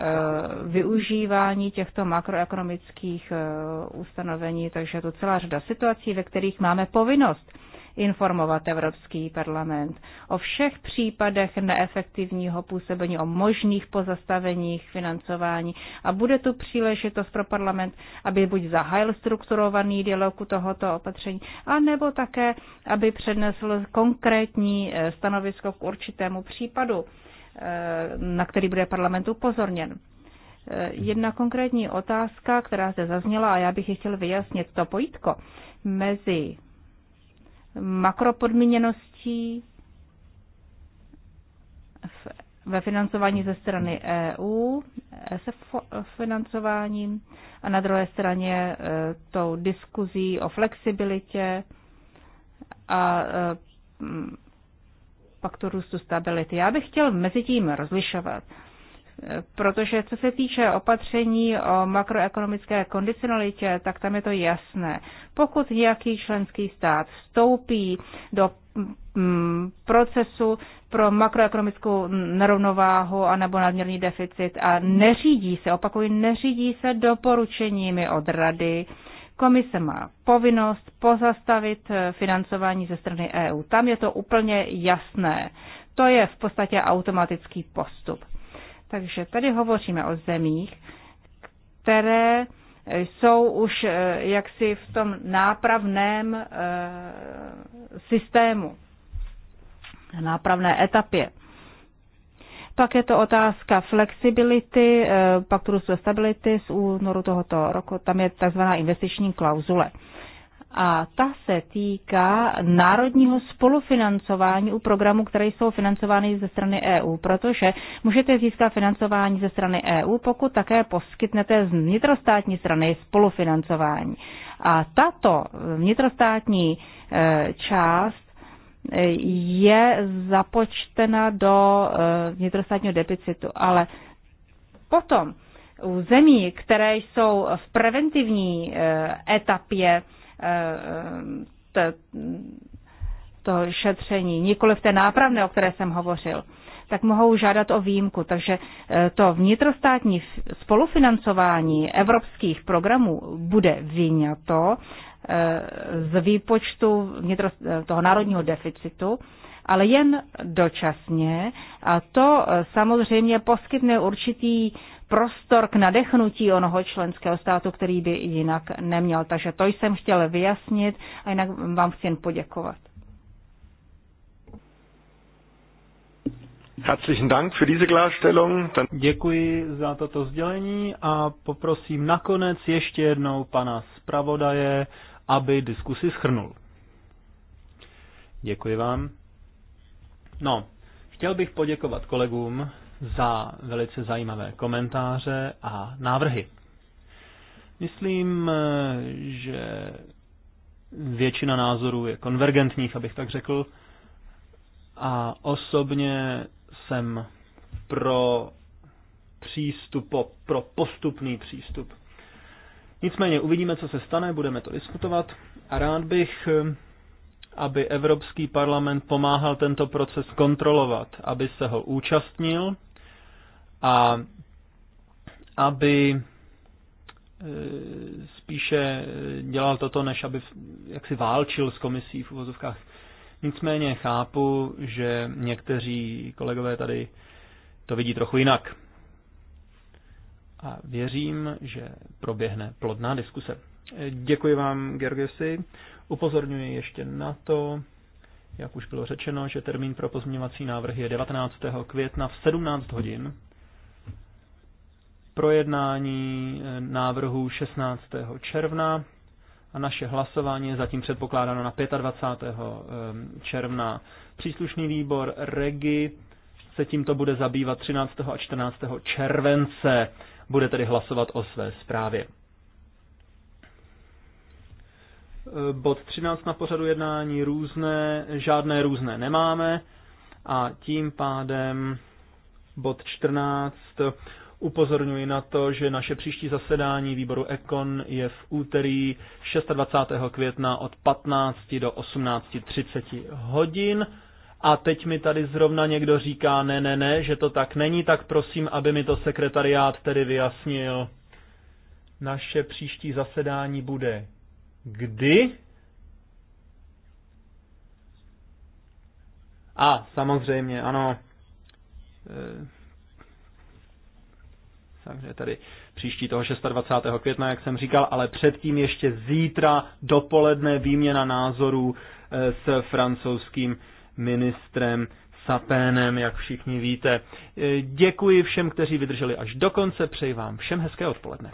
využívání těchto makroekonomických eh, ustanovení, takže je to celá řada situací, ve kterých máme povinnost informovat Evropský parlament o všech případech neefektivního působení, o možných pozastaveních financování a bude tu příležitost pro parlament, aby buď zahájil strukturovaný dialog u tohoto opatření, anebo také, aby přednesl konkrétní eh, stanovisko k určitému případu. Eh, na který bude parlament upozorněn. Eh, jedna konkrétní otázka, která zde zazněla a já bych ji chtěl vyjasnit, to pojítko mezi makropodmíněností ve financování ze strany EU, se financováním a na druhé straně eh, tou diskuzí o flexibilitě a paktu růstu stability. Já bych chtěl mezi tím rozlišovat, protože co se týče opatření o makroekonomické kondicionalitě, tak tam je to jasné. Pokud nějaký členský stát vstoupí do mm, procesu pro makroekonomickou nerovnováhu a nebo nadměrný deficit a neřídí se, opakuju, neřídí se doporučeními od rady, Komise má povinnost pozastavit eh, financování ze strany EU. Tam je to úplně jasné. To je v podstatě automatický postup. Takže tady hovoříme o zemích, které jsou už eh, jaksi v tom nápravném eh, systému, nápravné etapě. Pak je to otázka flexibility, pak eh, růstu stability z únoru tohoto roku. Tam je takzvaná investiční klauzule. A ta se týká národního spolufinancování u programů, které jsou financovány ze strany EU, protože můžete získat financování ze strany EU, pokud také poskytnete z vnitrostátní strany spolufinancování. A tato vnitrostátní eh, část je započtena do eh, vnitrostátního deficitu. Ale potom u zemí, které jsou v preventivní eh, etapě eh, to šetření, nikoli v té nápravné, o které jsem hovořil, tak mohou žádat o výjimku. Takže to vnitrostátní spolufinancování evropských programů bude vyňato z výpočtu vnitro, eh, toho národního deficitu, ale jen dočasně. A to eh, samozřejmě poskytne určitý prostor k nadechnutí onoho členského státu, který by jinak neměl. Takže to jsem chtěl vyjasnit a jinak vám chci jen poděkovat. Herzlichen Dank für diese Klarstellung. Děkuji za toto sdělení a poprosím nakonec ještě jednou pana zpravodaje, aby diskusi schrnul. Děkuji vám. No, chtěl bych poděkovat kolegům za velice zajímavé komentáře a návrhy. Myslím, že většina názorů je konvergentních, abych tak řekl. A osobně jsem pro přístup, pro postupný přístup. Nicméně uvidíme, co se stane, budeme to diskutovat a rád bych, eh, aby Evropský parlament pomáhal tento proces kontrolovat, aby se ho účastnil a aby eh, spíše eh, dělal toto, než aby jaksi válčil s komisí v uvozovkách. Nicméně chápu, že někteří kolegové tady to vidí trochu jinak a věřím, že proběhne plodná diskuse. Děkuji vám, Gergesi. Upozorňuji ještě na to, jak už bylo řečeno, že termín pro pozměňovací návrh je 19. května v 17 hodin. Projednání eh, návrhu 16. června a naše hlasování je zatím předpokládáno na 25. Eh, června. Příslušný výbor REGI se tímto bude zabývat 13. a 14. července bude tedy hlasovat o své zprávě. E, bod 13 na pořadu jednání různé, žádné různé nemáme a tím pádem bod 14 Upozorňuji na to, že naše příští zasedání výboru Ekon je v úterý 26. května od 15 do 18.30 hodin a teď mi tady zrovna někdo říká ne, ne, ne, že to tak není, tak prosím, aby mi to sekretariát tedy vyjasnil. Naše příští zasedání bude kdy? A, samozřejmě, ano. Eh, takže tady příští toho 26. května, jak jsem říkal, ale předtím ještě zítra dopoledne výměna názorů eh, s francouzským ministrem Sapénem, jak všichni víte. Děkuji všem, kteří vydrželi až do konce, přeji vám všem hezké odpoledne.